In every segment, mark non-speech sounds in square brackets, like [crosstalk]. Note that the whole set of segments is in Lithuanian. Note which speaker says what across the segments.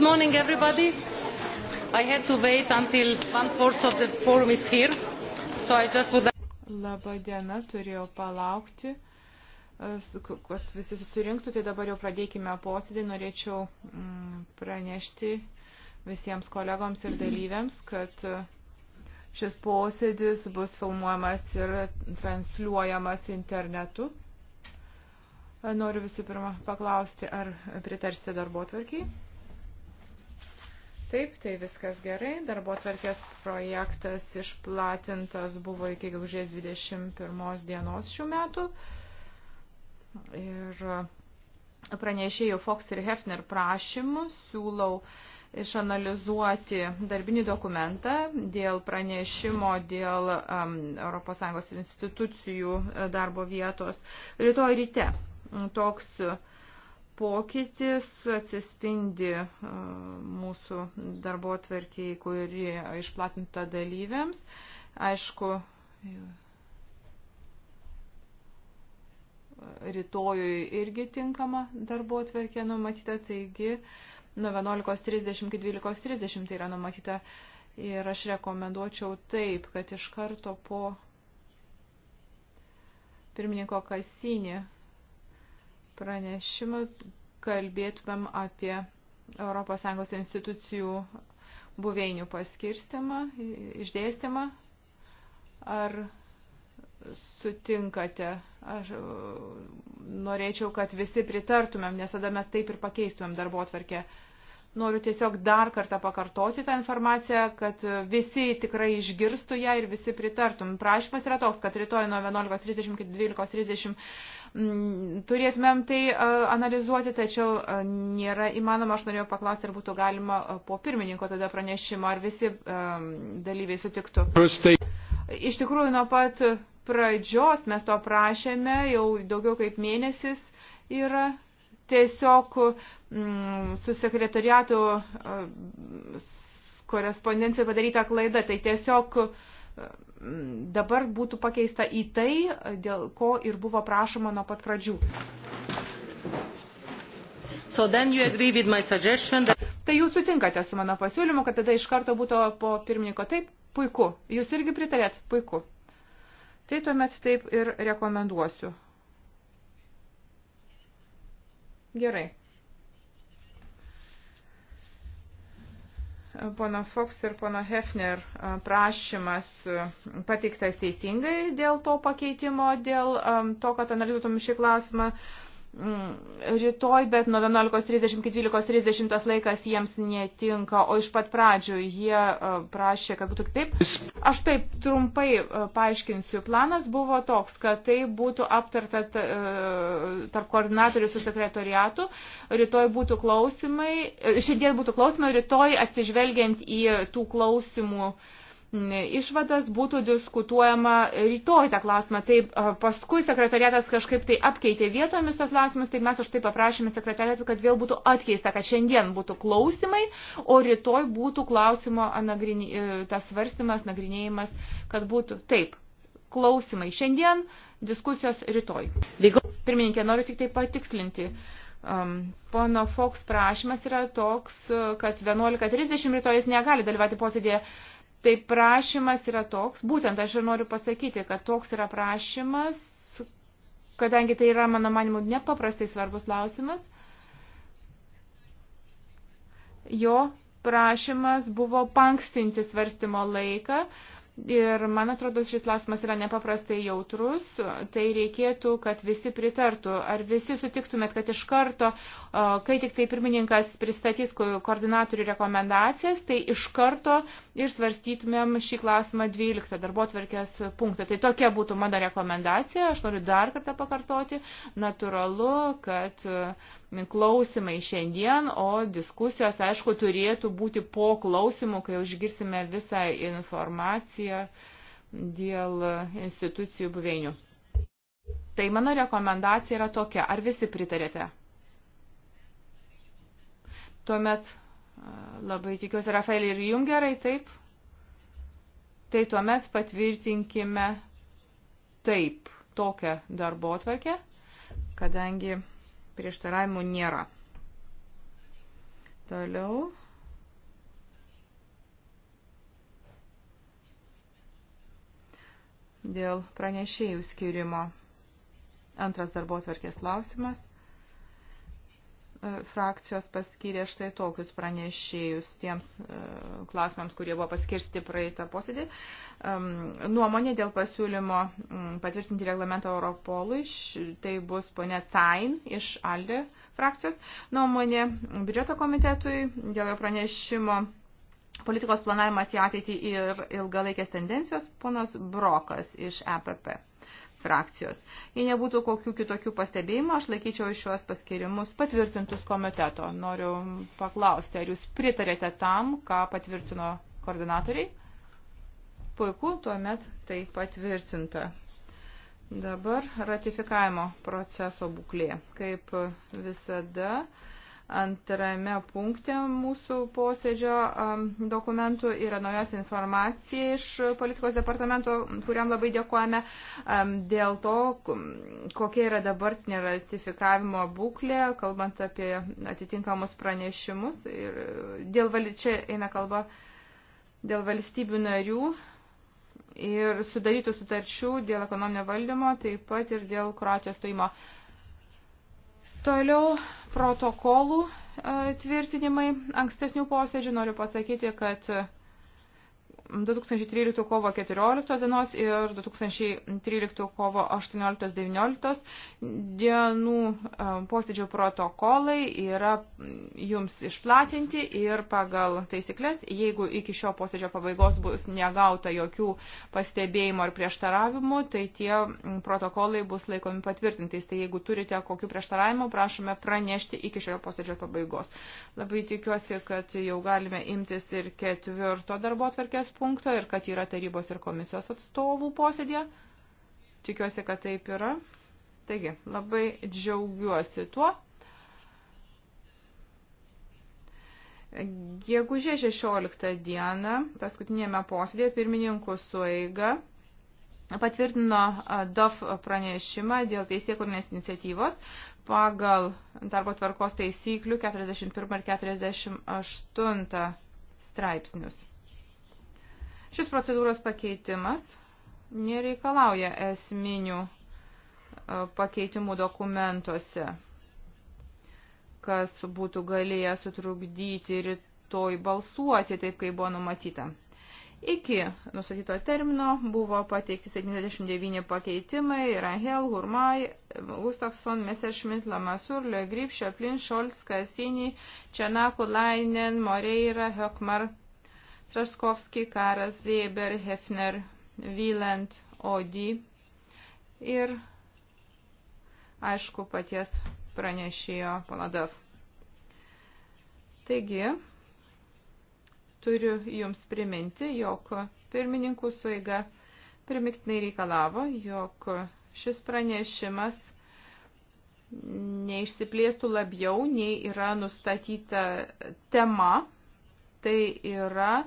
Speaker 1: Good morning, everybody. I had to wait until one-fourth of the forum is here,
Speaker 2: so I just would... Labą dieną, turėjau palaukti, kad visi susirinktų, tai dabar jau pradėkime posėdį. Norėčiau mm, pranešti visiems kolegoms ir dalyviams, kad e, šis posėdis bus filmuojamas ir transliuojamas internetu. E, noriu visų pirma paklausti, ar pritarsite darbo tvarkiai? Taip, tai viskas gerai. Darbo tvarkės projektas išplatintas buvo iki gegužės 21 dienos šių metų. Ir pranešėjų Fox ir Hefner prašymų siūlau išanalizuoti darbinį dokumentą dėl pranešimo dėl um, ES institucijų e, darbo vietos rytoj ryte. Toks uh, pokytis atsispindi mūsų darbo tvarkiai, kuri išplatinta dalyviams. Aišku, rytojui irgi tinkama darbo tvarkė numatyta, taigi nuo 11.30 iki 12.30 tai yra numatyta. Ir aš rekomenduočiau taip, kad iš karto po pirmininko kasinį pranešimą kalbėtumėm apie ES institucijų buveinių paskirstimą, išdėstymą. Ar sutinkate? Aš e, norėčiau, kad visi pritartumėm, nes tada mes taip ir pakeistumėm darbo atvarkę. Uh, Noriu tiesiog dar kartą pakartoti tą informaciją, kad visi tikrai išgirstų ją ir visi pritartum. Prašymas yra toks, kad rytoj nuo 11.30 iki 12.30 mm, turėtumėm tai analizuoti, tačiau nėra įmanoma, aš norėjau paklausti, ar būtų galima po pirmininko tada pranešimo, ar visi dalyviai sutiktų. Iš tikrųjų, nuo pat pradžios mes to prašėme, jau daugiau kaip mėnesis yra tiesiog mm, su sekretariatu e, korespondencijoje padaryta klaida. Tai tiesiog e, dabar būtų pakeista į tai, dėl ko ir buvo prašoma nuo pat pradžių. So then you agree with my suggestion that... Tai jūs sutinkate su mano pasiūlymu, kad tada iš karto būtų po pirmininko. Taip, puiku. Jūs irgi pritarėt? Puiku. Tai tuomet taip ir rekomenduosiu. Gerai. Pono Fox ir pono Hefner prašymas pateiktas teisingai dėl to pakeitimo, dėl to, kad analizuotum šį klausimą. Mm, rytoj, bet nuo 11.30 iki 12.30 tas laikas jiems netinka, o iš pat pradžių jie e, prašė, kad būtų kitaip. Aš taip trumpai e, paaiškinsiu. Planas buvo toks, kad tai būtų aptarta e, tarp koordinatorių su sekretoriatu, rytoj būtų klausimai, šiandien būtų klausimai, rytoj atsižvelgiant į tų klausimų uh, išvadas būtų diskutuojama rytoj tą klausimą. Tai paskui sekretariatas kažkaip tai apkeitė vietomis tos klausimus, tai mes už tai paprašėme sekretariatų, kad vėl būtų atkeista, kad šiandien būtų klausimai, o rytoj būtų klausimo anagrini, e, tas svarstymas, nagrinėjimas, kad būtų taip. Klausimai šiandien, diskusijos rytoj. Pirmininkė, noriu tik tai patikslinti. Um, pono Fox prašymas yra toks, kad 11.30 rytoj jis negali dalyvauti posėdėje. Uh, Tai prašymas yra toks, būtent aš ir noriu pasakyti, kad toks yra prašymas, kadangi tai yra, mano manimu, nepaprastai svarbus klausimas. Jo prašymas buvo pankstinti svarstymo laiką, Ir man atrodo, šis klausimas yra nepaprastai jautrus. Tai reikėtų, kad visi pritartų. Ar visi sutiktumėt, kad iš karto, kai tik tai pirmininkas pristatys koordinatorių rekomendacijas, tai iš karto ir svarstytumėm šį klausimą 12 darbo tvarkės punktą. Tai tokia būtų mano rekomendacija. Aš noriu dar kartą pakartoti. Natūralu, kad uh, klausimai šiandien, o diskusijos, aišku, turėtų būti po klausimų, kai užgirsime visą informaciją dėl institucijų buveinių. Tai mano rekomendacija yra tokia. Ar visi pritarėte? Tuomet labai tikiuosi, Rafaelį ir jum gerai, taip? Tai tuomet patvirtinkime taip tokią darbo atvarkę, kadangi prieštaravimų nėra. Toliau. Dėl pranešėjų skirimo. Antras darbo tvarkės klausimas. E, frakcijos paskyrė štai tokius pranešėjus tiems e, klausimams, kurie buvo paskirsti praeitą posėdį. Nuomonė dėl pasiūlymo patvirtinti reglamentą Europolui, tai bus ponė Tain iš Aldė frakcijos. Nuomonė biudžeto komitetui dėl jo pranešimo politikos planavimas į ateitį ir ilgalaikės tendencijos, ponas Brokas iš EPP frakcijos. Jei nebūtų kokių kitokių pastebėjimų, aš laikyčiau šiuos paskirimus patvirtintus komiteto. Noriu paklausti, ar jūs pritarėte tam, ką patvirtino koordinatoriai? Puiku, tuomet tai patvirtinta. Dabar ratifikavimo proceso būklė. Kaip visada, antrame punkte mūsų posėdžio um, dokumentų yra naujos informacija iš politikos departamento, kuriam labai dėkojame um, dėl to, kokia yra dabartinė ratifikavimo būklė, kalbant apie atitinkamus pranešimus. Ir uh, dėl, čia eina kalba dėl valstybių narių ir sudarytų sutarčių dėl ekonominio valdymo, taip pat ir dėl Kroatijos stojimo. Tai Toliau protokolų e, tvirtinimai ankstesnių posėdžių. Noriu pasakyti, kad 2013 kovo 14 dienos ir 2013 kovo 18-19 dienų e, posėdžių protokolai yra jums išplatinti ir pagal taisyklės, jeigu iki šio posėdžio pabaigos bus negauta jokių pastebėjimų ar prieštaravimų, tai tie protokolai bus laikomi patvirtintais. Tai jeigu turite kokių prieštaravimų, prašome pranešti iki šio posėdžio pabaigos. Labai tikiuosi, kad jau galime imtis ir ketvirto darbo atvarkės punkto ir kad yra tarybos ir komisijos atstovų posėdė. Tikiuosi, kad taip yra. Taigi, labai džiaugiuosi tuo. Gegužė 16 dieną, paskutinėme posėdėje, pirmininkų sueiga patvirtino DOF pranešimą dėl teisėkurnės iniciatyvos pagal darbo tvarkos taisyklių 41 ir 48 straipsnius. Šis procedūros pakeitimas nereikalauja esminių e, pakeitimų dokumentuose, kas būtų galėję sutrukdyti rytoj balsuoti taip, kaip buvo numatyta. Iki nustatyto termino buvo pateikti 79 pakeitimai – Rahel, Hurmai, Gustafsson, Messerschmitt, Lamassur, Le Grif, Šeplin, Šolts, Kasini, Čenaku, Lainen, Moreira, Hökmar, Traskovski, Karas, Zeber, Hefner, Vyland, Odi ir, aišku, paties pranešėjo Panadav. Taigi, turiu Jums priminti, jog pirmininkų suiga primiktinai reikalavo, jog šis pranešimas neišsiplėstų labiau, nei yra nustatyta tema. Tai yra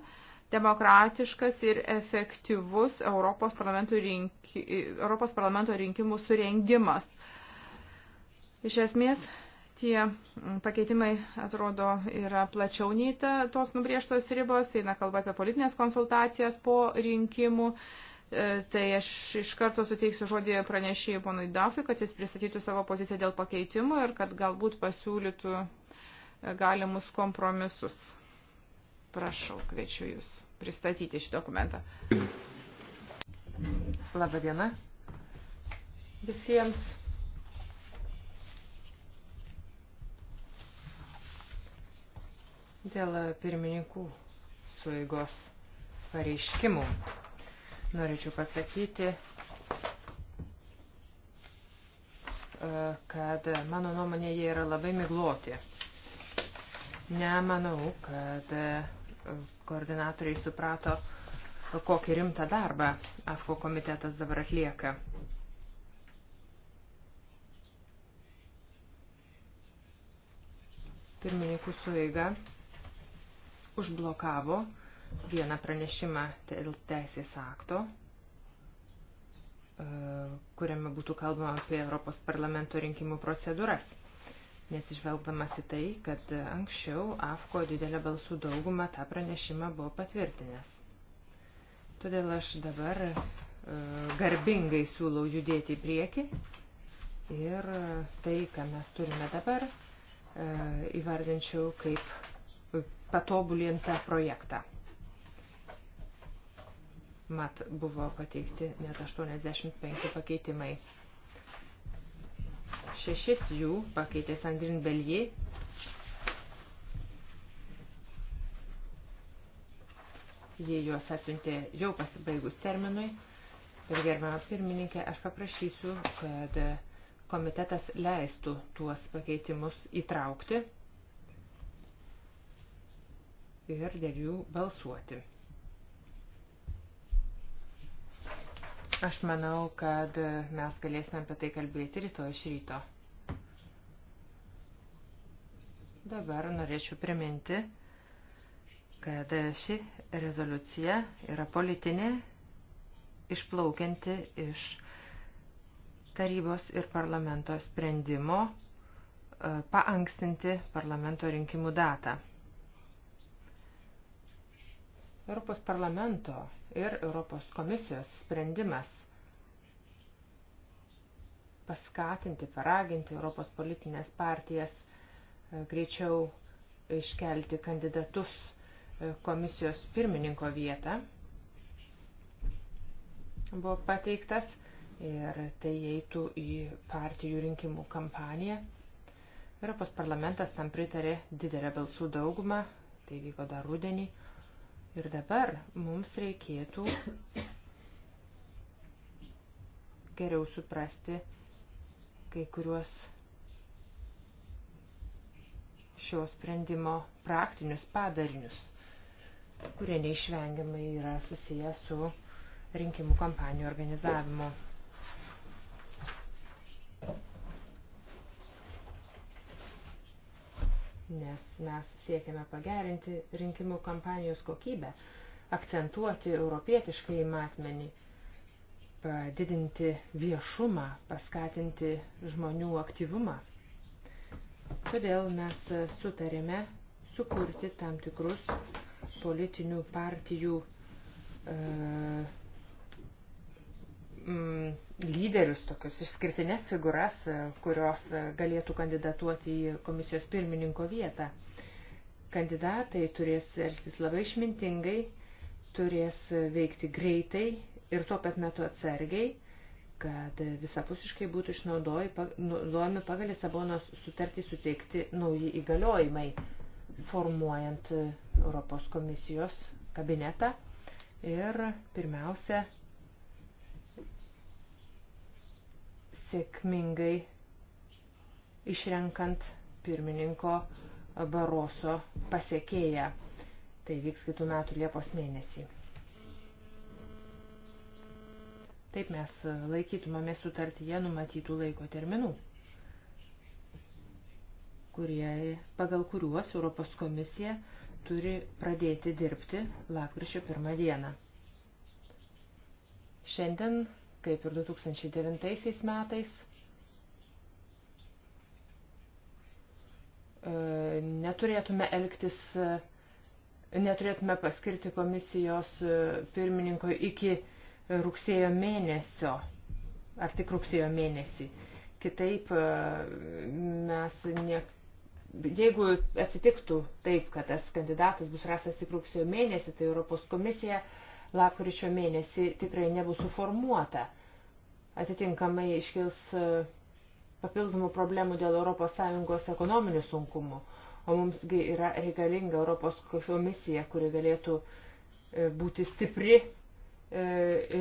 Speaker 2: demokratiškas ir efektyvus Europos, rinki, Europos parlamento rinkimų surengimas. Iš esmės, tie pakeitimai atrodo yra plačiau nei ta, tos nubrieštos ribos, eina kalba apie politinės konsultacijas po rinkimų. E, tai aš iš karto suteiksiu žodį pranešėjai ponui Dafui, kad jis pristatytų savo poziciją dėl pakeitimų ir kad galbūt pasiūlytų e, galimus kompromisus. Prašau, kviečiu Jūs pristatyti šį dokumentą. Labą dieną visiems.
Speaker 3: Dėl pirmininkų sueigos pareiškimų norėčiau pasakyti, e, kad mano nuomonė jie yra labai migloti. Nemanau, kad e, Koordinatoriai suprato, kokį rimtą darbą AFKO komitetas dabar atlieka. Pirmininkų sueiga užblokavo vieną pranešimą dėl teisės akto, e, kuriame būtų kalbama apie Europos parlamento rinkimų procedūras nesižvelgdamas į tai, kad anksčiau AFKO didelę balsų daugumą tą pranešimą buvo patvirtinęs. Todėl aš dabar e, garbingai siūlau judėti į priekį ir e, tai, ką mes turime dabar, e, įvardinčiau kaip patobulintą projektą. Mat buvo pateikti net 85 pakeitimai. Šešis jų pakeitė Sandrin Belie. Jie juos atsiuntė jau pasibaigus terminui. Ir gerbiamą pirmininkę, aš paprašysiu, kad komitetas leistų tuos pakeitimus įtraukti ir dėl jų balsuoti. Aš manau, kad mes galėsime apie tai kalbėti rytoj iš ryto. Dabar norėčiau priminti, kad ši rezoliucija yra politinė, išplaukianti iš tarybos ir parlamento sprendimo e, paankstinti parlamento rinkimų datą. Europos parlamento ir Europos komisijos sprendimas paskatinti, paraginti Europos politinės partijas e, greičiau iškelti kandidatus e, komisijos pirmininko vietą buvo pateiktas ir tai eitų į partijų rinkimų kampaniją. Europos parlamentas tam pritarė didelę balsų daugumą, tai vyko dar rudenį. Ir dabar mums reikėtų geriau suprasti kai kuriuos šio sprendimo praktinius padarinius, kurie neišvengiamai yra susiję su rinkimų kampanijų organizavimu. nes mes siekiame pagerinti rinkimų kampanijos kokybę, akcentuoti europietiškai matmenį, padidinti viešumą, paskatinti žmonių aktyvumą. Todėl mes sutarėme sukurti tam tikrus politinių partijų e, mm, lyderius, tokius išskirtinės figūras, e, kurios e, galėtų kandidatuoti į komisijos pirmininko vietą. Kandidatai turės elgtis labai išmintingai, turės veikti greitai ir tuo pat metu atsargiai, kad visapusiškai būtų išnaudojami pagal Lisabonos sutartį suteikti nauji įgaliojimai, formuojant e, Europos komisijos kabinetą ir pirmiausia sėkmingai išrenkant pirmininko Baroso pasiekėją. Tai vyks kitų metų Liepos mėnesį. Taip mes laikytumėme sutartyje numatytų laiko terminų, kurie, pagal kuriuos Europos komisija turi pradėti dirbti lakryčio pirmą dieną. Šiandien kaip ir 2009 metais. E, neturėtume elgtis, e, neturėtume paskirti komisijos e, pirmininko iki rugsėjo mėnesio, ar tik rugsėjo mėnesį. Kitaip mes ne, jeigu atsitiktų taip, kad tas kandidatas bus rastas į rugsėjo mėnesį, tai Europos komisija uh, lapkričio mėnesį tikrai nebus suformuota. Atitinkamai iškils e, papildomų problemų dėl ES ekonominių sunkumų, o mumsgi yra reikalinga Europos komisija, kuri galėtų e, būti stipri e,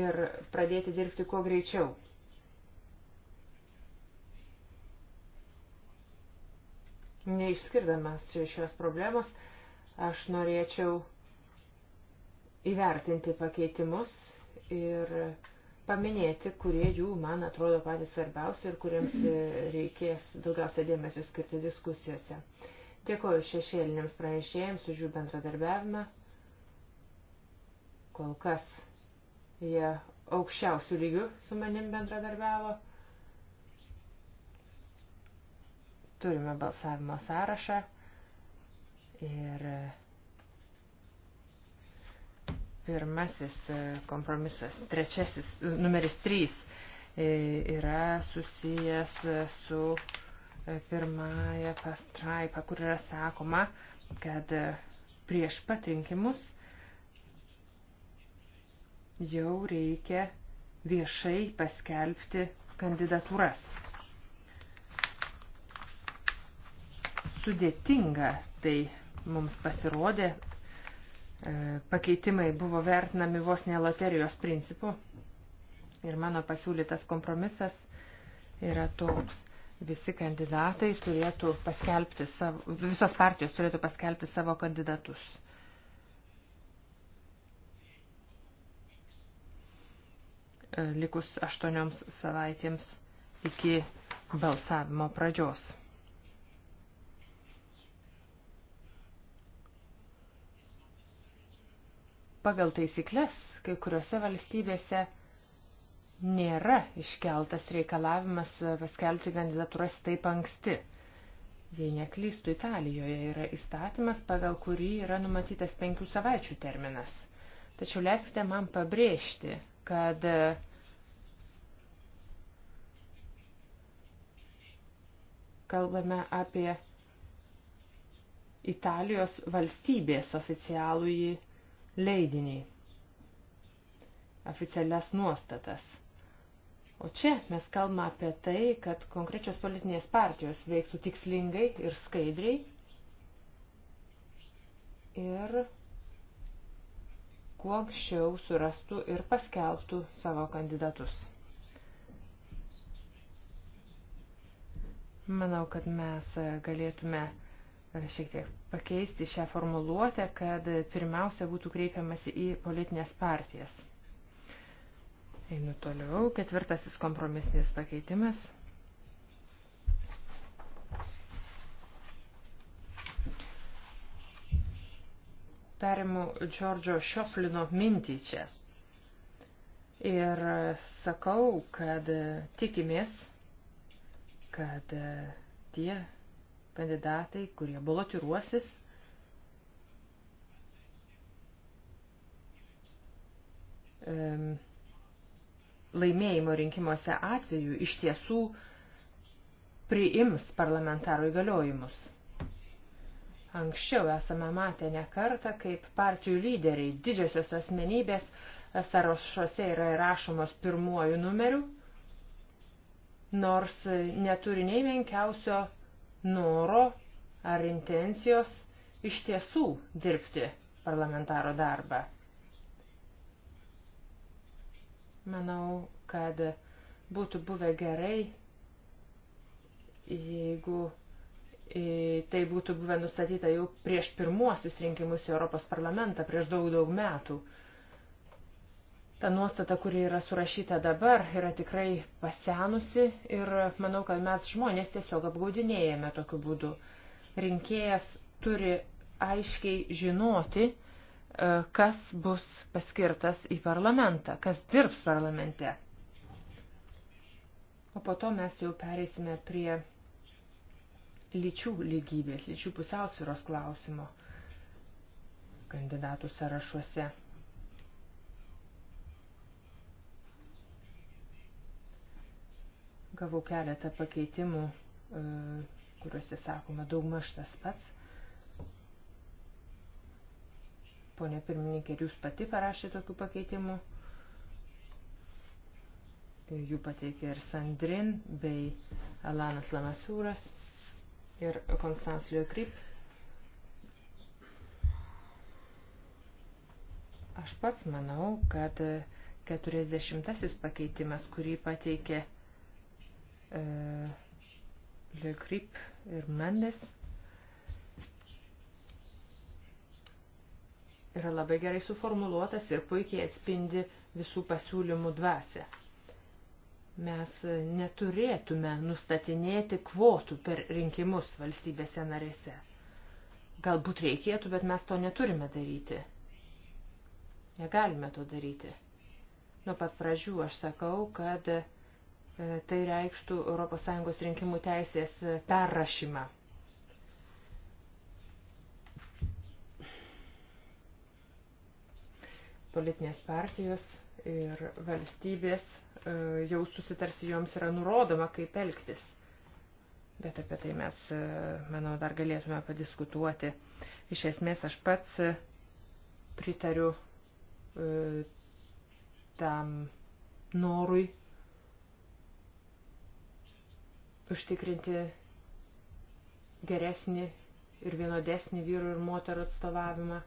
Speaker 3: ir pradėti dirbti kuo greičiau. Neišskirdamas šios problemos, aš norėčiau įvertinti pakeitimus ir paminėti, kurie jų, man atrodo, patys svarbiausi ir kuriems reikės daugiausia dėmesio skirti diskusijose. Dėkoju šešėliniams pranešėjams už jų bendradarbiavimą. Kol kas jie aukščiausių lygių su manim bendradarbiavo. Turime balsavimo sąrašą ir Pirmasis e, kompromisas, trečiasis, e, numeris trys e, yra susijęs su pirmąją pastraipą, kur yra sakoma, kad prieš pat rinkimus jau reikia viešai paskelbti kandidatūras. Sudėtinga tai mums pasirodė E, pakeitimai buvo vertinami vos ne loterijos principu. Ir mano pasiūlytas kompromisas yra toks. Visi kandidatai turėtų paskelbti savo, visos partijos turėtų paskelbti savo kandidatus. E, likus aštuonioms savaitėms iki balsavimo pradžios. pagal taisyklės kai kuriuose valstybėse nėra iškeltas reikalavimas paskelbti kandidatūras taip anksti. Jei neklystų, Italijoje yra įstatymas, pagal kurį yra numatytas penkių savaičių terminas. Tačiau leiskite man pabrėžti, kad kalbame apie Italijos valstybės oficialųjį leidinį, oficialias nuostatas. O čia mes kalbame apie tai, kad konkrečios politinės partijos veiktų tikslingai ir skaidriai ir kuo anksčiau surastų ir paskelbtų savo kandidatus. Manau, kad mes galėtume E, šiek tiek pakeisti šią formuluotę, kad pirmiausia būtų kreipiamasi į politinės partijas. Einu toliau. Ketvirtasis kompromisinis pakeitimas. Perimu Džordžo Šioflino mintį čia. Ir sakau, kad tikimės, kad tie kandidatai, kurie balotiruosis. laimėjimo rinkimuose atveju iš tiesų priims parlamentarų įgaliojimus. Anksčiau esame matę ne kartą, kaip partijų lyderiai, didžiosios asmenybės sąrašuose yra įrašomos pirmuoju numeriu, nors neturi nei menkiausio noro ar intencijos iš tiesų dirbti parlamentaro darbą. Manau, kad būtų buvę gerai, jeigu e, tai būtų buvę nustatyta jau prieš pirmuosius rinkimus į Europos parlamentą, prieš daug daug metų ta nuostata, kuri yra surašyta dabar, yra tikrai pasenusi ir manau, kad mes žmonės tiesiog apgaudinėjame tokiu būdu. Rinkėjas turi aiškiai žinoti, e, kas bus paskirtas į parlamentą, kas dirbs parlamente. O po to mes jau pereisime prie lyčių lygybės, lyčių pusiausvyros klausimo kandidatų sąrašuose. Gavau keletą pakeitimų, e, kuriuose sakoma daugmaž tas pats. Pone pirmininkė, jūs pati parašė tokių pakeitimų. Jų pateikė ir Sandrin, bei Alanas Lamasūras ir Konstans Liokryp. Aš pats manau, kad 40 pakeitimas, kurį pateikė Eh, Le Grip ir Mendes yra labai gerai suformuluotas ir puikiai atspindi visų pasiūlymų dvasę. Mes neturėtume nustatinėti kvotų per rinkimus valstybėse narėse. Galbūt reikėtų, bet mes to neturime daryti. Negalime to daryti. Nuo pat pradžių aš sakau, kad E, tai reikštų ES rinkimų teisės perrašymą. Politinės partijos ir valstybės e, jau susitarsi joms yra nurodoma, kaip elgtis. Bet apie tai mes, e, manau, dar galėtume padiskutuoti. Iš esmės aš pats pritariu tam norui užtikrinti geresnį ir vienodesnį vyrų ir moterų atstovavimą.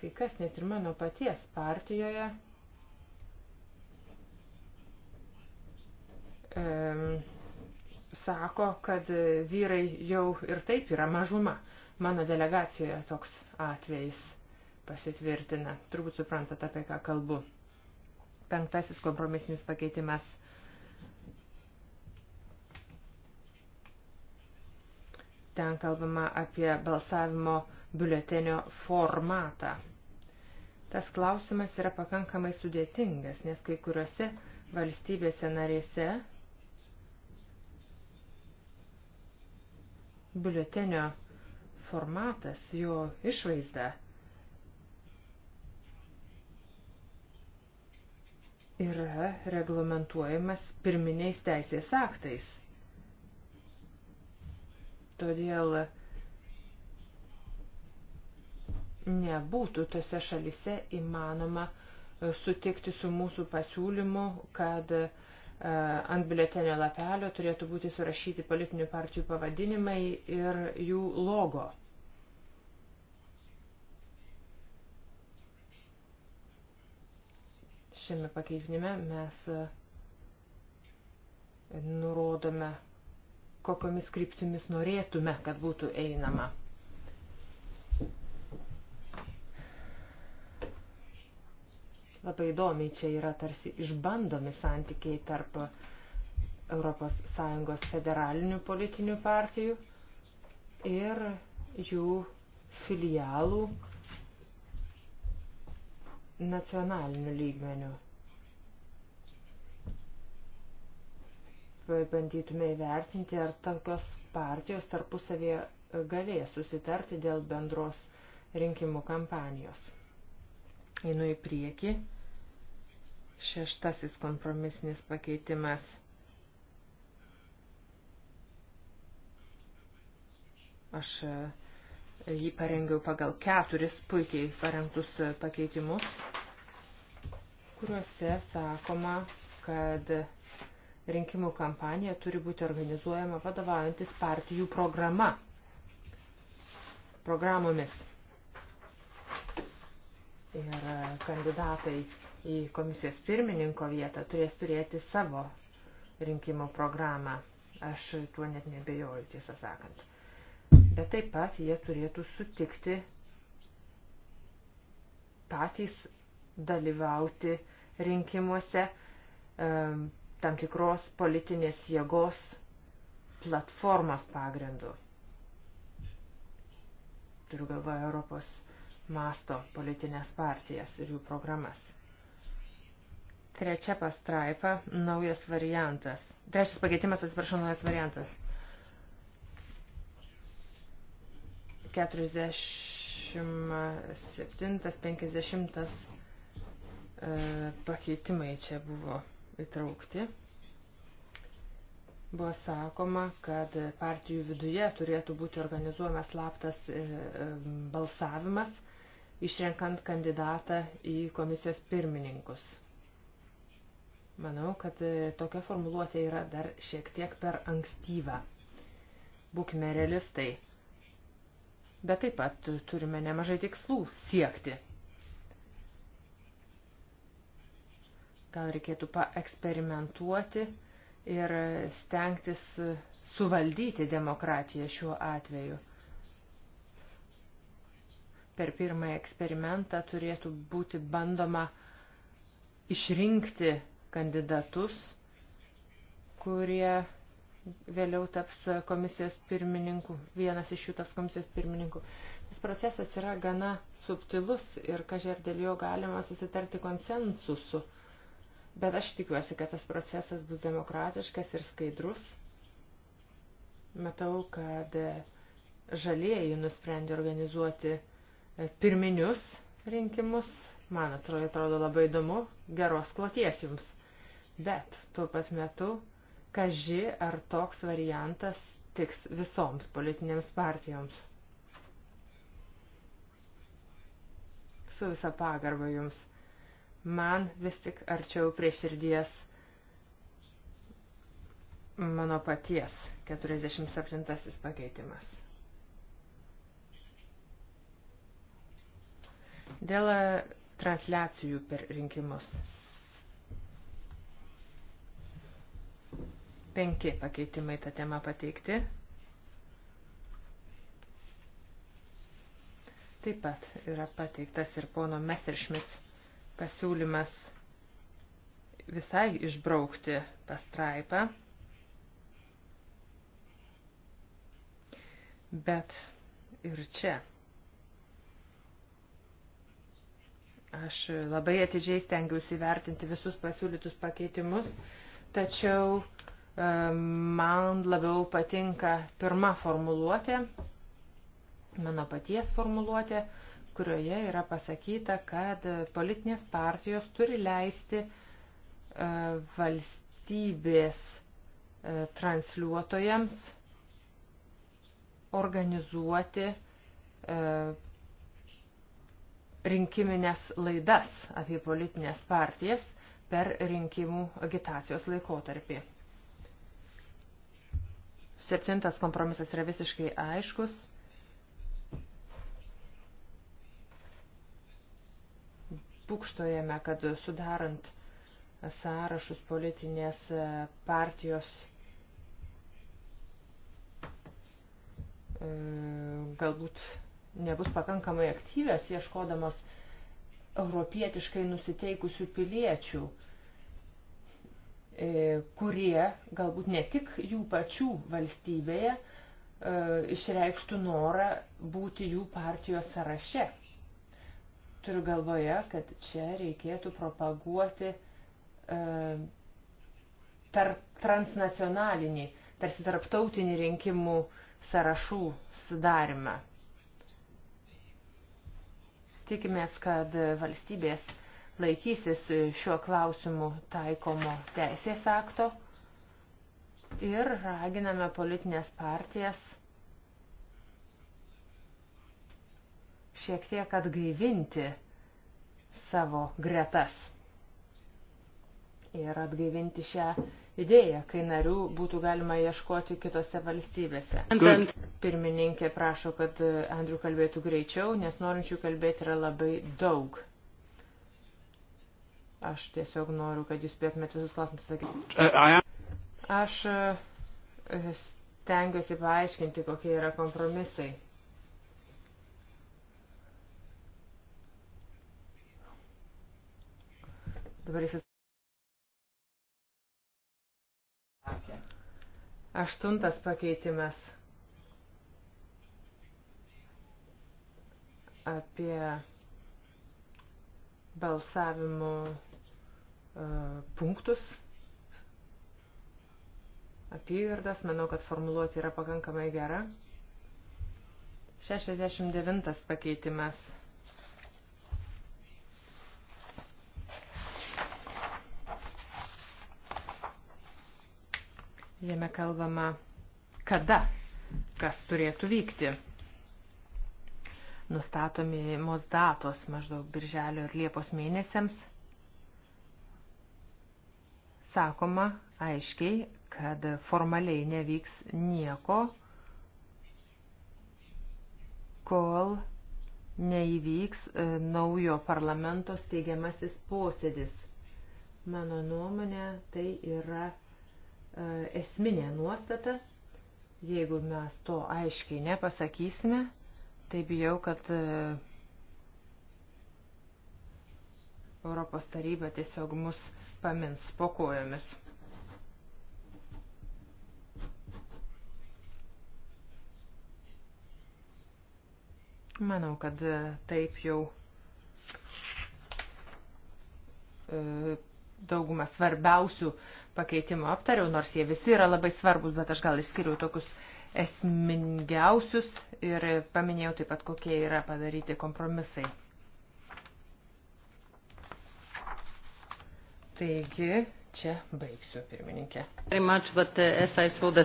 Speaker 3: Kai kas net ir mano paties partijoje e, sako, kad vyrai jau ir taip yra mažuma. Mano delegacijoje toks atvejis pasitvirtina. Turbūt suprantat, apie ką kalbu. Penktasis kompromisinis pakeitimas. Ten kalbama apie balsavimo biuletenio formatą. Tas klausimas yra pakankamai sudėtingas, nes kai kuriuose valstybėse narėse biuletenio formatas, jo išvaizda yra reglamentuojamas pirminiais teisės aktais. Todėl nebūtų tose šalise įmanoma sutikti su mūsų pasiūlymu, kad e, ant biletenio lapelio turėtų būti surašyti politinių partijų pavadinimai ir jų logo. Šiame pakeitime mes e, nurodome, kokiomis kryptimis norėtume, kad būtų einama. Labai įdomiai čia yra tarsi išbandomi santykiai tarp ES federalinių politinių partijų ir jų filialų nacionaliniu lygmeniu. Bandytume įvertinti, ar tokios partijos tarpusavėje galės susitarti dėl bendros rinkimų kampanijos. Einu į priekį. Šeštasis kompromisinis pakeitimas. Aš uh, Jį parengiau pagal keturis puikiai parengtus pakeitimus, kuriuose sakoma, kad rinkimų kampanija turi būti organizuojama vadovaujantis partijų programa, programomis. Ir kandidatai į komisijos pirmininko vietą turės turėti savo rinkimo programą. Aš tuo net nebejoju, tiesą sakant bet taip pat jie turėtų sutikti patys dalyvauti rinkimuose tam tikros politinės jėgos platformos pagrindu. Turiu galvoje Europos masto politinės partijas ir jų programas. Trečia pastraipa, naujas variantas. Trečias pakeitimas, atsiprašau, naujas variantas. 47-50 e, pakeitimai čia buvo įtraukti. Buvo sakoma, kad partijų viduje turėtų būti organizuojamas slaptas e, e, balsavimas, išrenkant kandidatą į komisijos pirmininkus. Manau, kad tokia formuluotė yra dar šiek tiek per ankstyva. Būkime realistai bet taip pat turime nemažai tikslų siekti. Gal reikėtų paeksperimentuoti ir stengtis suvaldyti demokratiją šiuo atveju. Per pirmąjį eksperimentą turėtų būti bandoma išrinkti kandidatus, kurie vėliau taps komisijos pirmininku, vienas iš jų taps komisijos pirmininku. Tas procesas yra gana subtilus ir kažer dėl jo galima susitarti konsensusu. Bet aš tikiuosi, kad tas procesas bus demokratiškas ir skaidrus. Matau, kad žalieji nusprendė organizuoti e, pirminius rinkimus. Man atrodo, atrodo labai įdomu. Geros kloties jums. Bet tuo pat metu Kaži, ar toks variantas tiks visoms politinėms partijoms. Su visa pagarba jums. Man vis tik arčiau prie širdies mano paties 47 pakeitimas. Dėl transliacijų per rinkimus. Penki pakeitimai tą temą pateikti. Taip pat yra pateiktas ir pono Messerschmitt pasiūlymas visai išbraukti pastraipą. Bet ir čia. Aš labai atidžiai stengiausi vertinti visus pasiūlytus pakeitimus, tačiau Man labiau patinka pirma formuluotė, mano paties formuluotė, kurioje yra pasakyta, kad politinės partijos turi leisti e, valstybės e, transliuotojams organizuoti e, rinkiminės laidas apie politinės partijas per rinkimų agitacijos laikotarpį. Septintas kompromisas yra visiškai aiškus. Būkštojame, kad sudarant sąrašus politinės partijos e, galbūt nebus pakankamai aktyvės, ieškodamos europietiškai nusiteikusių piliečių. E, kurie galbūt ne tik jų pačių valstybėje e, išreikštų norą būti jų partijos sąraše. Turiu galvoje, kad čia reikėtų propaguoti e, tarp transnacionalinį, tarsi tarptautinį rinkimų sąrašų sudarimą. Tikimės, kad valstybės laikysis šiuo klausimu taikomo teisės akto ir raginame politinės partijas šiek tiek atgaivinti savo gretas ir atgaivinti šią idėją, kai narių būtų galima ieškoti kitose valstybėse. Good. Pirmininkė prašo, kad Andriu kalbėtų greičiau, nes norinčių kalbėti yra labai daug. Aš tiesiog noriu, kad jūs spėtumėt visus klausimus atsakyti.
Speaker 1: Uh,
Speaker 3: Aš uh, stengiuosi paaiškinti, kokie yra kompromisai. Dabar jis atsakė. Aštuntas pakeitimas apie balsavimo E, punktus, apygardas, manau, kad formuluoti yra pakankamai gera. 69 pakeitimas. Jame kalbama, kada kas turėtų vykti. Nustatomimos datos maždaug birželio ir liepos mėnesiams sakoma aiškiai, kad formaliai nevyks nieko, kol neįvyks e, naujo parlamento steigiamasis posėdis. Mano nuomonė, tai yra e, esminė nuostata. Jeigu mes to aiškiai nepasakysime, tai bijau, kad e, Europos taryba tiesiog mus uh, pamins po kojomis. Manau, kad e, taip jau e, daugumą svarbiausių pakeitimų aptariau, nors jie visi yra labai svarbus, bet aš gal išskiriau tokius esmingiausius ir paminėjau taip pat, kokie yra padaryti kompromisai.
Speaker 1: Taigi, čia baigsiu, pirmininkė. Uh,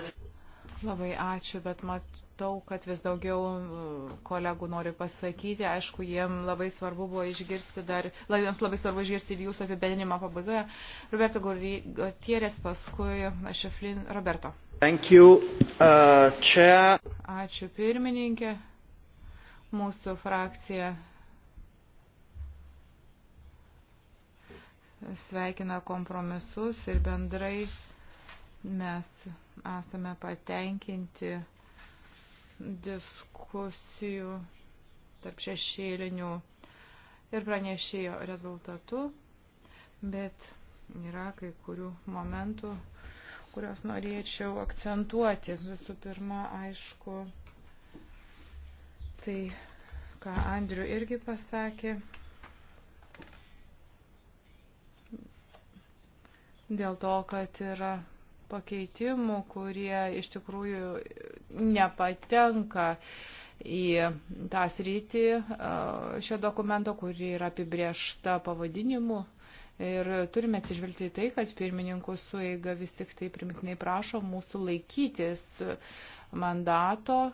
Speaker 2: labai ačiū, bet matau, kad vis daugiau uh, kolegų nori pasakyti. Aišku, jiems labai svarbu buvo išgirsti dar, jiems labai svarbu išgirsti ir jūsų apibendinimą pabaigoje. Roberto Gutierrez, paskui Šeflin Roberto.
Speaker 1: Thank you, uh, čia.
Speaker 2: Ačiū, pirmininkė. Mūsų frakcija sveikina kompromisus ir bendrai mes esame patenkinti diskusijų tarp šešėlinių ir pranešėjo rezultatu, bet yra kai kurių momentų, kurios norėčiau akcentuoti. Visų pirma, aišku, tai, ką Andriu irgi pasakė, dėl to, kad yra pakeitimų, kurie iš tikrųjų nepatenka į tą sritį šio dokumento, kuri yra apibriešta pavadinimu. Ir turime atsižvelgti į tai, kad pirmininkų sueiga vis tik tai primiknai prašo mūsų laikytis mandato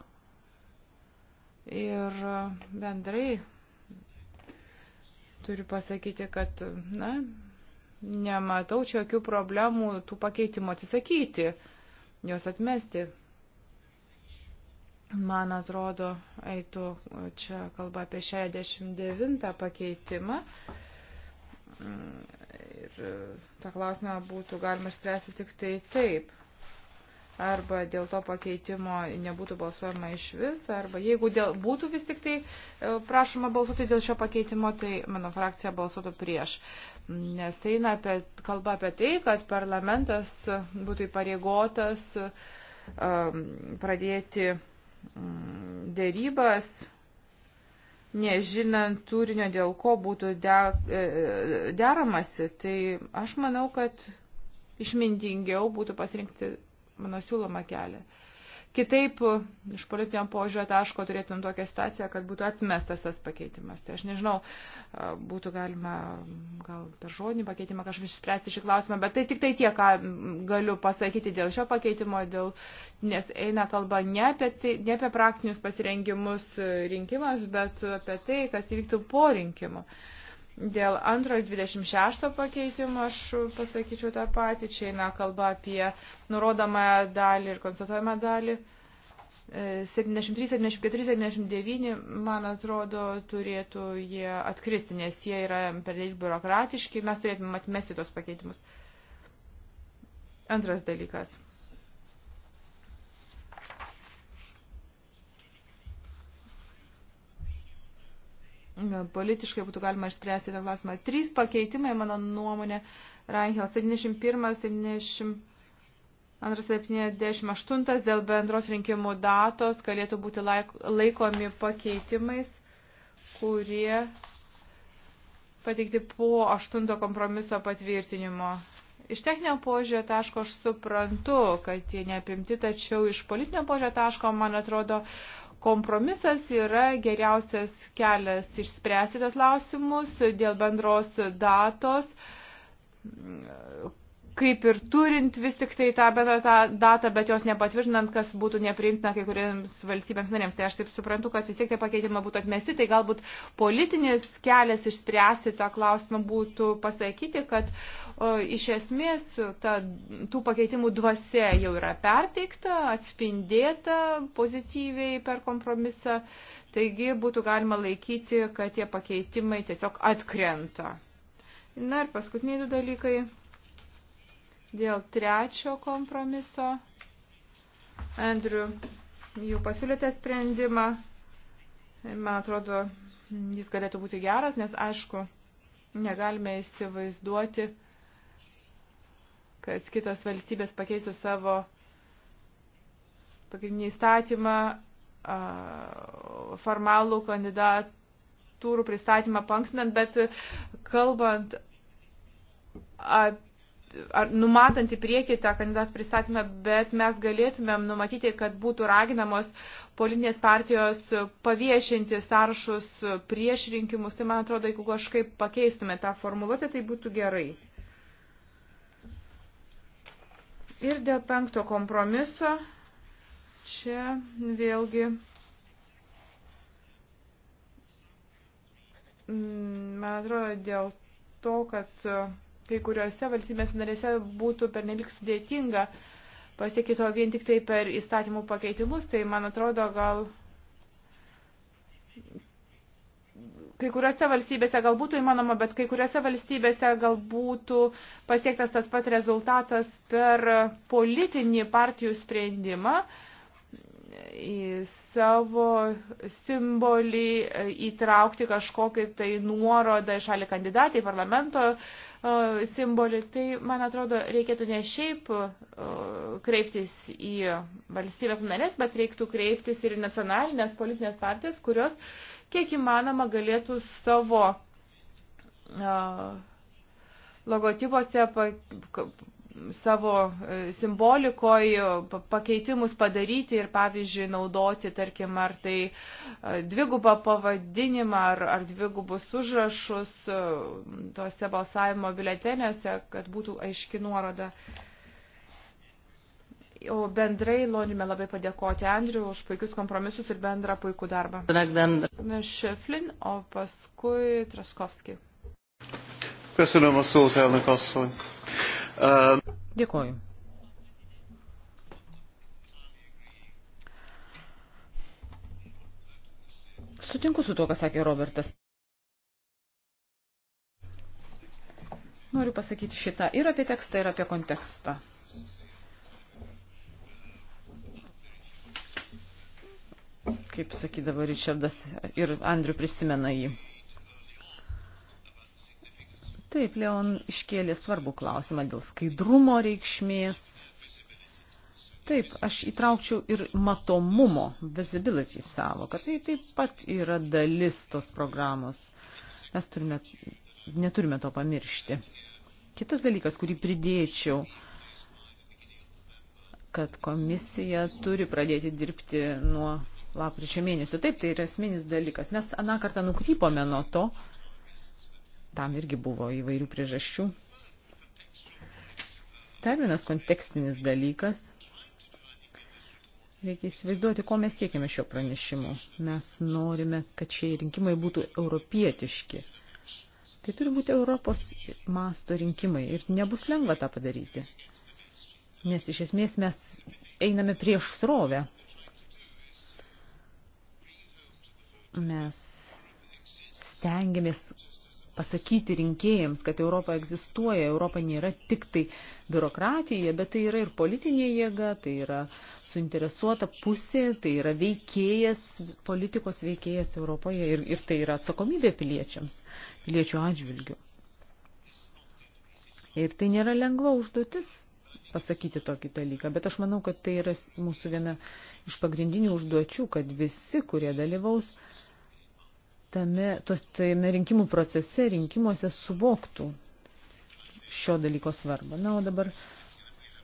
Speaker 2: ir bendrai turiu pasakyti, kad, na, nematau čia jokių problemų tų pakeitimų atsisakyti, juos atmesti. Man atrodo, eitų čia kalba apie 69 pakeitimą. Ir tą klausimą būtų galima spręsti tik tai taip arba dėl to pakeitimo nebūtų balsuojama iš vis, arba jeigu dėl, būtų vis tik tai e, prašoma balsuoti dėl šio pakeitimo, tai mano frakcija balsuotų prieš. Nes tai eina apie, kalba apie tai, kad parlamentas būtų įpareigotas pradėti mm, dėrybas nežinant turinio, dėl ko būtų e, deramasi, tai aš manau, kad išmintingiau būtų pasirinkti mano siūloma kelią. Kitaip, iš politinio požiūrio taško turėtum tokią situaciją, kad būtų atmestas tas pakeitimas. Tai aš nežinau, būtų galima gal per žodinį pakeitimą kažkaip išspręsti šį klausimą, bet tai tik tai tiek, ką galiu pasakyti dėl šio pakeitimo, dėl, nes eina kalba ne apie, tai, ne apie praktinius pasirengimus e, rinkimams, bet apie tai, kas įvyktų po rinkimų. Uh, Dėl antro ir 26 pakeitimo aš pasakyčiau tą patį. Čia eina kalba apie nurodomą dalį ir konstatuojamą dalį. 73, 74, 79, man atrodo, turėtų jie atkristi, nes jie yra perdėlis biurokratiški, mes turėtume atmesti tos pakeitimus. Antras dalykas politiškai būtų galima išspręsti tą klausimą. Trys pakeitimai, mano nuomonė, Rangel 71, 72, 78 dėl bendros rinkimų datos galėtų būti laikomi pakeitimais, kurie pateikti po aštunto kompromiso patvirtinimo. Iš techninio požiūrio taško aš suprantu, kad jie neapimti, tačiau iš politinio požiūrio taško, man atrodo, kompromisas yra geriausias kelias išspręsti tos klausimus dėl bendros datos, kaip ir turint vis tik tai tą bendrą datą, bet jos nepatvirtinant, kas būtų nepriimtina kai kuriems valstybėms narėms. Tai aš taip suprantu, kad vis tiek tie pakeitimai būtų atmesti, tai galbūt politinis kelias išspręsti tą klausimą būtų pasakyti, kad iš esmės ta, tų pakeitimų dvasia jau yra perteikta, atspindėta pozityviai per kompromisą, taigi būtų galima laikyti, kad tie pakeitimai tiesiog atkrenta. Na ir paskutiniai du dalykai. Dėl trečio kompromiso. Andrew, jų pasiūlėte sprendimą. Man atrodo, jis galėtų būti geras, nes aišku, negalime įsivaizduoti, uh, kad kitos valstybės pakeistų savo pagrindinį įstatymą, formalų kandidatūrų pristatymą pankstinant, bet kalbant apie ar numatant į priekį tą kandidatų pristatymą, bet mes galėtumėm numatyti, kad būtų raginamos politinės partijos paviešinti sąrašus prieš rinkimus. Tai man atrodo, jeigu kažkaip pakeistume tą formuluotę, tai būtų gerai. Ir dėl penkto kompromiso čia vėlgi mm, man atrodo dėl to, kad e, kai kuriuose valstybės narėse būtų pernelik sudėtinga pasiekti to vien tik tai per įstatymų pakeitimus, tai man atrodo gal kai kuriuose valstybėse gal būtų įmanoma, bet kai kuriuose valstybėse gal būtų pasiektas tas pat rezultatas per politinį partijų sprendimą į savo simbolį įtraukti kažkokį tai nuorodą į šalį kandidatą į parlamento e, simbolį. Tai, man atrodo, reikėtų ne šiaip e, kreiptis į valstybės narės, bet reiktų kreiptis ir į nacionalinės politinės partijas, kurios uh, kiek įmanoma galėtų savo uh, logotipuose pa, savo e, simbolikoje pakeitimus padaryti ir, pavyzdžiui, naudoti, tarkim, ar tai e, dvigubą pavadinimą, ar, ar dvigubus užrašus e, tuose balsavimo biletenėse, kad būtų aiški nuoroda. Uh, O bendrai norime labai padėkoti Andriu už puikius kompromisus ir bendrą puikų darbą. Šeflin, o paskui Traskovski.
Speaker 1: Köszönöm a szót, elnök asszony. Dėkoju.
Speaker 4: Sutinku su tuo, ką sakė Robertas. Noriu pasakyti šitą ir apie tekstą, ir apie kontekstą. kaip sakydavo Richardas ir Andriu prisimena jį. Taip, Leon iškėlė svarbų klausimą dėl skaidrumo reikšmės. Taip, aš įtraukčiau ir matomumo, visibility savo, kad tai taip pat yra dalis tos programos. Mes turime, neturime to pamiršti. Kitas dalykas, kurį pridėčiau, kad komisija turi pradėti dirbti nuo lapkričio mėnesio. Taip, tai yra esminis dalykas. Mes aną kartą nukrypome nuo to. Tam irgi buvo įvairių priežasčių. Dar vienas kontekstinis dalykas. Reikia įsivaizduoti, ko mes siekime šio pranešimu. Mes norime, kad šie rinkimai būtų europietiški. Tai turi būti Europos masto rinkimai ir nebus lengva tą padaryti. Nes iš esmės mes einame prieš srovę. Mes stengiamės pasakyti rinkėjams, kad Europa egzistuoja, Europa nėra tik tai biurokratija, bet tai yra ir politinė jėga, tai yra suinteresuota pusė, tai yra veikėjas, politikos veikėjas Europoje ir, ir tai yra atsakomybė piliečiams, piliečių atžvilgių. Ir tai nėra lengva užduotis pasakyti tokį dalyką, bet aš manau, kad tai yra mūsų viena iš pagrindinių užduočių, kad visi, kurie dalyvaus, uh, tame, tos, tame rinkimų procese, rinkimuose suvoktų šio dalyko svarbą. Na, o dabar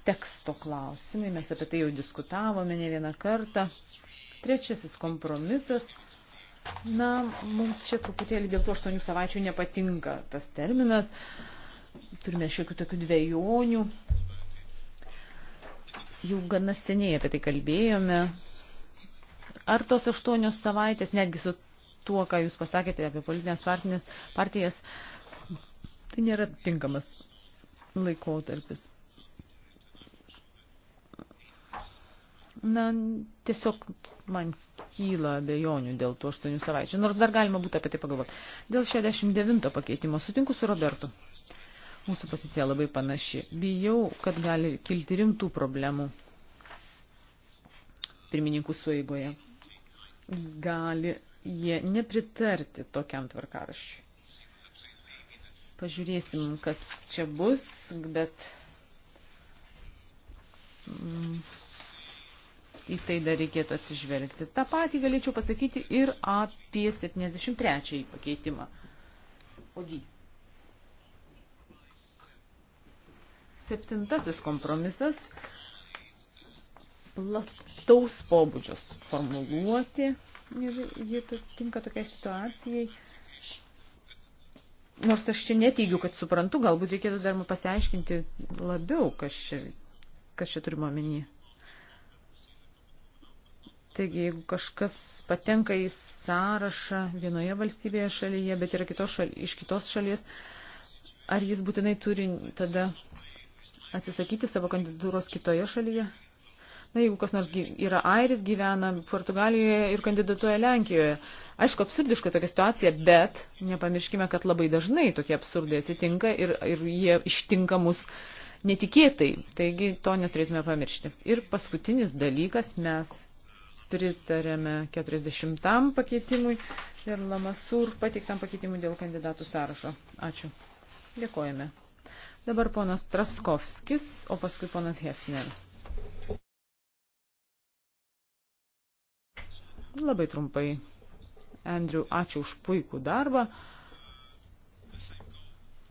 Speaker 4: teksto klausimai, mes apie tai jau diskutavome ne vieną kartą. Trečiasis kompromisas. Na, mums čia truputėlį dėl to aštuonių savaičių nepatinka tas terminas. Turime šiokių tokių dviejonių. Jau gana seniai apie tai kalbėjome. Ar tos aštuonios savaitės, netgi su tuo, ką Jūs pasakėte apie politinės partinės, partijas, tai nėra tinkamas laikotarpis. Na, tiesiog man kyla abejonių dėl tų aštuonių savaičių, nors dar galima būtų apie tai pagalvoti. Dėl 69 pakeitimo sutinku su Robertu. Mūsų pozicija labai panaši. Bijau, kad gali kilti rimtų problemų pirmininkų sueigoje. Gali jie nepritarti tokiam tvarkaraščiui. Pažiūrėsim, kas čia bus, bet mm, į tai dar reikėtų atsižvelgti. Ta patį galėčiau pasakyti ir apie 73 pakeitimą. Odį. Septintasis kompromisas plataus pobūdžios formuluoti ir ji tinka tokiai situacijai. Nors aš čia neteigiu, kad suprantu, galbūt reikėtų dar man pasiaiškinti labiau, kas čia, kas čia turima omeny. Taigi, jeigu kažkas patenka į sąrašą vienoje valstybėje šalyje, bet yra kitos šal, iš kitos šalies, ar jis būtinai turi tada atsisakyti savo kandidatūros kitoje šalyje? Na, jeigu kas nors yra airis, gyvena Portugalijoje ir kandidatuoja Lenkijoje. Aišku, absurdiška tokia situacija, bet nepamirškime, kad labai dažnai tokie absurdai atsitinka ir, ir jie ištinka mus netikėtai. Taigi to neturėtume pamiršti. Ir paskutinis dalykas, mes pritarėme 40 pakeitimui ir Lamasur pateiktam pakeitimui dėl kandidatų sąrašo. Ačiū. Dėkojame. Dabar ponas Traskovskis, o paskui ponas Hefner. Labai trumpai. Andrew, ačiū už puikų darbą.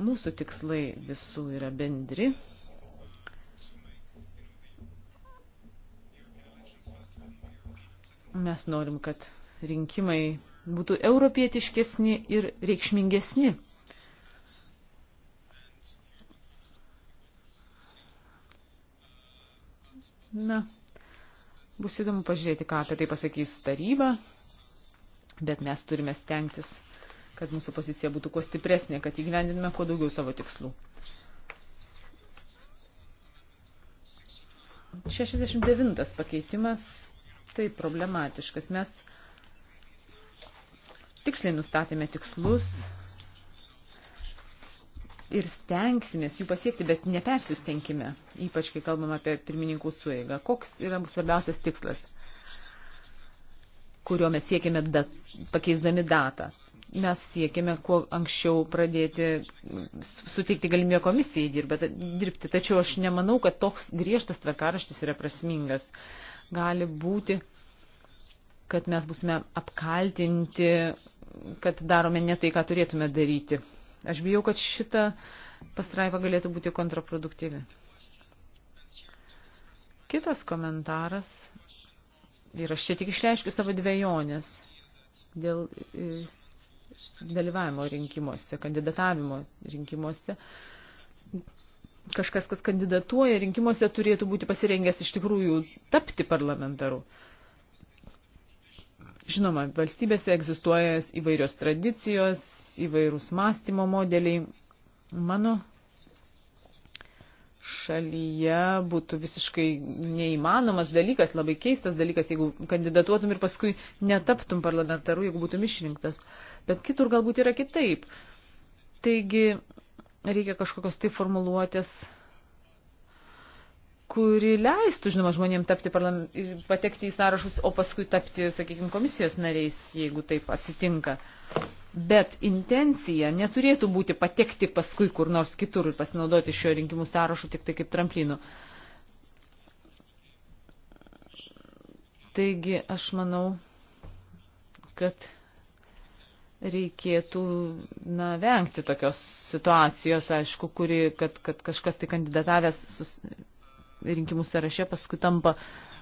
Speaker 4: Mūsų tikslai visų yra bendri. Mes norim, kad rinkimai būtų europietiškesni ir reikšmingesni. Na, Bus įdomu pažiūrėti, ką apie tai pasakys taryba, bet mes turime stengtis, kad mūsų pozicija būtų kuo stipresnė, kad įgyvendinime kuo daugiau savo tikslų. 69 pakeitimas tai problematiškas. Mes tiksliai nustatėme tikslus, ir stengsimės jų pasiekti, bet nepersistenkime, ypač kai kalbam apie pirmininkų sueigą. Koks yra svarbiausias tikslas, kurio mes siekime dat, pakeisdami datą? Mes siekime kuo anksčiau pradėti suteikti galimybę komisijai dirbti, dirbti, tačiau aš nemanau, kad toks griežtas tvarkaraštis yra prasmingas. Gali būti, kad mes busime apkaltinti, kad darome ne tai, ką turėtume daryti Aš bijau, kad šita pastraipa galėtų būti kontraproduktyvi. Kitas komentaras, ir aš čia tik išreiškiu savo dviejonės dėl e, dalyvavimo rinkimuose, kandidatavimo rinkimuose. Kažkas, kas kandidatuoja rinkimuose, turėtų būti pasirengęs iš tikrųjų tapti parlamentaru. Žinoma, valstybėse egzistuoja įvairios tradicijos, įvairūs mąstymo modeliai. Mano šalyje būtų visiškai neįmanomas dalykas, labai keistas dalykas, jeigu kandidatuotum ir paskui netaptum parlamentaru, jeigu būtum išrinktas. Bet kitur galbūt yra kitaip. Taigi reikia kažkokios tai formuluotės, kuri leistų, žinoma, žmonėm tapti parlam... patekti į sąrašus, o paskui tapti, sakykime, komisijos nariais, jeigu taip atsitinka. Uh, bet intencija neturėtų būti patekti paskui kur nors kitur ir pasinaudoti šio rinkimų sąrašu tik tai kaip tramplinu. Taigi aš manau, kad reikėtų na, vengti tokios situacijos, aišku, kuri, kad, kad kažkas tai kandidatavęs sus, rinkimų sąraše paskui tampa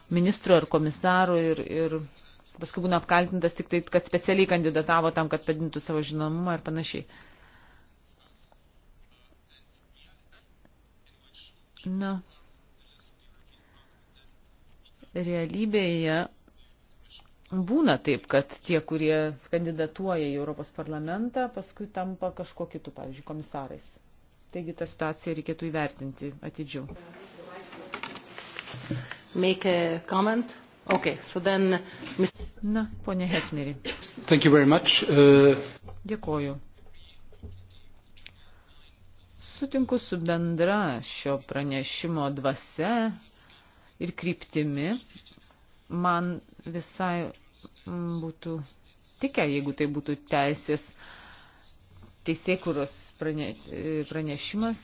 Speaker 4: ministru ar komisaru ir, ir paskui būna apkaltintas tik tai, kad specialiai kandidatavo tam, kad padintų savo žinomumą ir panašiai. Na, realybėje būna taip, kad tie, kurie kandidatuoja į Europos parlamentą, paskui tampa kažkuo kitu, pavyzdžiui, komisarais. Taigi tą situaciją reikėtų įvertinti atidžiau. Make a comment. Okay, so then, Na, ponė Hefneri.
Speaker 1: Thank you very much. Uh...
Speaker 4: Dėkoju. Sutinku su bendra šio pranešimo dvasia ir kryptimi. Man visai būtų tikę, jeigu tai būtų teisės teisėkuros prane, pranešimas.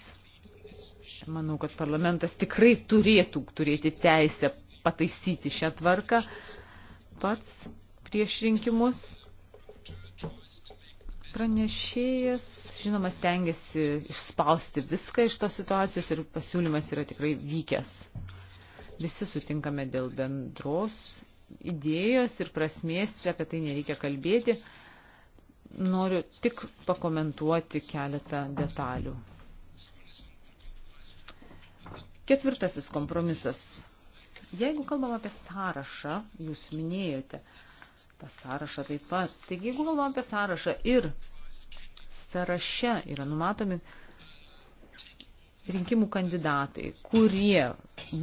Speaker 4: Manau, kad parlamentas tikrai turėtų turėti teisę pataisyti šią tvarką pats prieš rinkimus. Pranešėjas, žinoma, stengiasi išspausti viską iš tos situacijos ir pasiūlymas yra tikrai vykęs. Visi sutinkame dėl bendros idėjos ir prasmės, apie tai nereikia kalbėti. Noriu tik pakomentuoti keletą detalių. Ketvirtasis kompromisas Jeigu kalbam apie sąrašą, jūs minėjote tą sąrašą taip pat. Taigi, jeigu kalbam apie sąrašą ir sąraše yra numatomi rinkimų kandidatai, kurie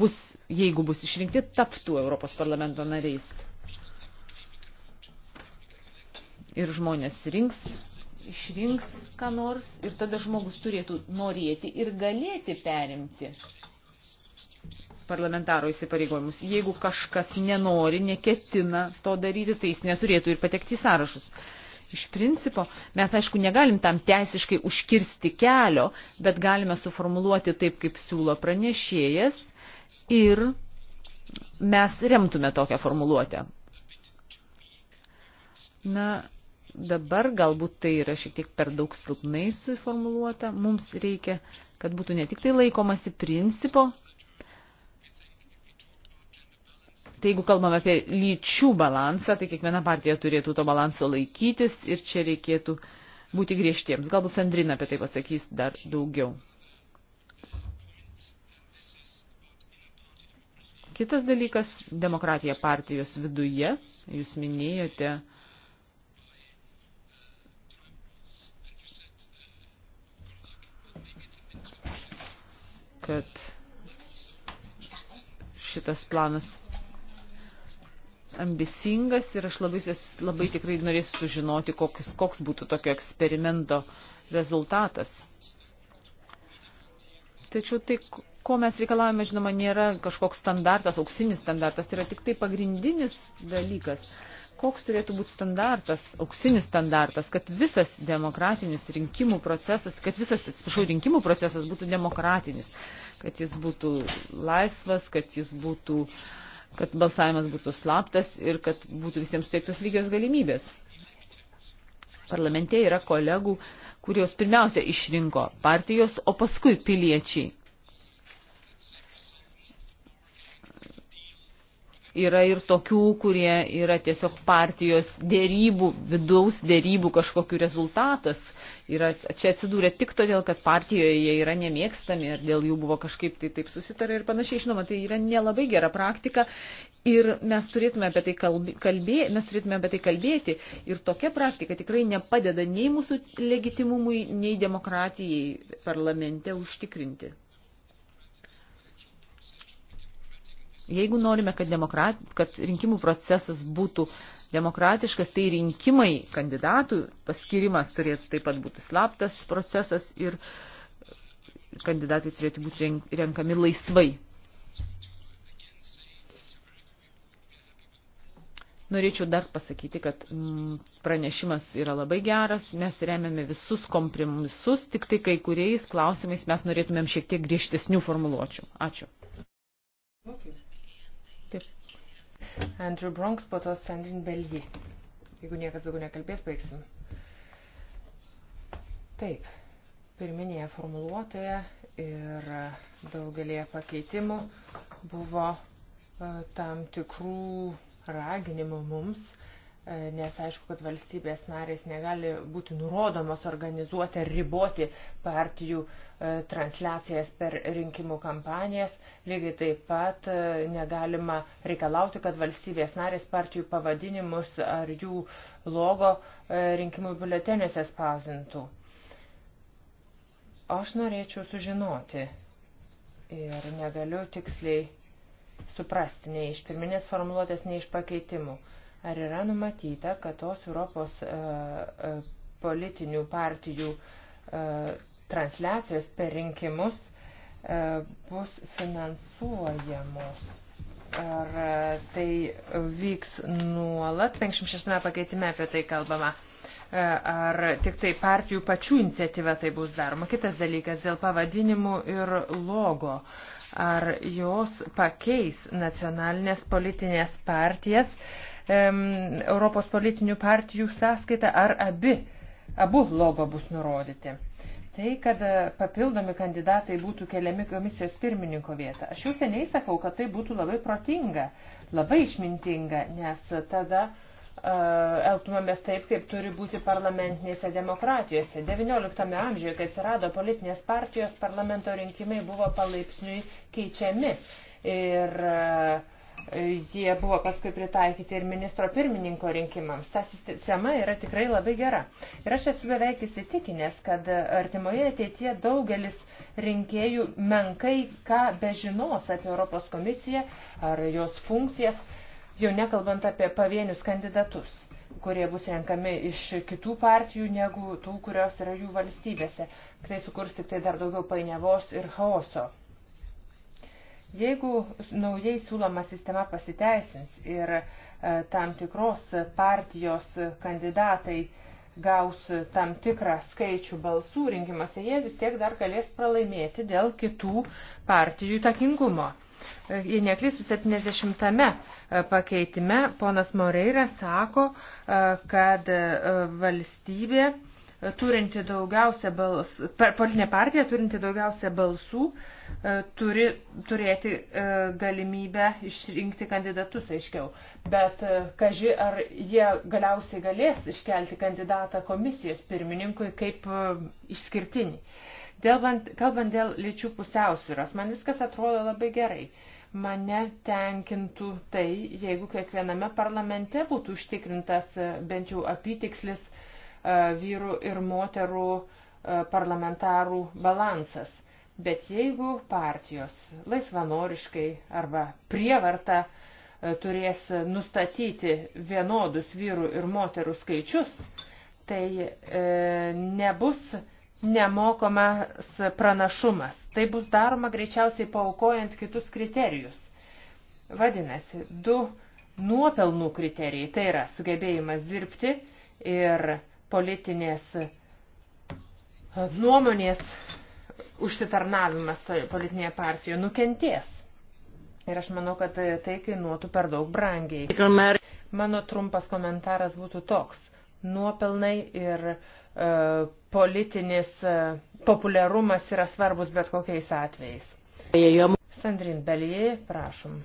Speaker 4: bus, jeigu bus išrinkti, taptų Europos parlamento nariais. Ir žmonės rinks, išrinks ką nors ir tada žmogus turėtų norėti ir galėti perimti parlamentaro įsipareigojimus. Jeigu kažkas nenori, neketina to daryti, tai jis neturėtų ir patekti į sąrašus. Iš principo, mes aišku negalim tam teisiškai užkirsti kelio, bet galime suformuluoti taip, kaip siūlo pranešėjas ir mes remtume tokią formuluotę. Na, dabar galbūt tai yra šiek tiek per daug silpnai suformuluota. Mums reikia, kad būtų ne tik tai laikomasi principo, Tai jeigu kalbame apie lyčių balansą, tai kiekviena partija turėtų to balanso laikytis ir čia reikėtų būti griežtiems. Galbūt Sandrina apie tai pasakys dar daugiau. Kitas dalykas – demokratija partijos viduje. Jūs minėjote kad šitas planas ambicingas ir aš labai, labai tikrai norėsiu sužinoti, koks, koks būtų tokio eksperimento rezultatas. Tačiau tai, ko mes reikalavome, žinoma, nėra kažkoks standartas, auksinis standartas, tai yra tik tai pagrindinis dalykas. Koks turėtų būti standartas, auksinis standartas, kad visas demokratinis rinkimų procesas, kad visas, atsiprašau, rinkimų procesas būtų demokratinis, kad jis būtų laisvas, kad jis būtų, kad balsavimas būtų slaptas ir kad būtų visiems suteiktos lygios galimybės. Parlamente yra kolegų, kurios pirmiausia išrinko partijos, o paskui piliečiai Yra ir tokių, kurie yra tiesiog partijos dėrybų, vidaus dėrybų kažkokiu rezultatas. Yra, čia atsidūrė tik todėl, kad partijoje jie yra nemėgstami ir dėl jų buvo kažkaip tai taip susitarę ir panašiai. Žinoma, tai yra nelabai gera praktika ir mes turėtume apie tai, kalbė, kalbė, mes turėtume apie tai kalbėti. Ir tokia praktika tikrai nepadeda nei mūsų legitimumui, nei demokratijai parlamente užtikrinti. Jeigu norime, kad, demokrat, kad rinkimų procesas būtų demokratiškas, tai rinkimai kandidatų paskirimas turėtų taip pat būti slaptas procesas ir kandidatai turėtų būti renkami laisvai. Norėčiau dar pasakyti, kad mm, pranešimas yra labai geras, mes remiame visus kompromisus, tik tai kai kuriais klausimais mes norėtumėm šiek tiek griežtesnių formuluočių. Ačiū.
Speaker 1: Okay.
Speaker 3: Andrew Bronx, po to Sandrin Belgi. Jeigu niekas daugiau nekalbės, baigsim. Taip, pirminėje formuluotėje ir daugelėje pakeitimų buvo e, tam tikrų raginimų mums uh, E, nes aišku, kad valstybės narės negali būti nurodomos organizuoti ar riboti partijų e, transliacijas per rinkimų kampanijas. Lygiai taip pat e, negalima reikalauti, kad valstybės narės partijų pavadinimus ar jų logo rinkimų biuleteniuose spausintų. Aš norėčiau sužinoti ir negaliu tiksliai suprasti nei iš pirminės formuluotės, nei iš pakeitimų Ar yra numatyta, kad tos Europos e, e, politinių partijų e, transliacijos per rinkimus bus finansuojamos? Ar tai vyks nuolat? 56 pakeitime apie tai kalbama. Ar tik tai partijų pačių iniciatyva tai bus daroma? Kitas dalykas dėl pavadinimų ir logo. Ar jos pakeis nacionalinės politinės partijas? Uh, Europos politinių partijų sąskaita, ar abi, abu logo bus nurodyti. Tai, kad e, papildomi kandidatai būtų keliami komisijos pirmininko vietą. Aš jau seniai sakau, kad tai būtų labai protinga, labai išmintinga, nes tada uh, elgtumėmės taip, kaip turi būti parlamentinėse demokratijose. XIX amžiuje, kai atsirado politinės partijos, parlamento rinkimai buvo palaipsniui keičiami. Ir uh, Jie buvo paskui pritaikyti ir ministro pirmininko rinkimams. Ta sistema yra tikrai labai gera. Ir aš esu beveik įsitikinęs, kad artimoje ateityje daugelis rinkėjų menkai ką bežinos apie Europos komisiją ar jos funkcijas, jau nekalbant apie pavienius kandidatus kurie bus renkami iš kitų partijų negu tų, kurios yra jų valstybėse. Tai sukurs tik tai dar daugiau painiavos ir chaoso. Jeigu naujai siūloma sistema pasiteisins ir e, tam tikros partijos kandidatai gaus tam tikrą skaičių balsų rinkimuose, jie vis tiek dar galės pralaimėti dėl kitų partijų takingumo. E, jei neklysų 70-ame e, pakeitime, ponas Moreira sako, kad valstybė turinti daugiausia balsų, politinė partija turinti daugiausia balsų e, turi turėti e, galimybę išrinkti kandidatus aiškiau. Bet e, kaži, ar jie galiausiai galės iškelti kandidatą komisijos pirmininkui kaip išskirtinį. Dėlbant, kalbant dėl lyčių pusiausvyros, man viskas atrodo labai gerai. Mane tenkintų tai, jeigu kiekviename parlamente būtų užtikrintas bent jau apytikslis E, vyrų ir moterų e, parlamentarų balansas. Bet jeigu partijos laisvanoriškai arba prievarta e, turės nustatyti vienodus vyrų ir moterų skaičius, tai e, nebus nemokamas pranašumas. Tai bus daroma greičiausiai paukojant kitus kriterijus. Vadinasi, du nuopelnų kriterijai tai yra sugebėjimas dirbti ir politinės e, nuomonės užsitarnavimas politinėje partijoje nukentės. Ir aš manau, kad tai, tai kainuotų per daug brangiai. Mano trumpas komentaras būtų toks. Nuopelnai ir e, politinis e, populiarumas yra svarbus bet kokiais atvejais. Sandrin Belie, prašom.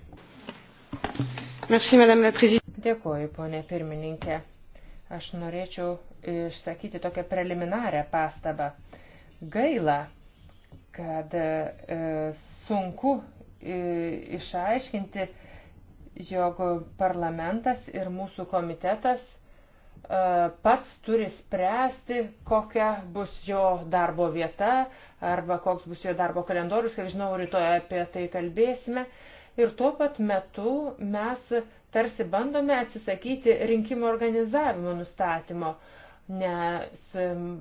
Speaker 3: Merci, Dėkuoju, ponė pirmininkė. Aš norėčiau išsakyti tokią preliminarią pastabą. Gaila, kad e, sunku e, išaiškinti, jog parlamentas ir mūsų komitetas e, pats turi spręsti, kokia bus jo darbo vieta arba koks bus jo darbo kalendorius, kaip žinau, rytoj apie tai kalbėsime. Ir tuo pat metu mes tarsi bandome atsisakyti rinkimų organizavimo nustatymo. Uh, nes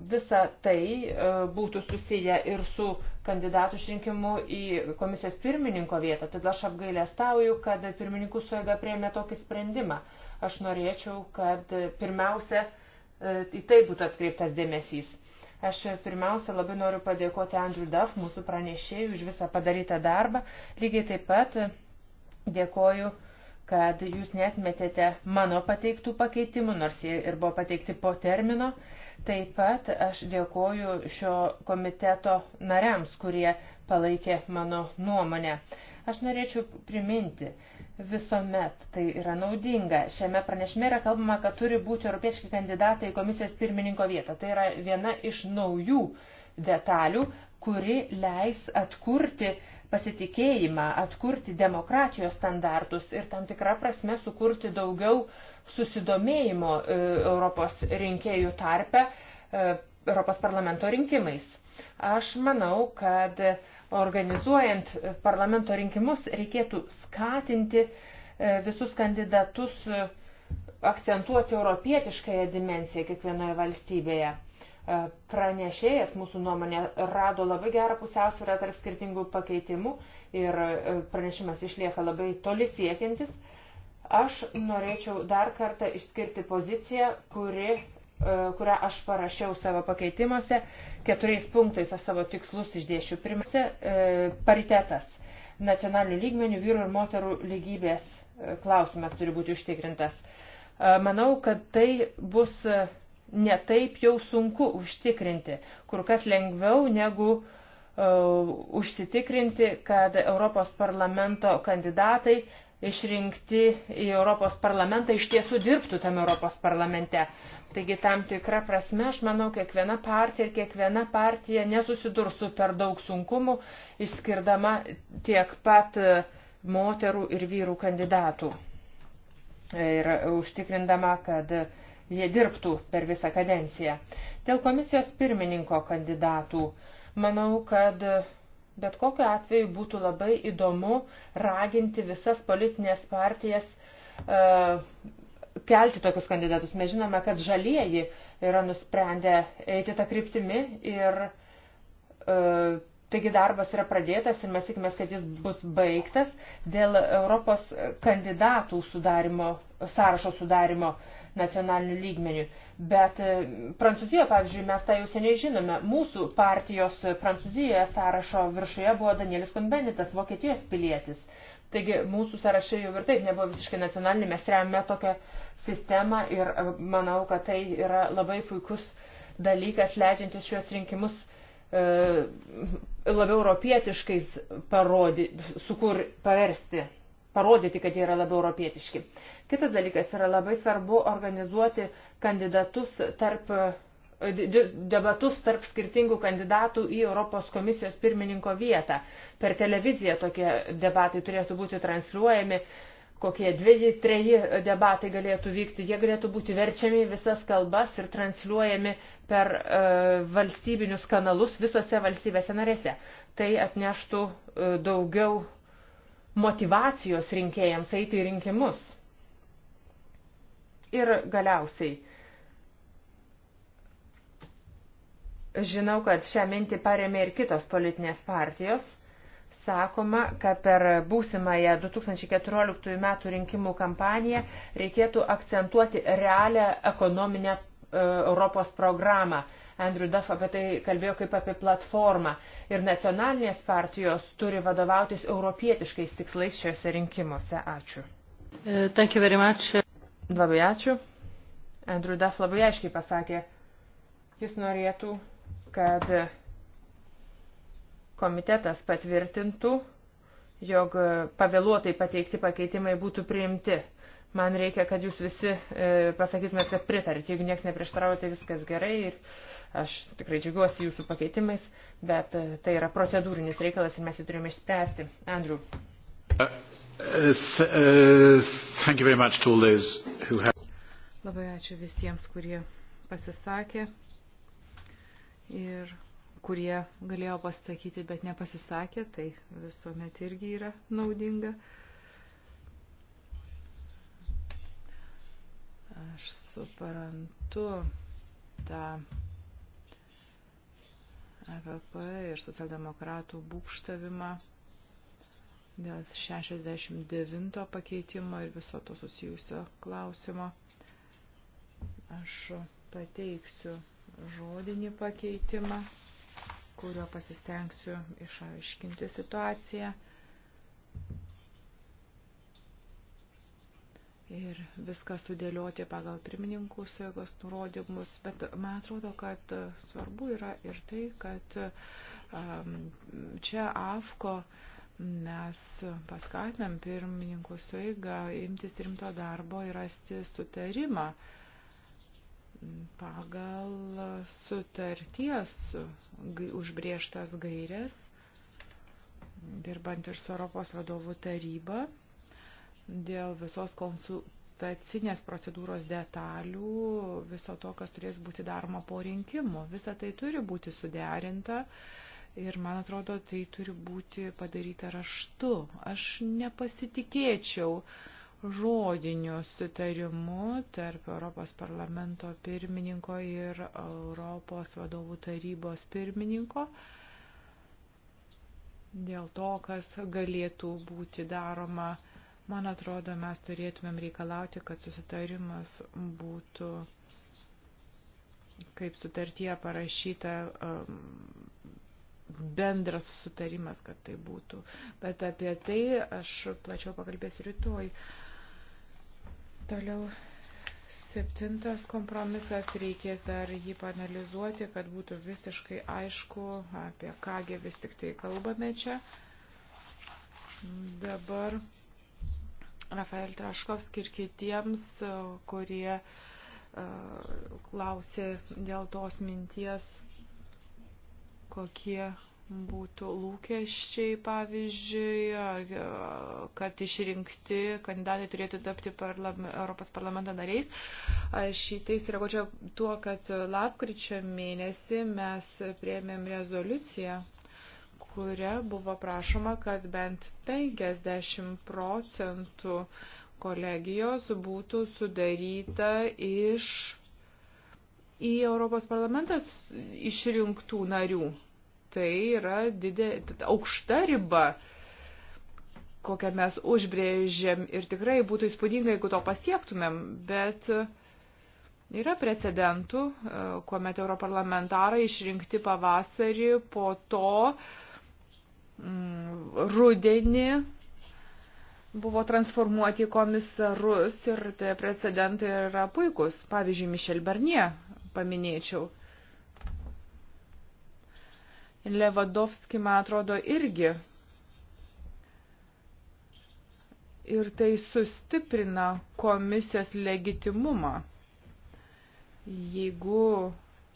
Speaker 3: visa tai e, būtų susiję ir su kandidatų išrinkimu į komisijos pirmininko vietą. Todėl aš apgailestauju, kad pirmininkų suėga prieėmė tokį sprendimą. Aš norėčiau, kad pirmiausia e, į tai būtų atkreiptas dėmesys. Aš pirmiausia labai noriu padėkoti Andrew Duff, mūsų pranešėjų, už visą padarytą darbą. Lygiai taip pat dėkoju uh, kad jūs netmetėte mano pateiktų pakeitimų, nors jie ir buvo pateikti po termino. Taip pat aš dėkoju šio komiteto nariams, kurie palaikė mano nuomonę. Aš norėčiau priminti, visuomet tai yra naudinga. Šiame pranešime yra kalbama, kad turi būti europiečiai kandidatai į komisijos pirmininko vietą. Tai yra viena iš naujų detalių, kuri leis atkurti uh, pasitikėjimą, atkurti demokratijos standartus ir tam tikrą prasme sukurti daugiau susidomėjimo e, Europos rinkėjų tarpe e, Europos parlamento rinkimais. Aš manau, kad organizuojant parlamento rinkimus reikėtų skatinti e, visus kandidatus akcentuoti europietiškąją dimensiją kiekvienoje valstybėje. E, pranešėjas mūsų nuomonė rado labai gerą pusiausvyrą tarp skirtingų pakeitimų ir e, pranešimas išlieka labai toli siekiantis. Aš norėčiau dar kartą išskirti poziciją, kuri, e, kurią aš parašiau savo pakeitimuose. Keturiais punktais aš savo tikslus išdėšiu. Pirmiausia, paritetas. Nacionalinių lygmenių vyrų ir moterų lygybės klausimas turi būti užtikrintas. Manau, kad tai bus netaip jau sunku užtikrinti, kur kas lengviau negu uh, užsitikrinti, kad Europos parlamento kandidatai išrinkti į Europos parlamentą iš tiesų dirbtų tam Europos parlamente. Taigi tam tikra prasme, aš manau, kiekviena partija ir kiekviena partija nesusidurs su per daug sunkumų, išskirdama tiek pat e, moterų ir vyrų kandidatų. Ir užtikrindama, kad uh, jie dirbtų per visą kadenciją. Dėl komisijos pirmininko kandidatų, manau, kad bet kokiu atveju būtų labai įdomu raginti visas politinės partijas uh, kelti tokius kandidatus. Mes žinome, kad žalieji yra nusprendę eiti tą kryptimį ir uh, Taigi darbas yra pradėtas ir mes tikimės, kad jis bus baigtas dėl Europos kandidatų sudarimo, sąrašo sudarimo. Uh, nacionaliniu lygmeniu. Bet e, Prancūzijoje, pavyzdžiui, mes tą jau seniai žinome. Mūsų partijos Prancūzijoje sąrašo viršuje buvo Danielis Konbenitas, Vokietijos pilietis. Taigi mūsų sąrašai jau ir taip nebuvo visiškai nacionaliniai, mes remiame tokią sistemą ir e, manau, kad tai yra labai puikus dalykas, leidžiantis šios rinkimus e, labiau europietiškais parodi, sukur, paversti, parodyti, kad jie yra labiau europietiški. Kitas dalykas yra labai svarbu organizuoti kandidatus tarp debatus tarp skirtingų kandidatų į Europos komisijos pirmininko vietą. Per televiziją tokie debatai turėtų būti transliuojami, kokie dviejai, treji debatai galėtų vykti. Jie galėtų būti verčiami visas kalbas ir transliuojami per e, valstybinius kanalus visose valstybėse narėse. Tai atneštų e, daugiau motivacijos rinkėjams eiti į rinkimus. Ir galiausiai, žinau, kad šią mintį paremė ir kitos politinės partijos. Sakoma, kad per būsimąją 2014 metų rinkimų kampaniją reikėtų akcentuoti realią ekonominę e, Europos programą. Andrew Duff apie tai kalbėjo kaip apie platformą. Ir nacionalinės partijos turi vadovautis europietiškais tikslais šiuose rinkimuose. Ačiū.
Speaker 1: E, thank you very much. Labai ačiū.
Speaker 3: Andrew Duff labai aiškiai pasakė, jis norėtų, kad komitetas patvirtintų, jog pavėluotai pateikti pakeitimai būtų priimti. Man reikia, kad jūs visi e, pasakytumėt, kad pritarit. Jeigu niekas neprieštarauja, tai viskas gerai ir aš tikrai džiaugiuosi jūsų pakeitimais, bet e, tai yra procedūrinis reikalas ir mes jį turime išspręsti. Andrew.
Speaker 1: Uh, uh,
Speaker 2: Labai ačiū visiems, kurie pasisakė ir kurie galėjo pasakyti, bet nepasisakė, tai visuomet irgi yra naudinga. Aš suprantu tą EVP ir socialdemokratų būkštavimą dėl 69 pakeitimo ir viso to susijusio klausimo. Aš pateiksiu žodinį pakeitimą, kurio pasistengsiu išaiškinti situaciją. ir viską sudėlioti pagal pirmininkų suėgos nurodymus. Bet man atrodo, kad svarbu yra ir tai, kad um, čia AFKO uh, mes paskatinam pirmininkų suiga imtis rimto darbo ir rasti sutarimą pagal sutarties užbrieštas gairias, dirbant ir su Europos vadovų taryba, dėl visos konsultacinės procedūros detalių, viso to, kas turės būti daroma po rinkimų. Visa tai turi būti suderinta. Uh, Ir man atrodo, tai turi būti padaryta raštu. Aš nepasitikėčiau žodiniu sutarimu tarp Europos parlamento pirmininko ir Europos vadovų tarybos pirmininko dėl to, kas galėtų būti daroma. Man atrodo, mes turėtumėm reikalauti, kad susitarimas būtų, kaip sutartyje parašyta, um, bendras sutarimas, kad tai būtų. Bet apie tai aš plačiau pakalbėsiu rytoj. Toliau septintas kompromisas, reikės dar jį panalizuoti, kad būtų visiškai aišku, apie kągi vis tik tai kalbame čia. Dabar Rafael Traškovski ir kitiems, kurie klausė dėl tos minties kokie būtų lūkesčiai, pavyzdžiui, kad išrinkti kandidatai turėtų tapti parlame, Europos parlamento nariais. Aš į tai sureaguočiau tuo, kad lapkričio mėnesį mes prieėmėm rezoliuciją kuria buvo prašoma, kad bent 50 procentų kolegijos būtų sudaryta iš į Europos parlamentas išrinktų narių. Tai yra didė, aukšta riba, kokią mes užbrėžėm ir tikrai būtų įspūdinga, jeigu to pasiektumėm, bet e, yra precedentų, e, kuomet europarlamentarai išrinkti pavasarį po to mm, rudenį buvo transformuoti į komisarus ir tie precedentai yra puikus. Pavyzdžiui, Mišel Barnie paminėčiau. Levadovski, man atrodo, irgi. Ir tai sustiprina komisijos legitimumą. Jeigu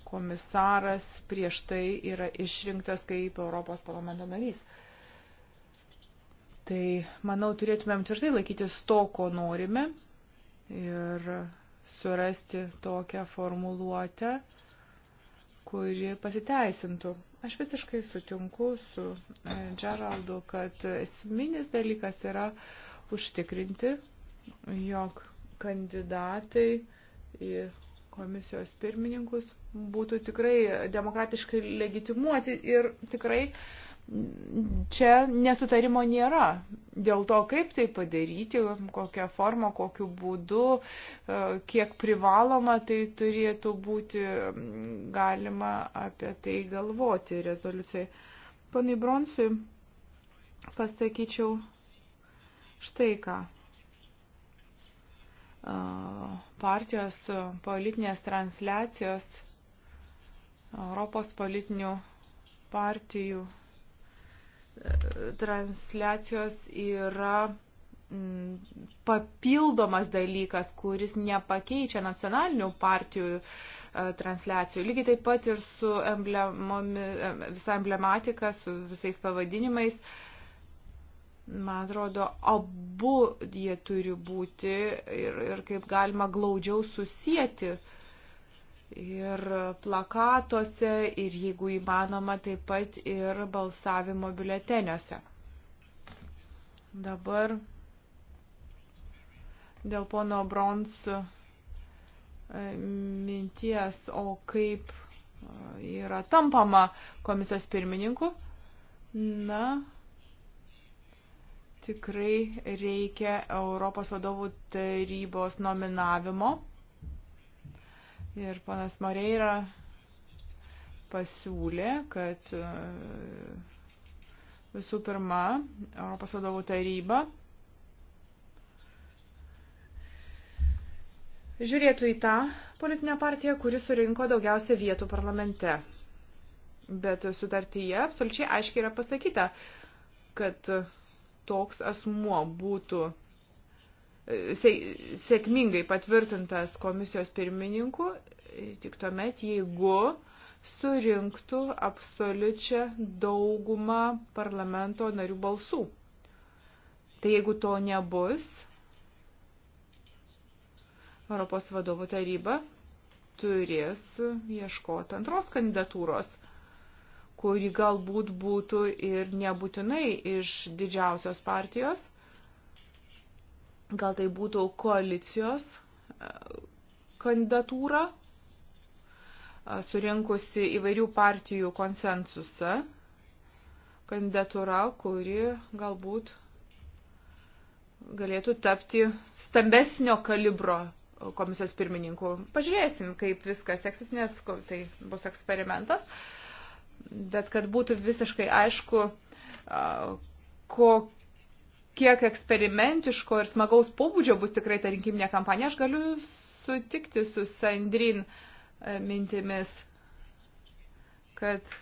Speaker 2: komisaras prieš tai yra išrinktas kaip Europos parlamento narys. Tai, manau, turėtumėm tvirtai laikytis to, ko norime ir surasti tokią formuluotę, kuri pasiteisintų. Aš visiškai sutinku su e, Geraldu, kad esminis dalykas yra užtikrinti, jog kandidatai į komisijos pirmininkus būtų tikrai demokratiškai legitimuoti ir tikrai uh, Čia nesutarimo nėra dėl to, kaip tai padaryti, kokią formą, kokiu būdu, e, kiek privaloma tai turėtų būti, galima apie tai galvoti rezoliucijai. Panai Bronsui pasakyčiau štai ką e, partijos politinės transliacijos Europos politinių partijų transliacijos yra mm, papildomas dalykas, kuris nepakeičia nacionalinių partijų e, transliacijų. Lygiai taip pat ir su e, visa emblematika, su visais pavadinimais. Man atrodo, abu jie turi būti ir, ir kaip galima glaudžiau susijęti uh, ir plakatuose, ir jeigu įmanoma, taip pat ir balsavimo biuleteniuose. Dabar dėl pono Brons e, minties, o kaip e, yra tampama komisijos pirmininku, na, tikrai reikia Europos vadovų tarybos nominavimo Ir panas Moreira pasiūlė, kad e, visų pirma Europos vadovų taryba žiūrėtų į tą politinę partiją, kuri surinko daugiausia vietų parlamente. Bet sutartyje absoliučiai aiškiai yra pasakyta, kad toks asmuo būtų sėkmingai patvirtintas komisijos pirmininku, tik tuomet, jeigu surinktų absoliučią daugumą parlamento narių balsų. Tai jeigu to nebus, Europos vadovų taryba turės ieškoti antros kandidatūros, kuri galbūt būtų ir nebūtinai iš didžiausios partijos, Gal tai būtų koalicijos e, kandidatūra, e, surinkusi įvairių partijų konsensusą, kandidatūra, kuri galbūt galėtų tapti stambesnio kalibro komisijos pirmininku. Pažiūrėsim, kaip viskas seksis, nes tai bus eksperimentas, bet kad būtų visiškai aišku, kokia kiek eksperimentiško ir smagaus pobūdžio bus tikrai ta rinkiminė kampanija, aš galiu sutikti su Sandrin e, mintimis, kad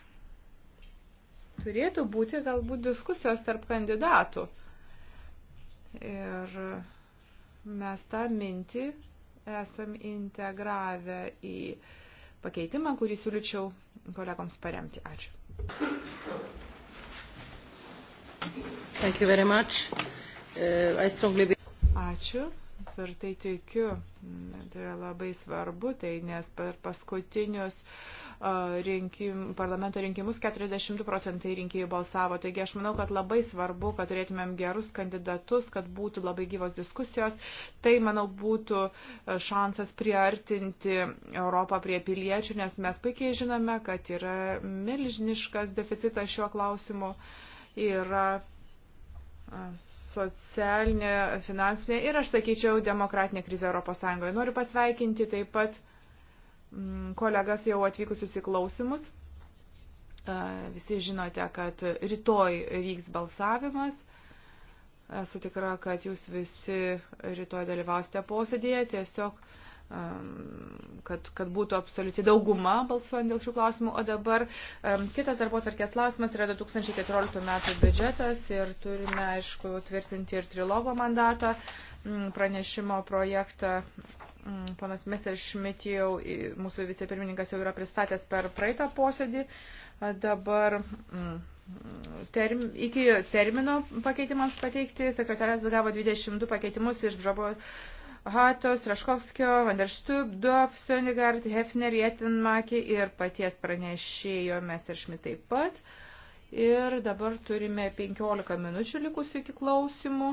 Speaker 2: turėtų būti galbūt diskusijos tarp kandidatų. Ir mes tą mintį esam integravę į pakeitimą, kurį siūlyčiau kolegoms paremti. Ačiū. Uh, strongly... Ačiū. Tvirtai tikiu. Tai yra labai svarbu, tai nes per paskutinius rinkim, parlamento rinkimus 42 procentai rinkėjų balsavo. Taigi aš manau, kad labai svarbu, kad turėtumėm gerus kandidatus, kad būtų labai gyvos diskusijos. Tai, manau, būtų šansas priartinti Europą prie piliečių, nes mes puikiai žinome, kad yra milžiniškas deficitas šiuo klausimu. Uh, yra socialinė, finansinė ir, aš sakyčiau, demokratinė krizė Europos Sąjungoje. Noriu pasveikinti taip pat mm, kolegas jau atvykusius į klausimus. Visi žinote, kad rytoj vyks balsavimas. Esu tikra, kad jūs visi rytoj dalyvausite posėdėje. Tiesiog uh, kad, kad būtų absoliuti dauguma balsuojant dėl šių klausimų. O dabar kitas darbo tvarkės klausimas yra 2014 metų biudžetas ir turime, aišku, tvirtinti ir trilogo mandatą, mm, pranešimo projektą. Mm, Panas Mester Šmit jau, mūsų vicepirmininkas jau yra pristatęs per praeitą posėdį. Dabar mm, term, iki termino pakeitimams pateikti sekretarės gavo 22 pakeitimus iš žabos Hatos, Raškovskio, Vanderštubdov, Sönigard, Hefner, Jetinmaki ir paties pranešėjo Messerschmitt taip pat. Ir dabar turime 15 minučių likusių iki klausimų.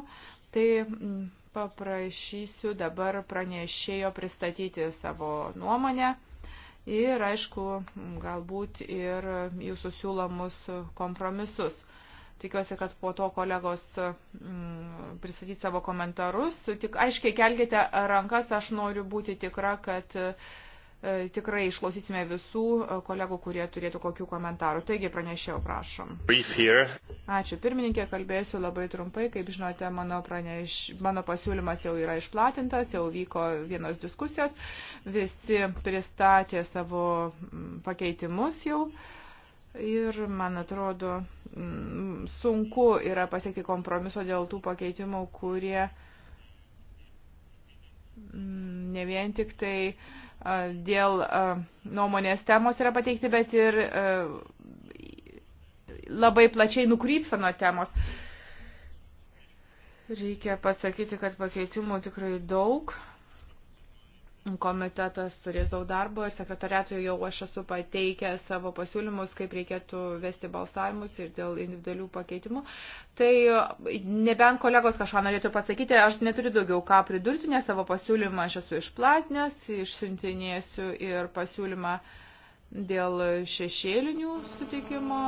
Speaker 2: Tai mm, paprašysiu dabar pranešėjo pristatyti savo nuomonę ir, aišku, galbūt ir jūsų siūlomus kompromisus. Tikiuosi, kad po to kolegos mm, pristatys savo komentarus. Tik aiškiai kelkite rankas, aš noriu būti tikra, kad e, tikrai išklausysime visų e, kolegų, kurie turėtų kokių komentarų. Taigi pranešėjau, prašom. Ačiū pirmininkė, kalbėsiu labai trumpai. Kaip žinote, mano, praneš... mano pasiūlymas jau yra išplatintas, jau vyko vienos diskusijos, visi pristatė savo pakeitimus jau. Mm, Ir, man atrodo, mm, sunku yra pasiekti kompromiso dėl tų pakeitimų, kurie mm, ne vien tik tai dėl nuomonės temos yra pateikti, bet ir labai plačiai nukrypsa nuo temos. Reikia pasakyti, kad pakeitimų tikrai daug komitetas turės daug darbo ir sekretariatui jau aš esu pateikęs savo pasiūlymus, kaip reikėtų vesti balsavimus ir dėl individualių pakeitimų. Tai e, nebent kolegos kažką norėtų pasakyti, aš neturiu daugiau ką pridurti, nes savo pasiūlymą aš esu išplatinęs, išsiuntinėsiu ir pasiūlymą dėl šešėlinių sutikimo.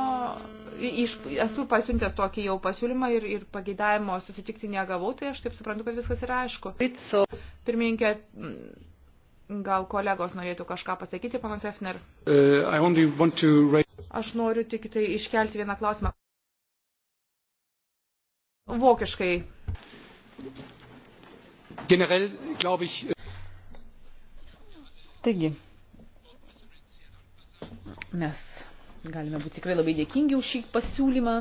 Speaker 2: Iš, esu pasiuntęs tokį jau pasiūlymą ir, ir pageidavimo susitikti negavau, tai aš taip suprantu, kad viskas yra aišku. Pirmininkė, Gal kolegos norėtų kažką pasakyti, panas Efner?
Speaker 1: Uh, to...
Speaker 2: Aš noriu tik tai iškelti vieną klausimą. Vokiškai.
Speaker 4: Generell, glaube ich. Äh, Taigi, mes galime būti tikrai labai dėkingi už šį pasiūlymą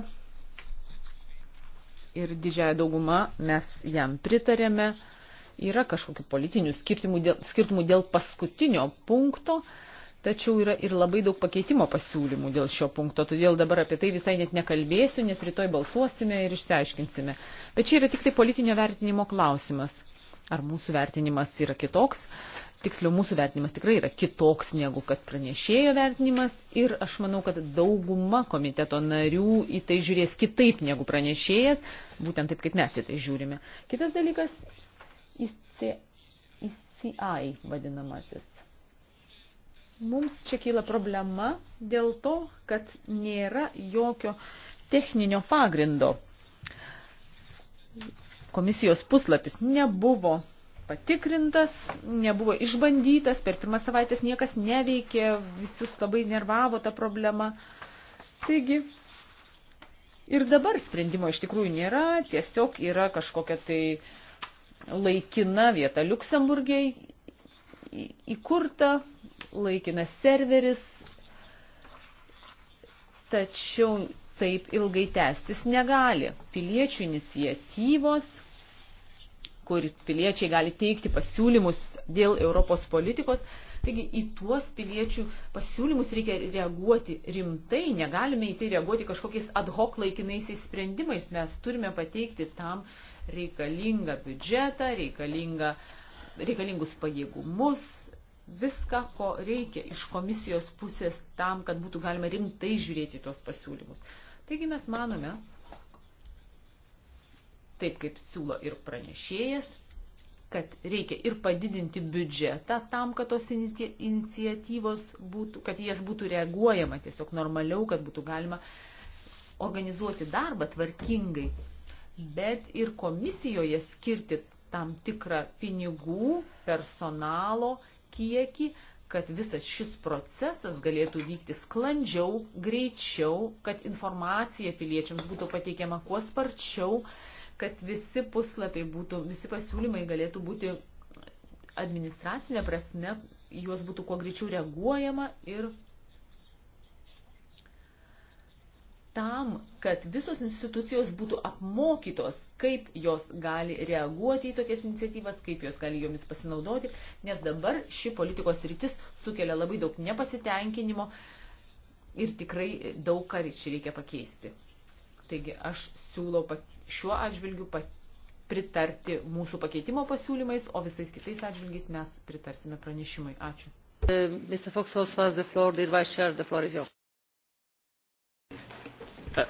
Speaker 4: ir didžiąją daugumą mes jam pritarėme yra kažkokių politinių skirtumų dėl, skirtumų dėl paskutinio punkto, tačiau yra ir labai daug pakeitimo pasiūlymų dėl šio punkto, todėl dabar apie tai visai net nekalbėsiu, nes rytoj balsuosime ir išsiaiškinsime. Bet čia yra tik tai politinio vertinimo klausimas. Ar mūsų vertinimas yra kitoks? Tiksliau, mūsų vertinimas tikrai yra kitoks negu kad pranešėjo vertinimas ir aš manau, kad dauguma komiteto narių į tai žiūrės kitaip negu pranešėjas, būtent taip, kaip mes į tai žiūrime. Kitas dalykas ICI vadinamasis. Mums čia kyla problema dėl to, kad nėra jokio techninio pagrindo. Komisijos puslapis nebuvo patikrintas, nebuvo išbandytas, per pirmą savaitės niekas neveikė, visus labai nervavo tą problemą. Taigi, ir dabar sprendimo iš tikrųjų nėra, tiesiog yra kažkokia tai uh, laikina vieta Luksemburgiai įkurta, laikinas serveris, tačiau taip ilgai tęstis negali. Piliečių inicijatyvos, kur piliečiai gali teikti pasiūlymus dėl Europos politikos, Taigi į tuos piliečių pasiūlymus reikia reaguoti rimtai, negalime į tai reaguoti kažkokiais ad hoc laikinaisiais sprendimais. Mes turime pateikti tam reikalingą biudžetą, reikalingą, reikalingus pajėgumus, viską, ko reikia iš komisijos pusės tam, kad būtų galima rimtai žiūrėti tuos pasiūlymus. Taigi mes manome, taip kaip siūlo ir pranešėjas, kad reikia ir padidinti biudžetą tam, kad tos iniciatyvos būtų, kad jas būtų reaguojama tiesiog normaliau, kad būtų galima organizuoti darbą tvarkingai, bet ir komisijoje skirti tam tikrą pinigų, personalo kiekį, kad visas šis procesas galėtų vykti sklandžiau, greičiau, kad informacija piliečiams būtų pateikiama kuo sparčiau, kad visi puslapiai būtų, visi pasiūlymai galėtų būti administracinė prasme, juos būtų kuo greičiau reaguojama ir tam, kad visos institucijos būtų apmokytos, kaip jos gali reaguoti į tokias iniciatyvas, kaip jos gali jomis pasinaudoti, nes dabar ši politikos rytis sukelia labai daug nepasitenkinimo ir tikrai daug ką čia reikia pakeisti. Taigi aš siūlau šiuo atžvilgiu pritarti mūsų pakeitimo pasiūlymais, o visais kitais atžvilgiais mes pritarsime pranešimui. Ačiū. E, Mr. Fox also has the floor. The Vice Chair, the floor is yours.
Speaker 1: Uh,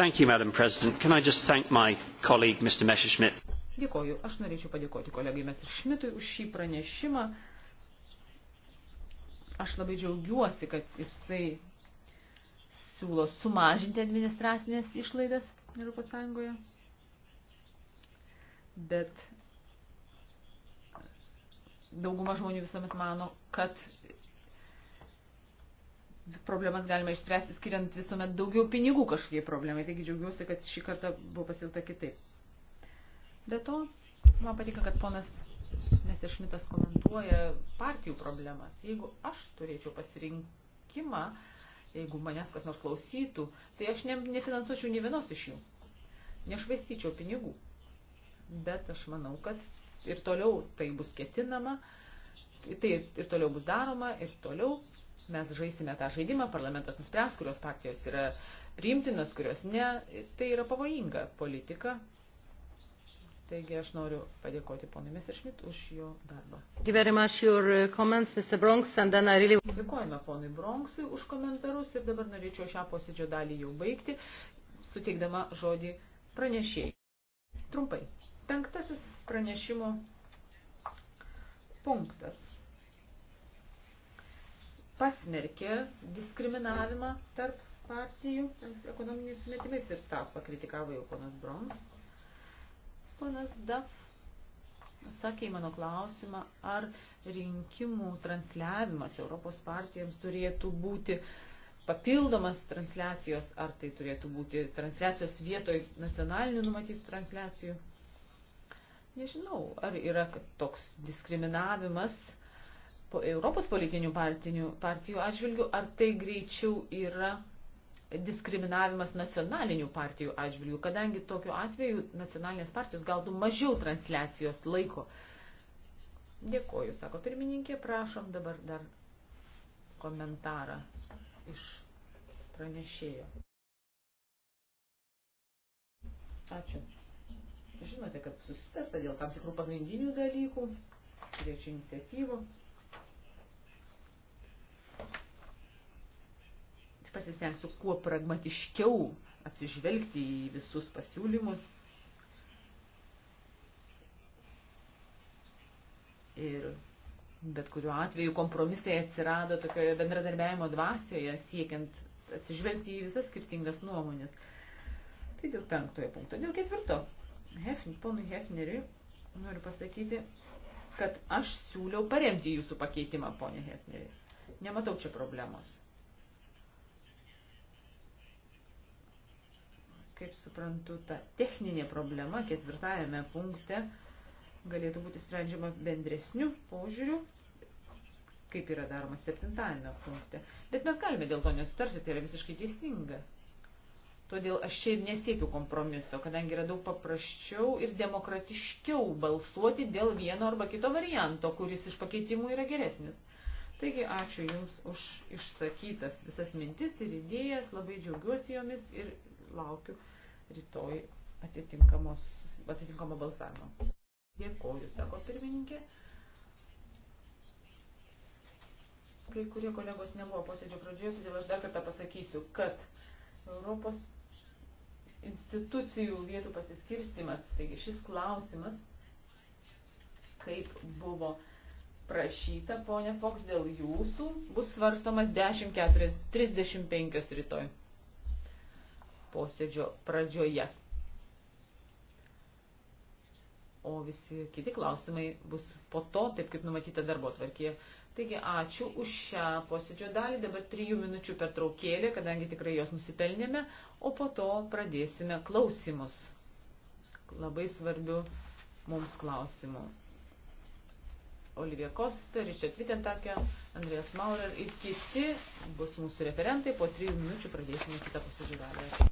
Speaker 1: thank you, Madam President. Can I just thank my colleague, Mr. Messerschmidt?
Speaker 4: Dėkoju. Aš norėčiau padėkoti kolegai Messerschmidtui už šį pranešimą. Aš labai džiaugiuosi, kad jisai siūlo sumažinti administracinės išlaidas Europos Sąjungoje, bet dauguma žmonių visuomet mano, kad problemas galima išspręsti skiriant visuomet daugiau pinigų kažkokiai problemai. Taigi džiaugiuosi, kad šį kartą buvo pasilta kitaip. Be to, man patinka, kad ponas Mesešmitas komentuoja partijų problemas. Jeigu aš turėčiau pasirinkimą, jeigu manęs kas nors klausytų, tai aš ne, nefinansuočiau nei vienos iš jų. Nešvaistyčiau pinigų. Bet aš manau, kad ir toliau tai bus ketinama, tai ir toliau bus daroma, ir toliau mes žaisime tą žaidimą, parlamentas nuspręs, kurios partijos yra priimtinos, kurios ne. Tai yra pavojinga politika, Taigi aš noriu padėkoti ponui Messerschmidt už jo darbą.
Speaker 1: Uh,
Speaker 4: Dėkojame ponui Bronksui už komentarus ir dabar norėčiau šią posėdžio dalį jau baigti, suteikdama žodį pranešėjai. Trumpai. Penktasis pranešimo punktas pasmerkė diskriminavimą tarp partijų ekonominiais sumetimais ir tą pakritikavo jau ponas Broms. Ponas Daf atsakė į mano klausimą, ar rinkimų transliavimas Europos partijoms turėtų būti papildomas transliacijos, ar tai turėtų būti transliacijos vietoj nacionalinių numatytų transliacijų. Nežinau, ar yra toks diskriminavimas po Europos politinių partijų, partijų atžvilgių, ar tai greičiau yra diskriminavimas nacionalinių partijų atžvilgių, kadangi tokiu atveju nacionalinės partijos gautų mažiau transliacijos laiko. Dėkoju, sako pirmininkė, prašom dabar dar komentarą iš pranešėjo. Ačiū. Žinote, kad susitarta dėl tam tikrų pagrindinių dalykų, prieš iniciatyvų. pasistengsiu kuo pragmatiškiau atsižvelgti į visus pasiūlymus. Ir bet kuriuo atveju kompromisai atsirado tokioje bendradarbiavimo dvasioje, siekiant atsižvelgti į visas skirtingas nuomonės. Tai dėl penktojo punkto. Dėl ketvirto. Hefn, ponui Hefneriui noriu pasakyti, kad aš siūliau paremti jūsų pakeitimą, ponė Hefneriui. Nematau čia problemos. kaip suprantu, ta techninė problema ketvirtajame punkte galėtų būti sprendžiama bendresnių požiūrių, kaip yra daroma septintajame punkte. Bet mes galime dėl to nesutarti, tai yra visiškai teisinga. Todėl aš čia ir nesiekiu kompromiso, kadangi yra daug paprasčiau ir demokratiškiau balsuoti dėl vieno arba kito varianto, kuris iš pakeitimų yra geresnis. Taigi ačiū Jums už išsakytas visas mintis ir idėjas, labai džiaugiuosi jomis ir laukiu rytoj atitinkamo balsavimo. Dėkoju, sako pirmininkė. Kai kurie kolegos nebuvo posėdžio pradžioje, todėl aš dar kartą pasakysiu, kad Europos institucijų vietų pasiskirstimas, taigi šis klausimas, kaip buvo prašyta, ponė Fox, dėl jūsų bus svarstomas 10.35 rytoj posėdžio pradžioje. O visi kiti klausimai bus po to, taip kaip numatyta darbo tvarkėje. Taigi ačiū už šią posėdžio dalį. Dabar trijų minučių per traukėlį, kadangi tikrai jos nusipelnėme, o po to pradėsime klausimus. Labai svarbių mums klausimų. Olivija Kosta, Richard Vitentakė, Andrijas Maurer ir kiti bus mūsų referentai. Po trijų minučių pradėsime kitą posėdžio dalį.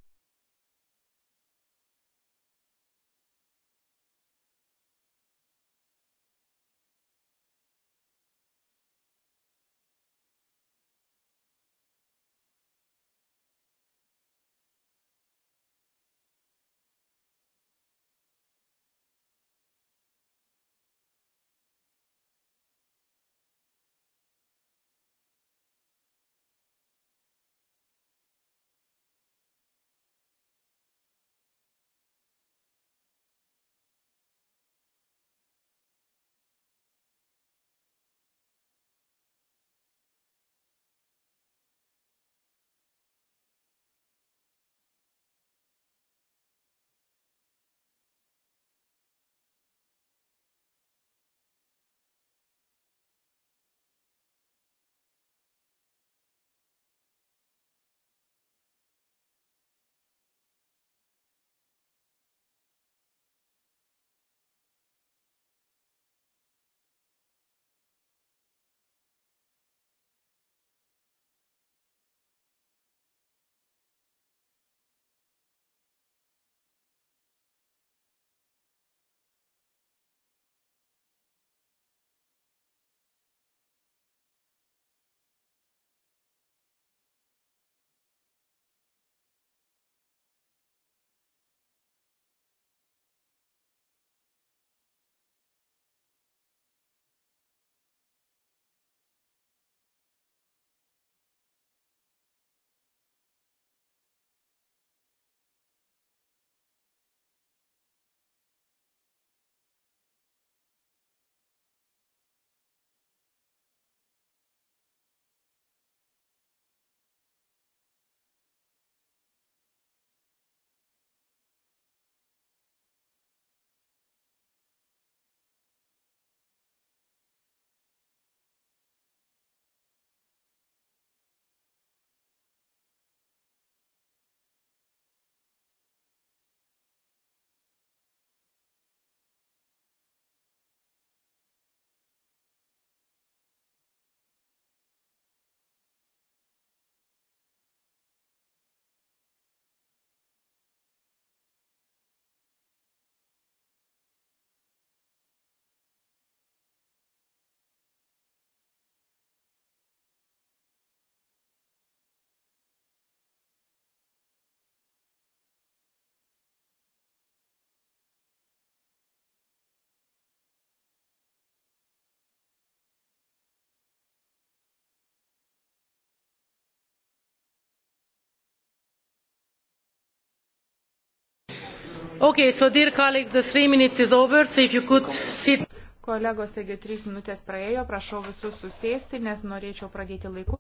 Speaker 1: Okay, so dear colleagues, the three minutes is over, so if you could
Speaker 2: sit. Kolegos, taigi trys minutės praėjo, prašau visus susėsti, nes norėčiau pradėti laiku.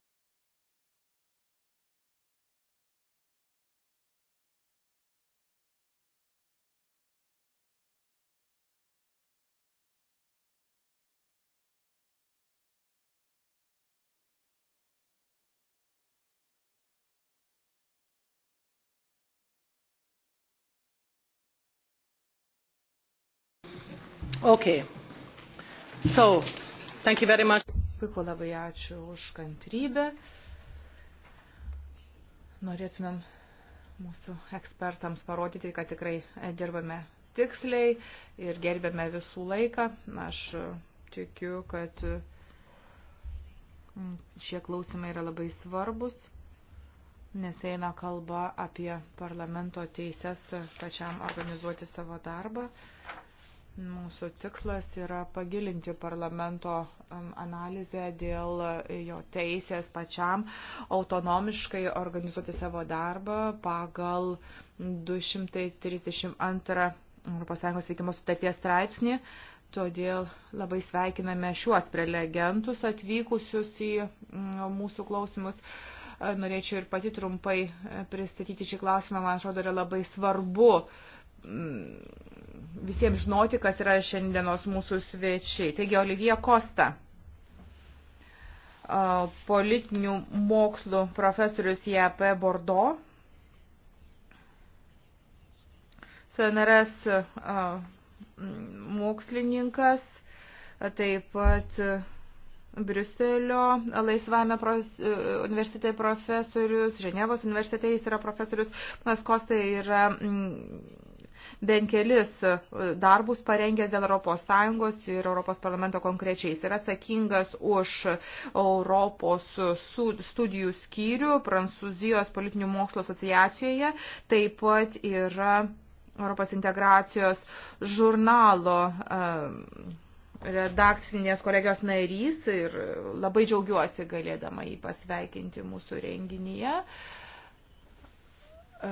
Speaker 2: Okay. So, thank you very much. Puiku, labai ačiū už kantrybę. Norėtumėm mūsų ekspertams parodyti, kad tikrai e, dirbame tiksliai ir gerbėme visų laiką. Aš e, tikiu, kad e, šie klausimai yra labai svarbus, nes eina kalba apie parlamento teises pačiam organizuoti savo darbą. Mūsų tikslas yra pagilinti parlamento um, analizę dėl jo teisės pačiam autonomiškai organizuoti savo darbą pagal 232 ES veikimo sutarties straipsnį. Todėl labai sveikiname šiuos prelegentus atvykusius į mm, mūsų klausimus. Norėčiau ir pati trumpai pristatyti šį klausimą, man atrodo, yra labai svarbu uh, Mm, visiems žinoti, kas yra šiandienos mūsų svečiai. Taigi, Olivija Kosta politinių mokslų profesorius JAP Bordo, SNRS mokslininkas, taip pat Briuselio laisvame universitete profesorius, Ženevos universitete jis yra profesorius, Mas Kosta yra bent kelis e, darbus parengęs dėl ES ir ES parlamento konkrečiai. Jis yra atsakingas už Europos studijų skyrių Prancūzijos politinių mokslo asociacijoje, taip pat yra Europos integracijos žurnalo e, redakcinės kolegijos narys ir labai džiaugiuosi galėdama jį pasveikinti mūsų renginyje. Uh, E,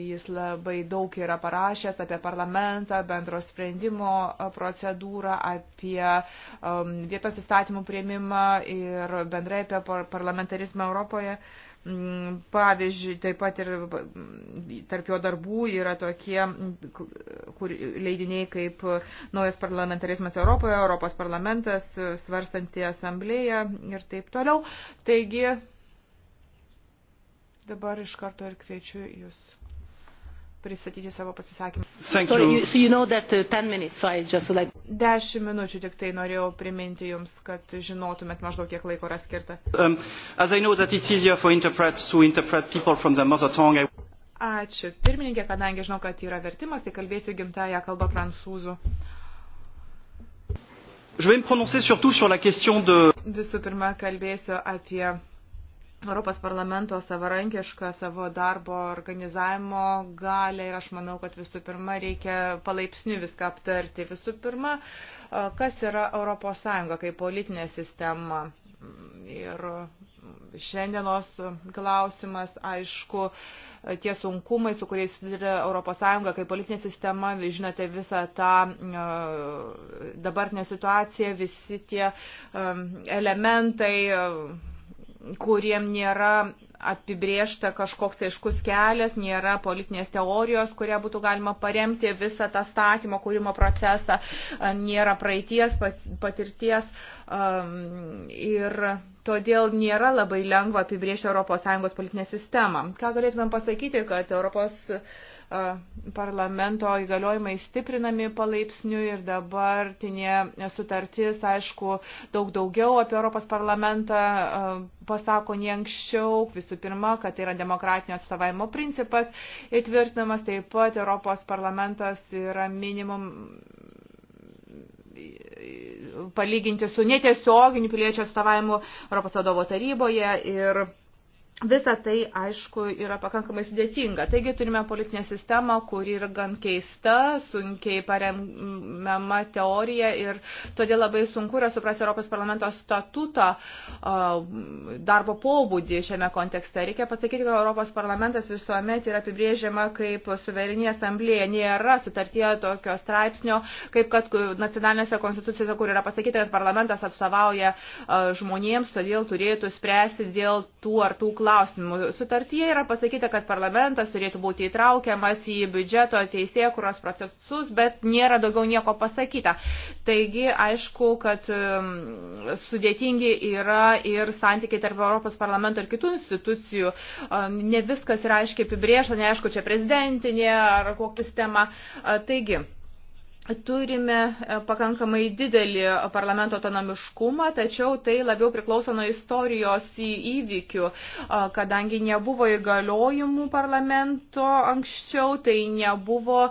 Speaker 2: jis labai daug yra parašęs apie parlamentą, bendro sprendimo e, procedūrą, apie um, vietos įstatymų prieimimą ir bendrai apie parlamentarizmą Europoje. Mm, pavyzdžiui, taip pat ir mm, tarp jo darbų yra tokie mm, kur, leidiniai kaip Naujas parlamentarizmas Europoje, Europos parlamentas, svarstanti asamblėja ir taip toliau. Taigi, Dabar iš karto ir kviečiu Jūs pristatyti savo pasisakymą. Sorry, so you know that, uh, 10 minutes, so I just like... Dešimt minučių tik tai norėjau priminti Jums, kad žinotumėt maždaug kiek laiko yra skirta.
Speaker 1: Um, as I know that it's easier for interprets to interpret people from their mother tongue, I...
Speaker 2: Ačiū. Pirmininkė, kadangi žinau, kad yra vertimas, tai kalbėsiu gimtają kalbą prancūzų.
Speaker 1: Je vais me prononcer surtout sur la question de...
Speaker 2: Visų pirma, kalbėsiu apie Europos parlamento savarankišką savo darbo organizavimo galę ir aš manau, kad visų pirma reikia palaipsniui viską aptarti. Visų pirma, kas yra Europos Sąjunga kaip politinė sistema. Ir šiandienos klausimas, aišku, tie sunkumai, su kuriais susiduria Europos Sąjunga kaip politinė sistema, žinote, visą tą dabartinę situaciją, visi tie elementai kuriem nėra apibriešta kažkoks tai aiškus kelias, nėra politinės teorijos, kurią būtų galima paremti visą tą statymo kūrimo procesą, nėra praeities, patirties ir todėl nėra labai lengva apibriešti ES politinę sistemą. Ką galėtumėm pasakyti, kad ES E, parlamento įgaliojimai stiprinami palaipsniui ir dabartinė sutartis, aišku, daug daugiau apie Europos parlamentą e, pasako nie anksčiau. Visų pirma, kad tai yra demokratinio atstovavimo principas įtvirtinamas, taip pat Europos parlamentas yra minimum palyginti su netiesioginiu piliečių atstovavimu Europos vadovo taryboje ir Visa tai, aišku, yra pakankamai sudėtinga. Taigi turime politinę sistemą, kuri yra gan keista, sunkiai paremiama teorija ir todėl labai sunku yra suprasti Europos parlamento statuto darbo pobūdį šiame kontekste. Reikia pasakyti, kad Europos parlamentas visuomet yra apibrėžiama kaip suvereni asamblėje. Nėra sutartie tokio straipsnio, kaip kad nacionalinėse konstitucijose, kur yra pasakyta, kad parlamentas atstovauja žmonėms, todėl turėtų spręsti dėl tų ar tų klausimų. Sutartyje yra pasakyta, kad parlamentas turėtų būti įtraukiamas į biudžeto teisėkuros procesus, bet nėra daugiau nieko pasakyta. Taigi, aišku, kad um, sudėtingi yra ir santykiai tarp Europos parlamento ir kitų institucijų. Um, ne viskas yra aiškiai apibrėžta, neaišku, čia prezidentinė ar kokia sistema. Uh, taigi, Turime e, pakankamai didelį parlamento autonomiškumą, tačiau tai labiau priklauso nuo istorijos įvykių, e, kadangi nebuvo įgaliojimų parlamento anksčiau, tai nebuvo e,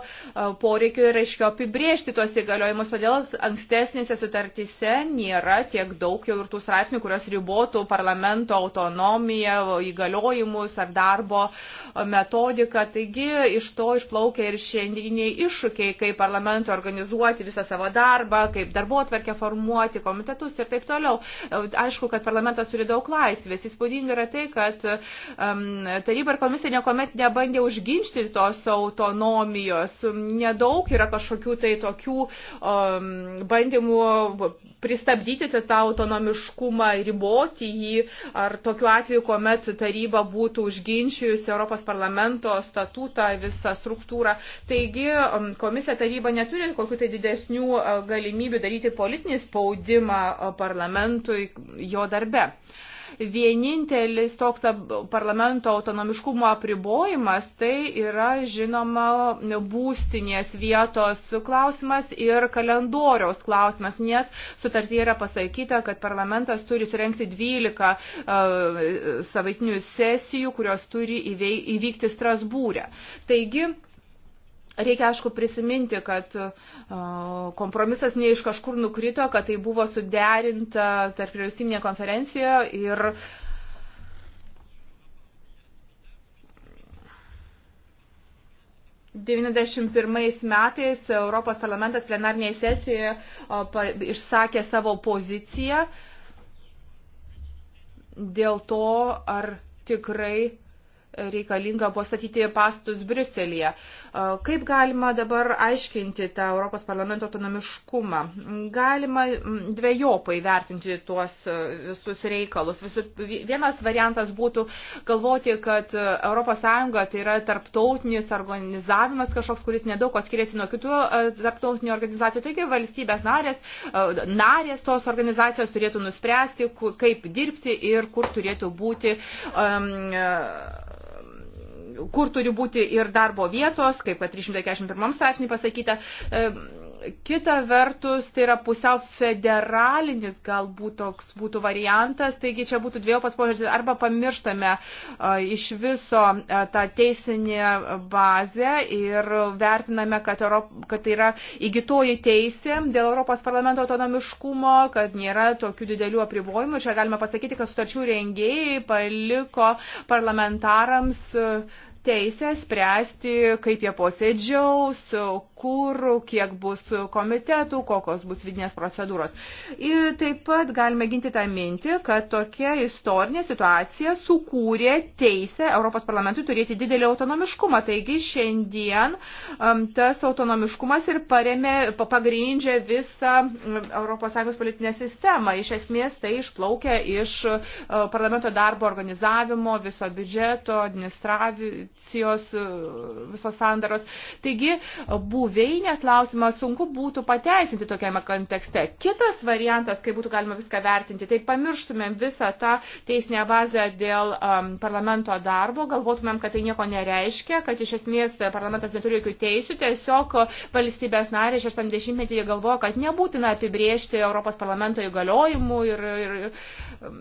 Speaker 2: poreikio ir aiškiau apibriežti tuos įgaliojimus, todėl ankstesnėse sutartyse nėra tiek daug jau ir tų straipsnių, kurios ribotų parlamento autonomiją, įgaliojimus ar darbo metodiką. Taigi iš to išplaukia ir šiandieniai iššūkiai, kai parlamento organizacija organizuoti visą savo darbą, kaip darbo atverkę formuoti, komitetus ir taip toliau. Aišku, kad parlamentas turi daug laisvės. Įspūdinga yra tai, kad um, taryba ir komisija niekuomet nebandė užginčti tos autonomijos. Nedaug yra kažkokių tai tokių um, bandymų pristabdyti tą autonomiškumą, riboti jį, ar tokiu atveju, kuomet taryba būtų užginčiusi Europos parlamento statutą, visą struktūrą. Taigi um, komisija taryba neturi turi kokiu tai didesnių galimybių daryti politinį spaudimą parlamentui jo darbe vienintelis toks parlamento autonomiškumo apribojimas tai yra žinoma būstinės vietos klausimas ir kalendoriaus klausimas, nes sutartyje yra pasakyta, kad parlamentas turi surenkti 12 uh, savaitinių sesijų, kurios turi įveikti Strasbūrę. Taigi, Reikia, aišku, prisiminti, kad e, kompromisas ne iš kažkur nukrito, kad tai buvo suderinta tarp vyriausybinėje konferencijoje ir Devyniasdešimt pirmais metais Europos parlamentas plenarnėje sesijoje išsakė savo poziciją dėl to, ar tikrai reikalinga buvo statyti pastus Briuselėje. Kaip galima dabar aiškinti tą Europos parlamento autonomiškumą? Galima dviejopai vertinti tuos e, visus reikalus. Visų, vienas variantas būtų galvoti, kad ES tai yra tarptautinis organizavimas kažkoks, kuris nedaug ko skiriasi nuo kitų e, tarptautinių organizacijų. Taigi valstybės narės, e, narės tos organizacijos turėtų nuspręsti, kaip dirbti ir kur turėtų būti. Um, kur turi būti ir darbo vietos, kaip kad 341 straipsnį pasakyta. Kita vertus, tai yra pusiau federalinis galbūt toks būtų variantas, taigi čia būtų dviejopas požiūris, arba pamirštame iš viso tą teisinį bazę ir vertiname, kad, Europ, kad tai yra įgytoji teisė dėl Europos parlamento autonomiškumo, kad nėra tokių didelių apribojimų. Čia galime pasakyti, kad sutarčių rengėjai paliko parlamentarams teisę spręsti, kaip jie posėdžiaus, kur, kiek bus komitetų, kokios bus vidinės procedūros. Ir taip pat galime ginti tą mintį, kad tokia istorinė situacija sukūrė teisę Europos parlamentui turėti didelį autonomiškumą. Taigi šiandien um, tas autonomiškumas ir paremė, pagrindžia visą um, ES politinę sistemą. Iš esmės tai išplaukia iš uh, parlamento darbo organizavimo, viso biudžeto, administracijos, uh, visos sandaros. Taigi, uh, buveinės klausimą sunku būtų pateisinti tokiame kontekste. Kitas variantas, kai būtų galima viską vertinti, tai pamirštumėm visą tą teisinę bazę dėl um, parlamento darbo, galvotumėm, kad tai nieko nereiškia, kad iš esmės parlamentas neturi jokių teisių, tiesiog valstybės narė 60-metį galvoja, kad nebūtina apibriežti Europos parlamento įgaliojimų ir, ir, ir um,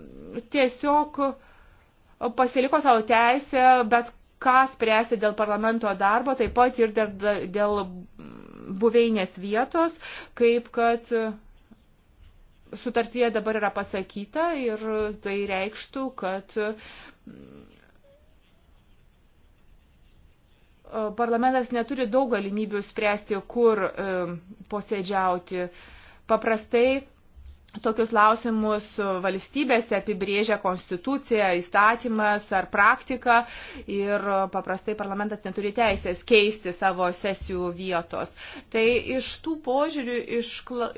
Speaker 2: tiesiog pasiliko savo teisę bet ką spręsti dėl parlamento darbo, taip pat ir dėl buveinės vietos, kaip kad sutartyje dabar yra pasakyta ir tai reikštų, kad parlamentas neturi daug galimybių spręsti, kur e, posėdžiauti. Paprastai Tokius klausimus valstybėse apibrėžia konstitucija, įstatymas ar praktika ir paprastai parlamentas neturi teisės keisti savo sesijų vietos. Tai iš tų požiūrių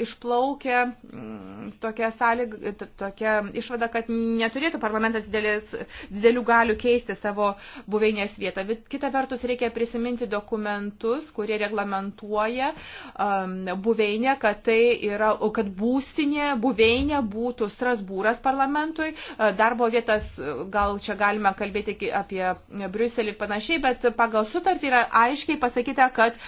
Speaker 2: išplaukia mm, tokia, sąlyga, tokia išvada, kad neturėtų parlamentas didelės, didelių galių keisti savo buveinės vietą. Bet kita vertus reikia prisiminti dokumentus, kurie reglamentuoja um, buveinę, kad tai yra, kad būstinė buveinė būtų Strasbūras parlamentui, e, darbo vietas, e, gal čia galime kalbėti apie Briuselį ir panašiai, bet pagal sutartį yra aiškiai pasakyta, kad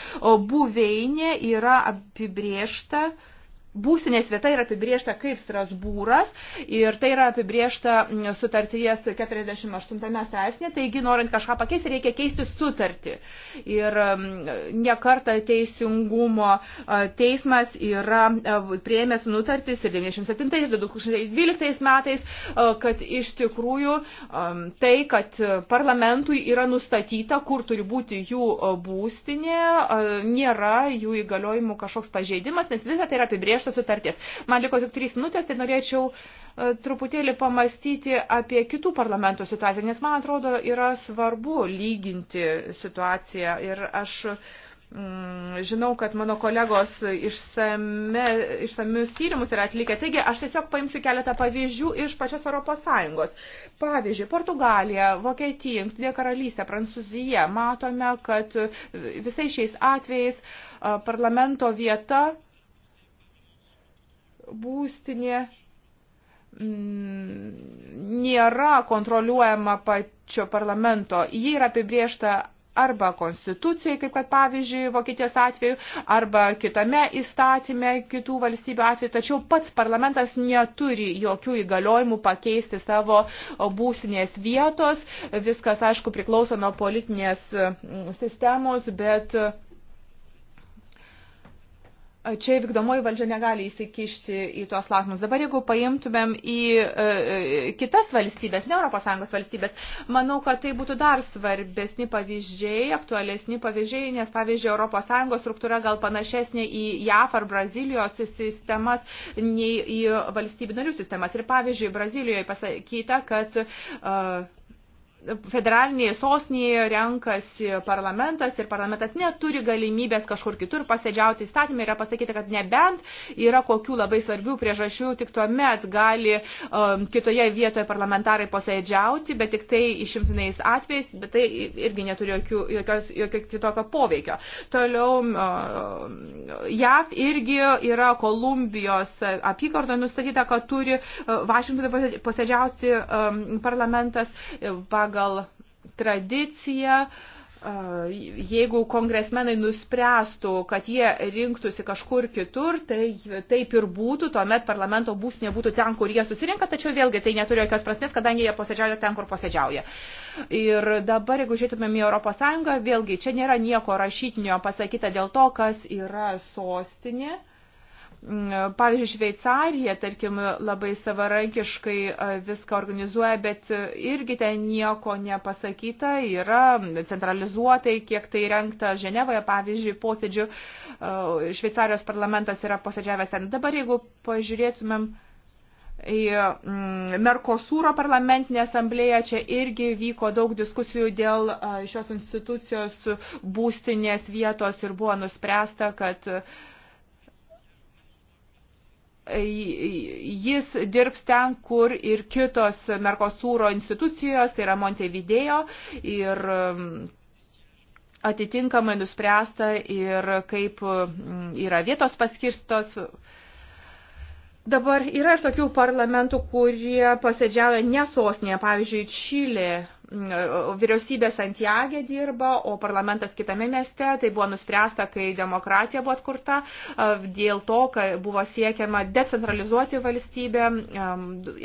Speaker 2: buveinė yra apibriešta uh, būstinės vieta yra apibriešta kaip Strasbūras ir tai yra apibriešta sutarties 48 straipsnė, taigi norint kažką pakeisti, reikia keisti sutartį. Ir mm, nekarta teisingumo e, teismas yra e, prieėmęs nutartis ir 97-2012 metais, e, kad iš tikrųjų tai, kad parlamentui yra nustatyta, kur turi būti jų būstinė, nėra jų įgaliojimų kažkoks pažeidimas, nes visą tai yra apibriešta apibrėžtos sutarties. Man liko tik trys minutės, tai norėčiau e, truputėlį pamastyti apie kitų parlamentų situaciją, nes man atrodo yra svarbu lyginti situaciją ir aš mm, žinau, kad mano kolegos išsame, išsamius tyrimus yra atlikę. Taigi, aš tiesiog paimsiu keletą pavyzdžių iš pačios Europos Sąjungos. Pavyzdžiui, Portugalija, Vokietija, Junktinė karalystė, Prancūzija. Matome, kad visais šiais atvejais e, parlamento vieta būstinė mm, nėra kontroliuojama pačio parlamento. Ji yra apibriešta arba konstitucijai, kaip kad pavyzdžiui Vokietijos atveju, arba kitame įstatyme kitų valstybių atveju, tačiau pats parlamentas neturi jokių įgaliojimų pakeisti savo būsinės vietos. Viskas, aišku, priklauso nuo politinės mm, sistemos, bet Čia vykdomoji valdžia negali įsikišti į tuos klausimus. Dabar jeigu paimtumėm į e, e kitas valstybės, ne ES valstybės, manau, kad tai būtų dar svarbesni pavyzdžiai, aktualesni pavyzdžiai, nes pavyzdžiui, ES struktūra gal panašesnė į JAF ar Brazilijos sistemas, nei į valstybių narių sistemas. Ir pavyzdžiui, Brazilijoje pasakyta, kad e, federalinėje sostinėje renkasi parlamentas ir parlamentas neturi galimybės kažkur kitur pasėdžiauti įstatymą. Yra pasakyta, kad nebent yra kokių labai svarbių priežasčių, tik tuomet gali um, kitoje vietoje parlamentarai posėdžiauti, bet tik tai išimtinais atvejais, bet tai irgi neturi jokių, jokios, jokio kitokio poveikio. Toliau um, JAV irgi yra Kolumbijos apygardoje nustatyta, kad turi uh, Vašingtonė posėdžiauti um, parlamentas. Uh, pagal tradiciją, jeigu kongresmenai nuspręstų, kad jie rinktųsi kažkur kitur, tai taip ir būtų, tuomet parlamento būstinė būtų ten, kur jie susirinka, tačiau vėlgi tai neturi jokios prasmės, kadangi jie posėdžiauja ten, kur posėdžiauja. Ir dabar, jeigu žiūrėtumėm į ES, vėlgi čia nėra nieko rašytinio pasakyta dėl to, kas yra sostinė. Uh, Pavyzdžiui, Šveicarija, tarkim, labai savarankiškai e, viską organizuoja, bet irgi ten nieko nepasakyta, yra centralizuotai, kiek tai renkta Ženevoje, pavyzdžiui, posėdžių. E, Šveicarijos parlamentas yra posėdžiavęs ten. Dabar, jeigu pažiūrėtumėm į mm, Merkosūro parlamentinę asamblėją. Čia irgi vyko daug diskusijų dėl e, šios institucijos būstinės vietos ir buvo nuspręsta, kad uh, jis dirbs ten, kur ir kitos Merkosūro institucijos, tai yra Montevideo ir um, atitinkamai nuspręsta ir kaip um, yra vietos paskirstos. Dabar yra ir tokių parlamentų, kurie pasėdžiavo ne sostinėje, pavyzdžiui, Čilė vyriausybė Santiagė dirba, o parlamentas kitame mieste. Tai buvo nuspręsta, kai demokratija buvo atkurta, dėl to, kad buvo siekiama decentralizuoti valstybę.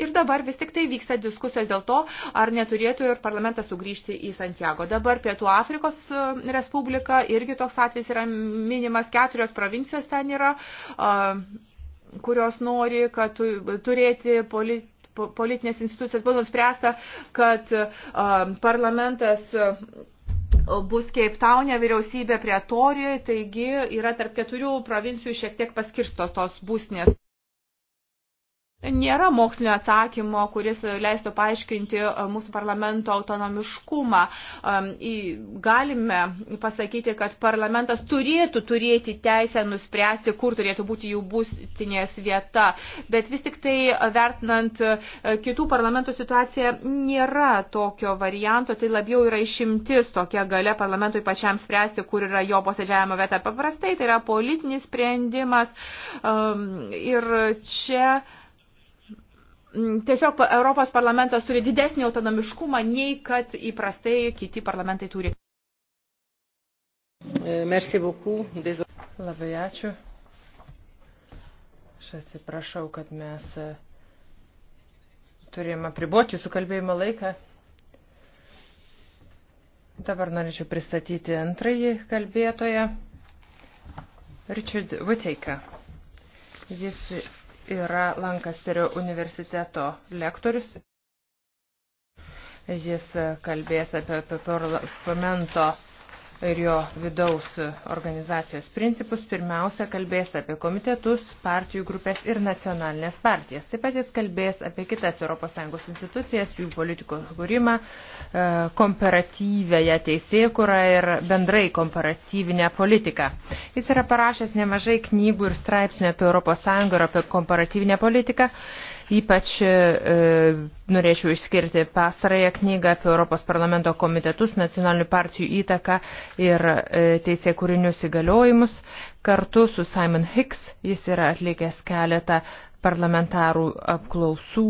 Speaker 2: Ir dabar vis tik tai vyksta diskusijos dėl to, ar neturėtų ir parlamentas sugrįžti į Santiago. Dabar Pietų Afrikos Respublika irgi toks atvejs yra minimas, keturios provincijos ten yra kurios nori, kad turėti politiką politinės institucijos buvo nuspręsta, kad parlamentas bus Keiptaunė vyriausybė prie Torijoje, taigi yra tarp keturių provincijų šiek tiek paskirstos tos būsnės. Nėra mokslinio atsakymo, kuris leistų paaiškinti e, mūsų parlamento autonomiškumą. E, galime pasakyti, kad parlamentas turėtų turėti teisę nuspręsti, kur turėtų būti jų būstinės vieta, bet vis tik tai e, vertinant kitų parlamentų situaciją nėra tokio varianto, tai labiau yra išimtis tokia gale parlamentui pačiam spręsti, kur yra jo posėdžiavimo vieta. Paprastai tai yra politinis sprendimas ir čia Mm, tiesiog Europos parlamentas turi didesnį autonomiškumą, nei kad įprastai kiti parlamentai turi.
Speaker 1: E, merci beaucoup. Labai ačiū. Aš
Speaker 3: atsiprašau, kad mes e, turėjome priboti su kalbėjimo laiką. Dabar norėčiau pristatyti antrąjį kalbėtoją, Richard Viteika. Jis yra Lankasterio universiteto lektorius. Jis kalbės apie parlamento ir jo vidaus organizacijos principus, pirmiausia kalbės apie komitetus, partijų grupės ir nacionalinės partijas. Taip pat jis kalbės apie kitas ES institucijas, jų politikos kūrimą, e, komparatyvę ją teisėkurą ir bendrai komparatyvinę politiką. Jis yra parašęs nemažai knygų ir straipsnių apie ES ir apie komparatyvinę politiką. Ypač e, norėčiau išskirti pasarąją knygą apie Europos parlamento komitetus, nacionalinių partijų įtaką ir e, teisė kūrinius įgaliojimus. Kartu su Simon Hicks jis yra atlikęs keletą parlamentarų apklausų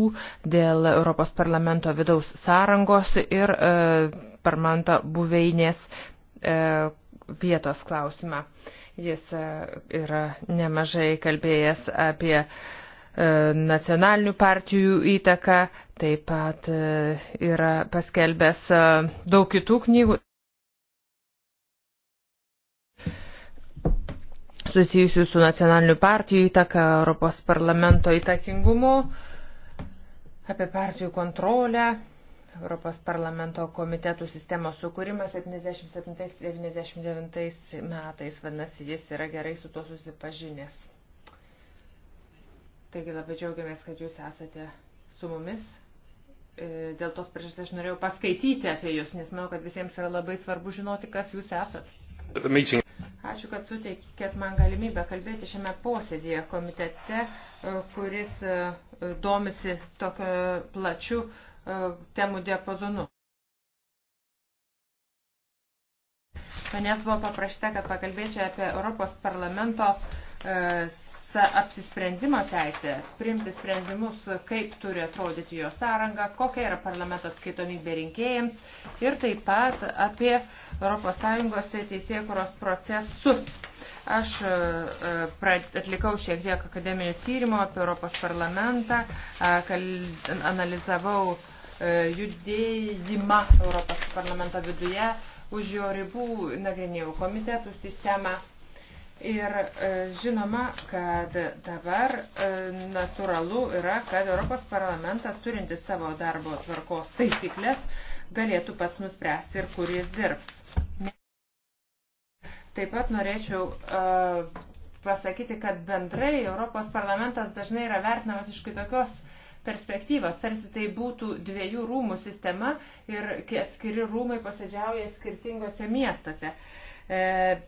Speaker 3: dėl Europos parlamento vidaus sąrangos ir e, parlamento buveinės e, vietos klausimą. Jis e, yra nemažai kalbėjęs apie e, E, nacionalinių partijų įtaka, taip pat e, yra paskelbęs e, daug kitų knygų susijusių su nacionalinių partijų įtaka, Europos parlamento įtakingumu, apie partijų kontrolę, Europos parlamento komitetų sistemos sukūrimas 77-99 metais, vadinasi, jis yra gerai su to susipažinęs. Taigi labai džiaugiamės, kad jūs esate su mumis. E, dėl tos priežasties aš norėjau paskaityti apie jūs, nes manau, kad visiems yra labai svarbu žinoti, kas jūs esat. Ačiū, kad suteikėt man galimybę kalbėti šiame posėdėje komitete, e, kuris e, domisi tokio plačiu temų diapazonu. Manęs buvo paprašyta, kad pakalbėčiau apie Europos parlamento apsisprendimo teisė, priimti sprendimus, kaip turi atrodyti jo sąranga, kokia yra parlamento skaitomybė rinkėjams ir taip pat apie ES teisėkuros procesus. Aš e, atlikau šiek tiek akademinio tyrimo apie Europos parlamentą, e, analizavau e, judėjimą Europos parlamento viduje, už jo ribų nagrinėjau komitetų sistemą Ir e, žinoma, kad dabar e, natūralu yra, kad Europos parlamentas turinti savo darbo tvarkos taisyklės galėtų pats nuspręsti ir kur jis dirbs. Taip pat norėčiau e, pasakyti, kad bendrai Europos parlamentas dažnai yra vertinamas iš kitokios perspektyvos, tarsi tai būtų dviejų rūmų sistema ir atskiri rūmai posėdžiauja skirtingose miestuose. E,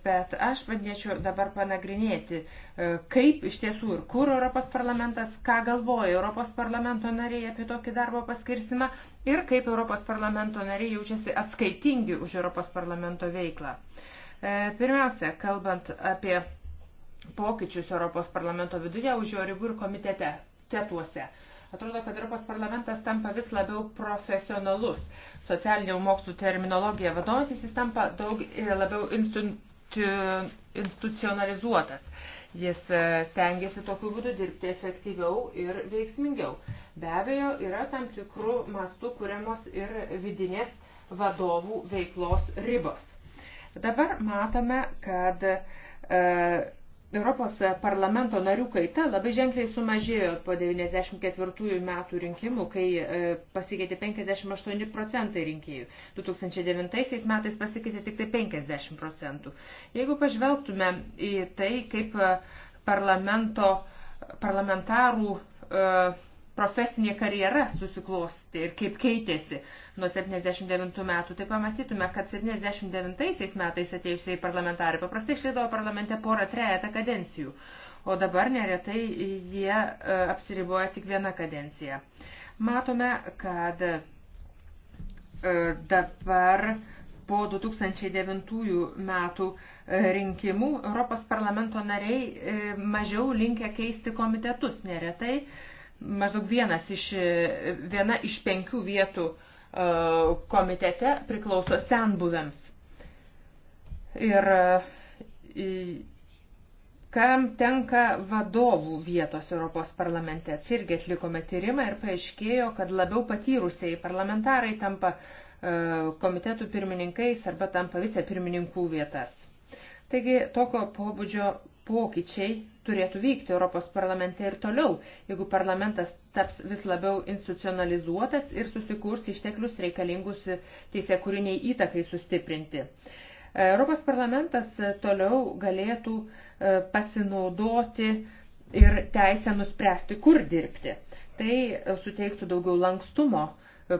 Speaker 3: bet aš bandėčiau dabar panagrinėti, e, kaip iš tiesų ir kur Europos parlamentas, ką galvoja Europos parlamento nariai apie tokį darbo paskirsimą ir kaip Europos parlamento nariai jaučiasi atskaitingi už Europos parlamento veiklą. E, pirmiausia, kalbant apie pokyčius Europos parlamento viduje, už jo ribų ir komitete, tetuose. Atrodo, kad Europos parlamentas tampa vis labiau profesionalus. Socialinių mokslų terminologija vadovautis jis tampa daug e, labiau institucionalizuotas. Jis e, stengiasi tokiu būdu dirbti efektyviau ir veiksmingiau. Be abejo, yra tam tikrų mastų kuriamos ir vidinės vadovų veiklos ribos. Dabar matome, kad e, Europos parlamento narių kaita labai ženkliai sumažėjo po 94 metų rinkimų, kai e, pasikeitė 58 procentai rinkėjų. 2009 metais pasikeitė tik tai 50 procentų. Jeigu pažvelgtume į tai, kaip e, parlamento, parlamentarų e, profesinė karjera susiklosti ir kaip keitėsi nuo 79 metų, tai pamatytume, kad 79 metais atėjusiai parlamentarai paprastai išlėdavo parlamente porą trejata kadencijų, o dabar neretai jie e, apsiriboja tik vieną kadenciją. Matome, kad e, dabar po 2009 metų e, rinkimų Europos parlamento nariai mažiau linkia keisti komitetus neretai maždaug vienas iš, viena iš penkių vietų e, komitete priklauso senbuvėms. Ir e, kam tenka vadovų vietos Europos parlamente. Čia irgi atlikome tyrimą ir paaiškėjo, kad labiau patyrusiai parlamentarai tampa e, komitetų pirmininkais arba tampa vicepirmininkų vietas. Taigi tokio pobūdžio pokyčiai turėtų vykti Europos parlamente ir toliau, jeigu parlamentas taps vis labiau institucionalizuotas ir susikurs išteklius reikalingus teisėkūriniai įtakai sustiprinti. Europos parlamentas toliau galėtų e, pasinaudoti ir teisę nuspręsti, kur dirbti. Tai e, suteiktų daugiau lankstumo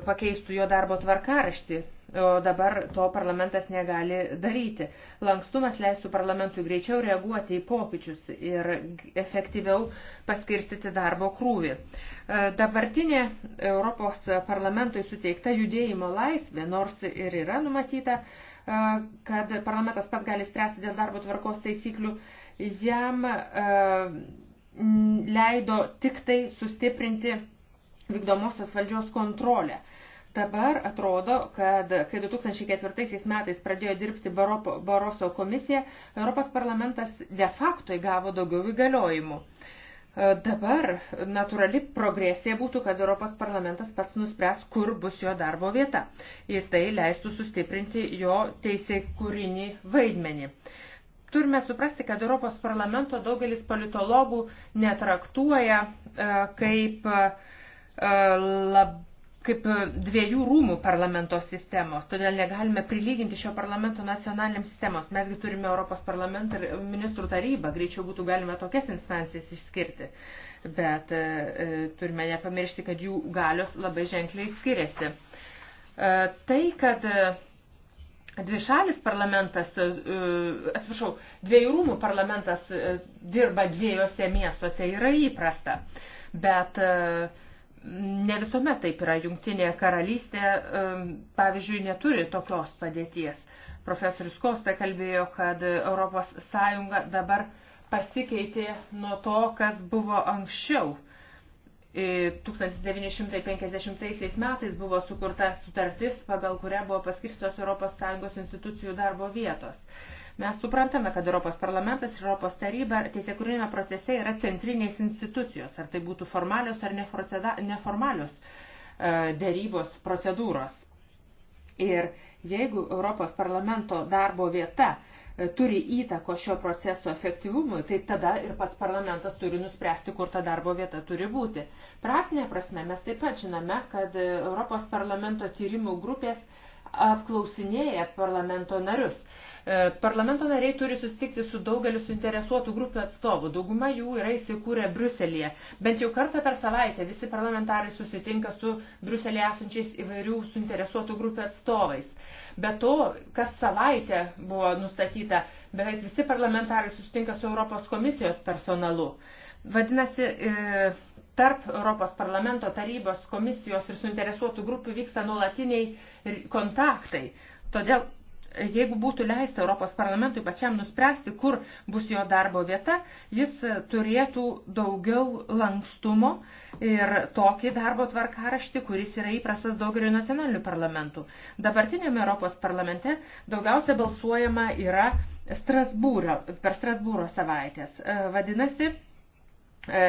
Speaker 3: pakeistų jo darbo tvarkaraštį, o dabar to parlamentas negali daryti. Lankstumas leistų parlamentui greičiau reaguoti į pokyčius ir efektyviau paskirstyti darbo krūvį. E, dabartinė Europos parlamentui suteikta judėjimo laisvė, nors ir yra numatyta, e, kad parlamentas pats gali spręsti dėl darbo tvarkos taisyklių, jam e, leido tik tai sustiprinti vykdomosios valdžios kontrolę. Dabar atrodo, kad kai 2004 metais pradėjo dirbti Baroso komisija, Europos parlamentas de facto įgavo daugiau įgaliojimų. E, dabar natūrali progresija būtų, kad Europos parlamentas pats nuspręs, kur bus jo darbo vieta. Ir tai leistų sustiprinti jo teisė kūrinį vaidmenį. Turime suprasti, kad Europos parlamento daugelis politologų netraktuoja e, kaip E, lab, kaip dviejų rūmų parlamento sistemos, todėl negalime prilyginti šio parlamento nacionaliniams sistemos. Mesgi turime Europos parlamentą ir ministrų tarybą, greičiau būtų galima tokias instancijas išskirti, bet e, e turime nepamiršti, kad jų galios labai ženkliai skiriasi. E, tai, kad e, dvišalis parlamentas, e, atsiprašau, dviejų rūmų parlamentas dirba dviejose miestuose yra įprasta, bet ne visuomet taip yra. Jungtinė karalystė, pavyzdžiui, neturi tokios padėties. Profesorius Kosta kalbėjo, kad ES dabar pasikeitė nuo to, kas buvo anksčiau. 1950 e, metais buvo sukurta sutartis, pagal kurią buvo paskirstos ES institucijų darbo vietos. Mes suprantame, kad Europos parlamentas ir Europos taryba teisėkūrinėme procese yra centrinės institucijos, ar tai būtų formalios ar neformalios e, dėrybos procedūros. Ir jeigu Europos parlamento darbo vieta e, turi įtako šio proceso efektyvumui, tai tada ir pats parlamentas turi nuspręsti, kur ta darbo vieta turi būti. Praktinė prasme mes taip pat žinome, kad e, Europos parlamento tyrimų grupės apklausinėja parlamento narius E, parlamento nariai turi susitikti su daugeliu suinteresuotų grupių atstovų. Dauguma jų yra įsikūrę Bruselėje. Bent jau kartą per savaitę visi parlamentarai susitinka su Bruselėje esančiais įvairių suinteresuotų grupių atstovais. Be to, kas savaitę buvo nustatyta, beveik visi parlamentarai susitinka su Europos komisijos personalu. Vadinasi, e, tarp Europos parlamento tarybos komisijos ir suinteresuotų grupių vyksta nuolatiniai kontaktai. Todėl Jeigu būtų leista Europos parlamentui pačiam nuspręsti, kur bus jo darbo vieta, jis turėtų daugiau lankstumo ir tokį darbo tvarkaraštį, kuris yra įprastas daugeliu nacionalinių parlamentų. Dabartinėme Europos parlamente daugiausia balsuojama yra Strasbūro, per Strasbūro savaitės. E, vadinasi, e,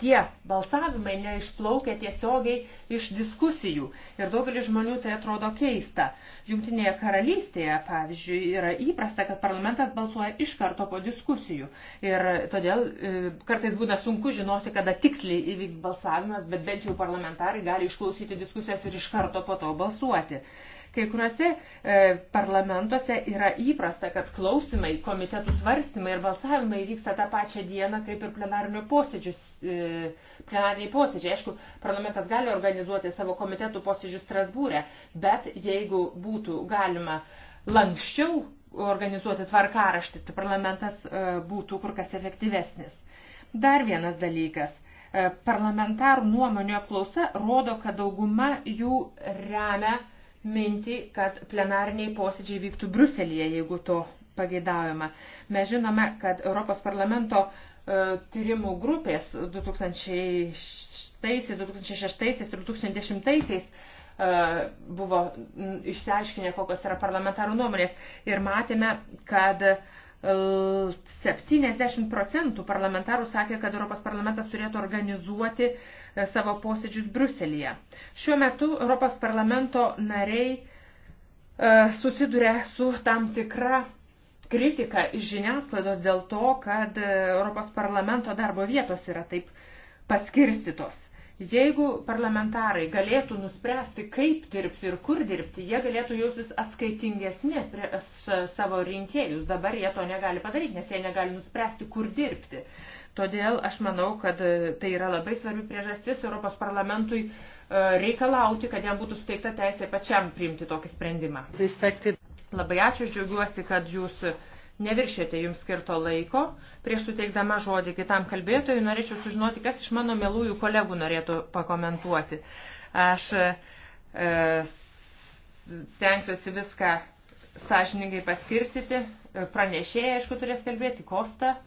Speaker 3: tie balsavimai neišplaukia tiesiogiai iš diskusijų. Ir daugelis žmonių tai atrodo keista. Junktinėje karalystėje, pavyzdžiui, yra įprasta, kad parlamentas balsuoja iš karto po diskusijų. Ir todėl e, kartais būna sunku žinoti, kada tiksliai įvyks balsavimas, bet bent jau parlamentarai gali išklausyti diskusijas ir iš karto po to balsuoti. Kai kuriuose e, parlamentuose yra įprasta, kad klausimai, komitetų svarstymai ir balsavimai vyksta tą pačią dieną, kaip ir plenarinio posėdžių, e, plenariniai posėdžiai. Aišku, parlamentas gali organizuoti savo komitetų posėdžių Strasbūrė, bet jeigu būtų galima lankščiau organizuoti tvarkaraštį, tai parlamentas e, būtų kur kas efektyvesnis. Dar vienas dalykas e, parlamentarų nuomonių apklausa rodo, kad dauguma jų remia mintį, kad plenariniai posėdžiai vyktų Bruselėje, jeigu to pageidaujama. Mes žinome, kad Europos parlamento e, tyrimų grupės 2006 ir 2010 e, buvo išsiaiškinę, kokios yra parlamentarų nuomonės ir matėme, kad 70 e, procentų parlamentarų sakė, kad Europos parlamentas turėtų organizuoti uh, E, savo posėdžius Bruselėje. Šiuo metu Europos parlamento nariai e, susiduria su tam tikra kritika iš žiniasklaidos dėl to, kad e, Europos parlamento darbo vietos yra taip paskirstytos. Jeigu parlamentarai galėtų nuspręsti, kaip dirbti ir kur dirbti, jie galėtų jausis atskaitingesni prie savo rinkėjus. Dabar jie to negali padaryti, nes jie negali nuspręsti, kur dirbti. Uh, Todėl aš manau, kad e, tai yra labai svarbi priežastis Europos parlamentui e, reikalauti, kad jam būtų suteikta teisė pačiam priimti tokį sprendimą. Respected. Labai ačiū, džiaugiuosi, kad jūs neviršėte jums skirto laiko. Prieš suteikdama žodį kitam kalbėtojui, norėčiau sužinoti, kas iš mano mielųjų kolegų norėtų pakomentuoti. Aš e, stengsiuosi viską sąžiningai paskirstyti. Pranešėjai, aišku, turės kalbėti Kosta.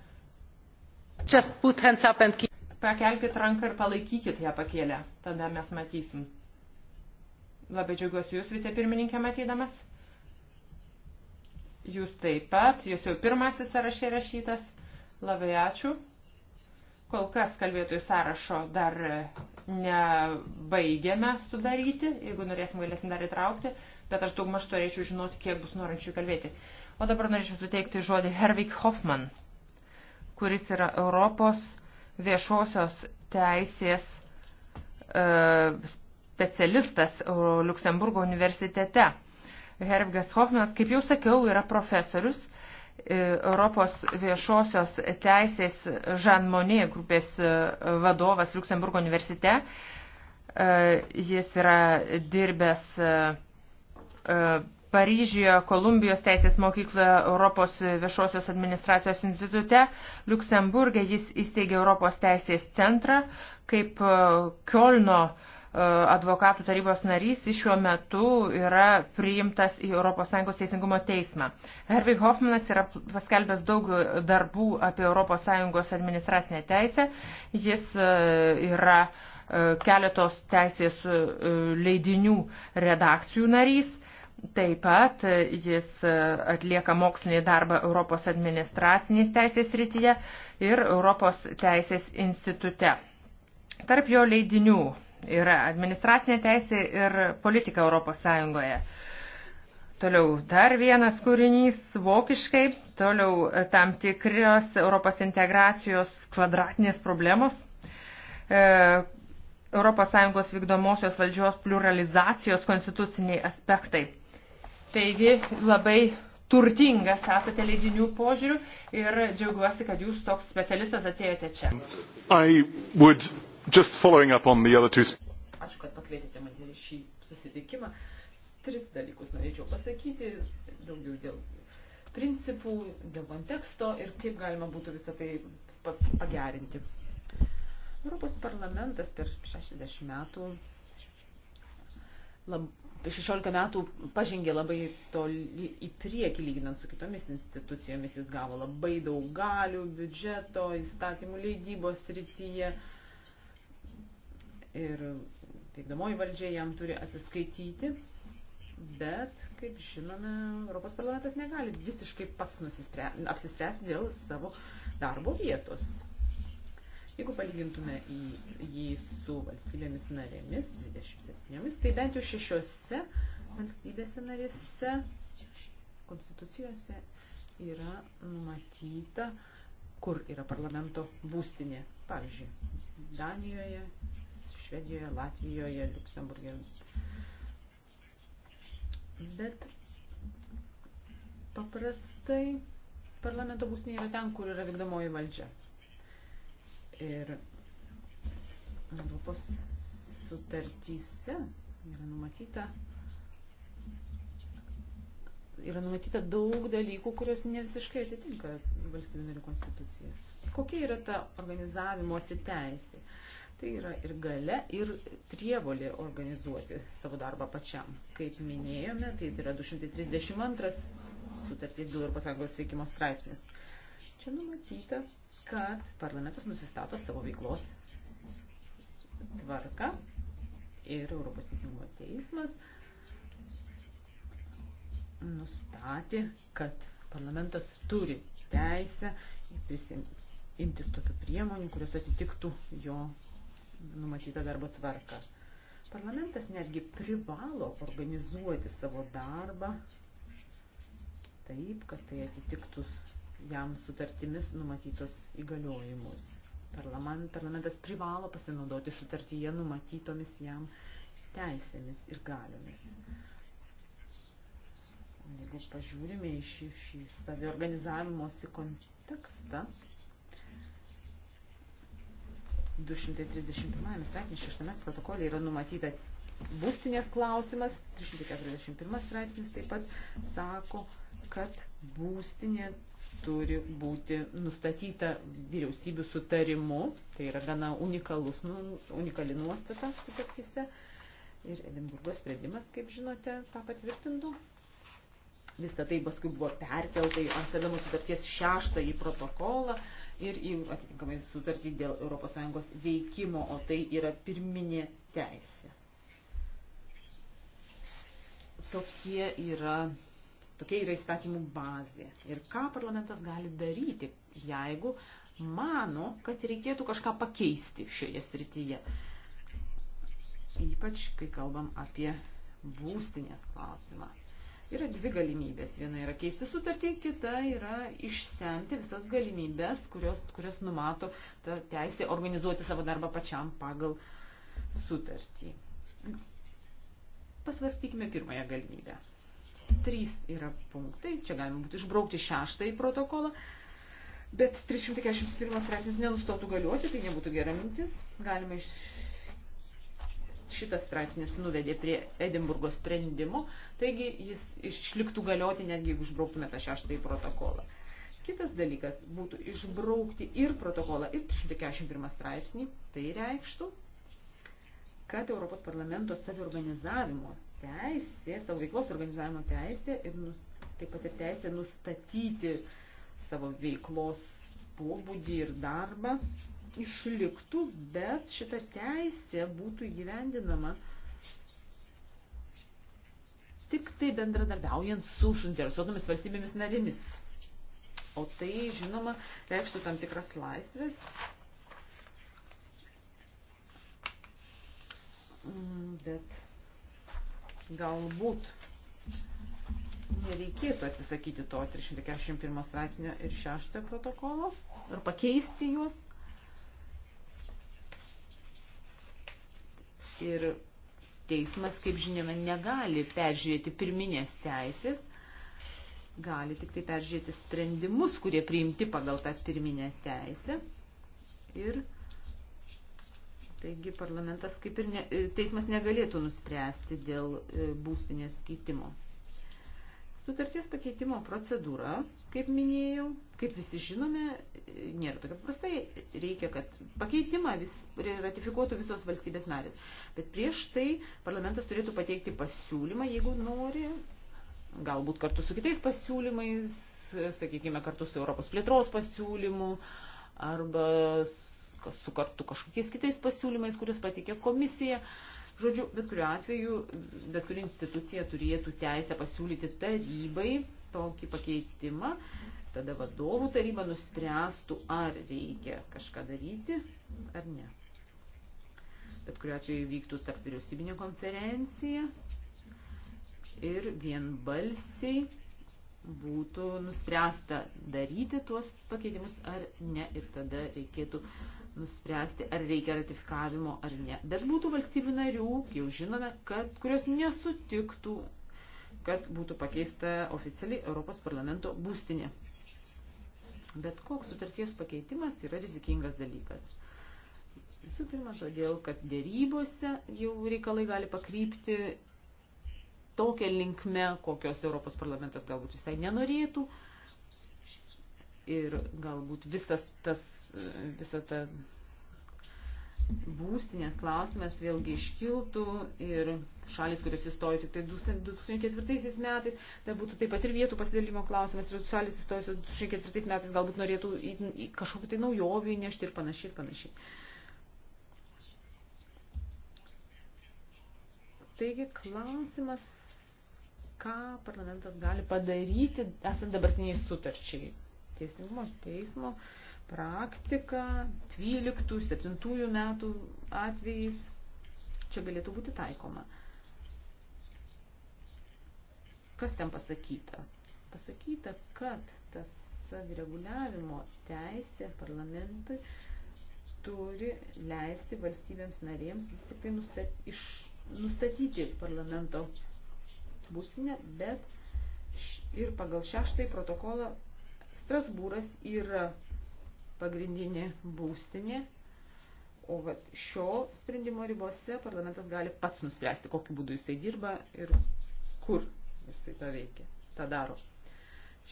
Speaker 3: Pakelkit ranką ir palaikykit ją pakėlę, tada mes matysim. Labai džiaugiuosi jūs visi pirmininkė matydamas. Jūs taip pat, jūs jau pirmasis sąrašė rašytas. Labai ačiū. Kol kas kalbėtojų sąrašo dar e, nebaigėme sudaryti, jeigu norėsim galėsim dar įtraukti, bet aš daugmaž turėčiau žinoti, kiek bus norinčių kalbėti. O dabar norėčiau suteikti žodį Hervik Hoffman kuris yra Europos viešosios teisės e, specialistas Luksemburgo universitete. Hervgas Hoffmanas, kaip jau sakiau, yra profesorius e, Europos viešosios teisės Žan Monė grupės e, vadovas Luksemburgo universitete. Jis yra dirbęs e, Paryžiuje, Kolumbijos teisės mokykloje, Europos viešosios administracijos institute, Luksemburgė jis įsteigė Europos teisės centrą kaip e, Kielno e, advokatų tarybos narys iš šiuo metu yra priimtas į ES teisingumo teismą. Hervig Hoffmanas yra paskelbęs daug darbų apie ES administracinę teisę. Jis e, yra keletos teisės leidinių redakcijų narys Taip pat jis atlieka mokslinį darbą Europos administracinės teisės rytyje ir Europos teisės institute. Tarp jo leidinių yra administracinė teisė ir politika Europos Sąjungoje. Toliau dar vienas kūrinys vokiškai, toliau tam tikrios Europos integracijos kvadratinės problemos. E, ES vykdomosios valdžios pluralizacijos konstituciniai aspektai. Taigi labai turtingas esate leidinių požiūrių ir džiaugiuosi, kad jūs toks specialistas atėjote čia.
Speaker 1: Would, two...
Speaker 4: Ačiū, kad pakvietėte mane į šį susitikimą. Tris dalykus norėčiau pasakyti, daugiau dėl principų, dėl konteksto ir kaip galima būtų visą tai pagerinti. Europos parlamentas per 60 metų lab, 16 metų pažengė labai toli į priekį lyginant su kitomis institucijomis. Jis gavo labai daug galių, biudžeto, įstatymų leidybos srityje. Ir vykdomoji valdžia jam turi atsiskaityti. Bet, kaip žinome, Europos parlamentas negali visiškai pats apsispręsti dėl savo darbo vietos. Jeigu palygintume į, jį su valstybėmis narėmis, 27, tai bent jau šešiose valstybėse narėse, konstitucijose yra numatyta, kur yra parlamento būstinė. Pavyzdžiui, Danijoje, Švedijoje, Latvijoje, Luksemburgė. Bet paprastai parlamento būstinė yra ten, kur yra vykdomoji valdžia. Ir Europos sutartyse yra numatyta yra numatyta daug dalykų, kurios ne visiškai atitinka valstybių narių konstitucijas. Kokia yra ta organizavimosi teisė? Tai yra ir gale, ir prievolė organizuoti savo darbą pačiam. Kaip minėjome, tai yra 232 sutartys dėl Europos Sąjungos veikimo straipsnis. Čia numatyta, kad parlamentas nusistato savo veiklos tvarką ir Europos teisingumo teismas nustatė, kad parlamentas turi teisę imtis tokių priemonių, kurios atitiktų jo numatytą darbo tvarką. Parlamentas netgi privalo organizuoti savo darbą taip, kad tai atitiktų jam sutartimis numatytos įgaliojimus. Parlament, parlamentas privalo pasinaudoti sutartyje numatytomis jam teisėmis ir galiomis. Jeigu pažiūrime į šį, šį saviorganizavimosi kontekstą, 231 straipsnė 6 protokolė yra numatyta būstinės klausimas, 341 straipsnis taip pat sako, kad būstinė turi būti nustatyta vyriausybių sutarimu, tai yra gana unikalus, nu, unikali nuostata sutartyse. Ir Edinburgo sprendimas, kaip žinote, tą patvirtintų. Visą tai paskui buvo perkelta į Amsterdamo sutarties šeštąjį protokolą ir į atitinkamai sutartį dėl ES veikimo, o tai yra pirminė teisė. Tokie yra Tokia yra įstatymų bazė. Ir ką parlamentas gali daryti, jeigu mano, kad reikėtų kažką pakeisti šioje srityje. Ypač, kai kalbam apie būstinės klausimą. Yra dvi galimybės. Viena yra keisti sutartį, kita yra išsemti visas galimybės, kurios, kurios numato ta teisė organizuoti savo darbą pačiam pagal sutartį. Pasvarstykime pirmąją galimybę. Trys yra punktai, čia galima būtų išbraukti šeštąjį protokolą, bet 341 straipsnis nenustotų galioti, tai nebūtų gera mintis. Galima iš... Šitas straipsnis nuvedė prie Edinburgo sprendimo, taigi jis išliktų galioti, netgi jeigu išbrauktume tą šeštąjį protokolą. Kitas dalykas būtų išbraukti ir protokolą, ir 341 straipsnį. Tai reikštų, kad Europos parlamento saviorganizavimo teisė, savo veiklos organizavimo teisė ir nu, taip pat ir teisė nustatyti savo veiklos pobūdį ir darbą išliktų, bet šita teisė būtų įgyvendinama tik tai bendradarbiaujant su suinteresuotomis valstybėmis narėmis. O tai, žinoma, reikštų tam tikras laisvės. Mm, bet galbūt nereikėtų atsisakyti to 341 straipsnio ir 6 protokolo ir pakeisti juos. Ir teismas, kaip žinome, negali peržiūrėti pirminės teisės, gali tik tai peržiūrėti sprendimus, kurie priimti pagal tą pirminę teisę. Ir Taigi parlamentas kaip ir ne, e, teismas negalėtų nuspręsti dėl e, būstinės keitimo. Sutarties pakeitimo procedūra, kaip minėjau, kaip visi žinome, e, nėra tokia paprastai. Reikia, kad pakeitimą vis, ratifikuotų visos valstybės narės. Bet prieš tai parlamentas turėtų pateikti pasiūlymą, jeigu nori, galbūt kartu su kitais pasiūlymais, sakykime, kartu su Europos plėtros pasiūlymu arba su kartu kažkokiais kitais pasiūlymais, kuris patikė komisija. Žodžiu, bet kuriu atveju, bet kuri institucija turėtų teisę pasiūlyti tarybai tokį pakeitimą, tada vadovų taryba nuspręstų, ar reikia kažką daryti ar ne. Bet kuriu atveju vyktų tarp vyriausybinė konferencija ir vienbalsiai būtų nuspręsta daryti tuos pakeitimus ar ne ir tada reikėtų nuspręsti, ar reikia ratifikavimo ar ne. Bet būtų valstybių narių, jau žinome, kad, kurios nesutiktų, kad būtų pakeista oficialiai Europos parlamento būstinė. Bet koks sutarties pakeitimas yra rizikingas dalykas. Visų pirma, todėl, kad dėrybose jau reikalai gali pakrypti tokią linkmę, kokios Europos parlamentas galbūt visai nenorėtų. Ir galbūt visas tas, visa ta būstinės klausimas vėlgi iškiltų ir šalis, kurios įstojo tik tai 2004 metais, tai būtų taip pat ir vietų pasidalimo klausimas ir šalis įstojusios 2004 metais galbūt norėtų į, į kažkokį tai naujovį nešti ir panašiai ir panašiai. Taigi klausimas ką parlamentas gali padaryti, esant dabartiniai sutarčiai. Teisingumo teismo praktika 12-7 metų atvejais čia galėtų būti taikoma. Kas ten pasakyta? Pasakyta, kad tas savireguliavimo teisė parlamentui turi leisti valstybėms narėms vis tik tai nustat, iš, nustatyti parlamento būstinę, bet ir pagal šeštąjį protokolą Strasbūras yra pagrindinė būstinė, o šio sprendimo ribose parlamentas gali pats nuspręsti, kokiu būdu jisai dirba ir kur jisai tą veikia, tą daro.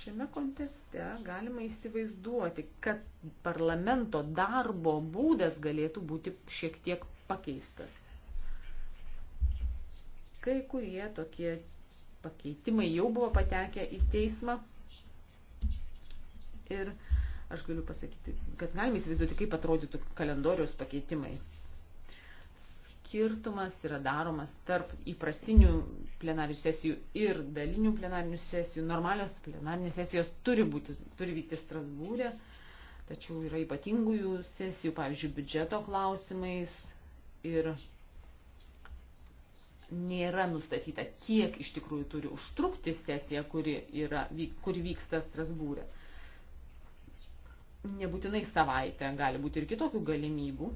Speaker 4: Šiame kontekste galima įsivaizduoti, kad parlamento darbo būdas galėtų būti šiek tiek pakeistas. Kai kurie tokie pakeitimai jau buvo patekę į teismą. Ir aš galiu pasakyti, kad galime įsivaizduoti, kaip atrodytų kalendoriaus pakeitimai. Skirtumas yra daromas tarp įprastinių plenarinių sesijų ir dalinių plenarinių sesijų. Normalios plenarinės sesijos turi, būti, turi vykti Strasbūrė, tačiau yra ypatingųjų sesijų, pavyzdžiui, biudžeto klausimais ir nėra nustatyta, kiek iš tikrųjų turi užtrukti sesija, kuri, yra, kuri vyksta Strasbūrė. Nebūtinai savaitę, gali būti ir kitokių galimybių.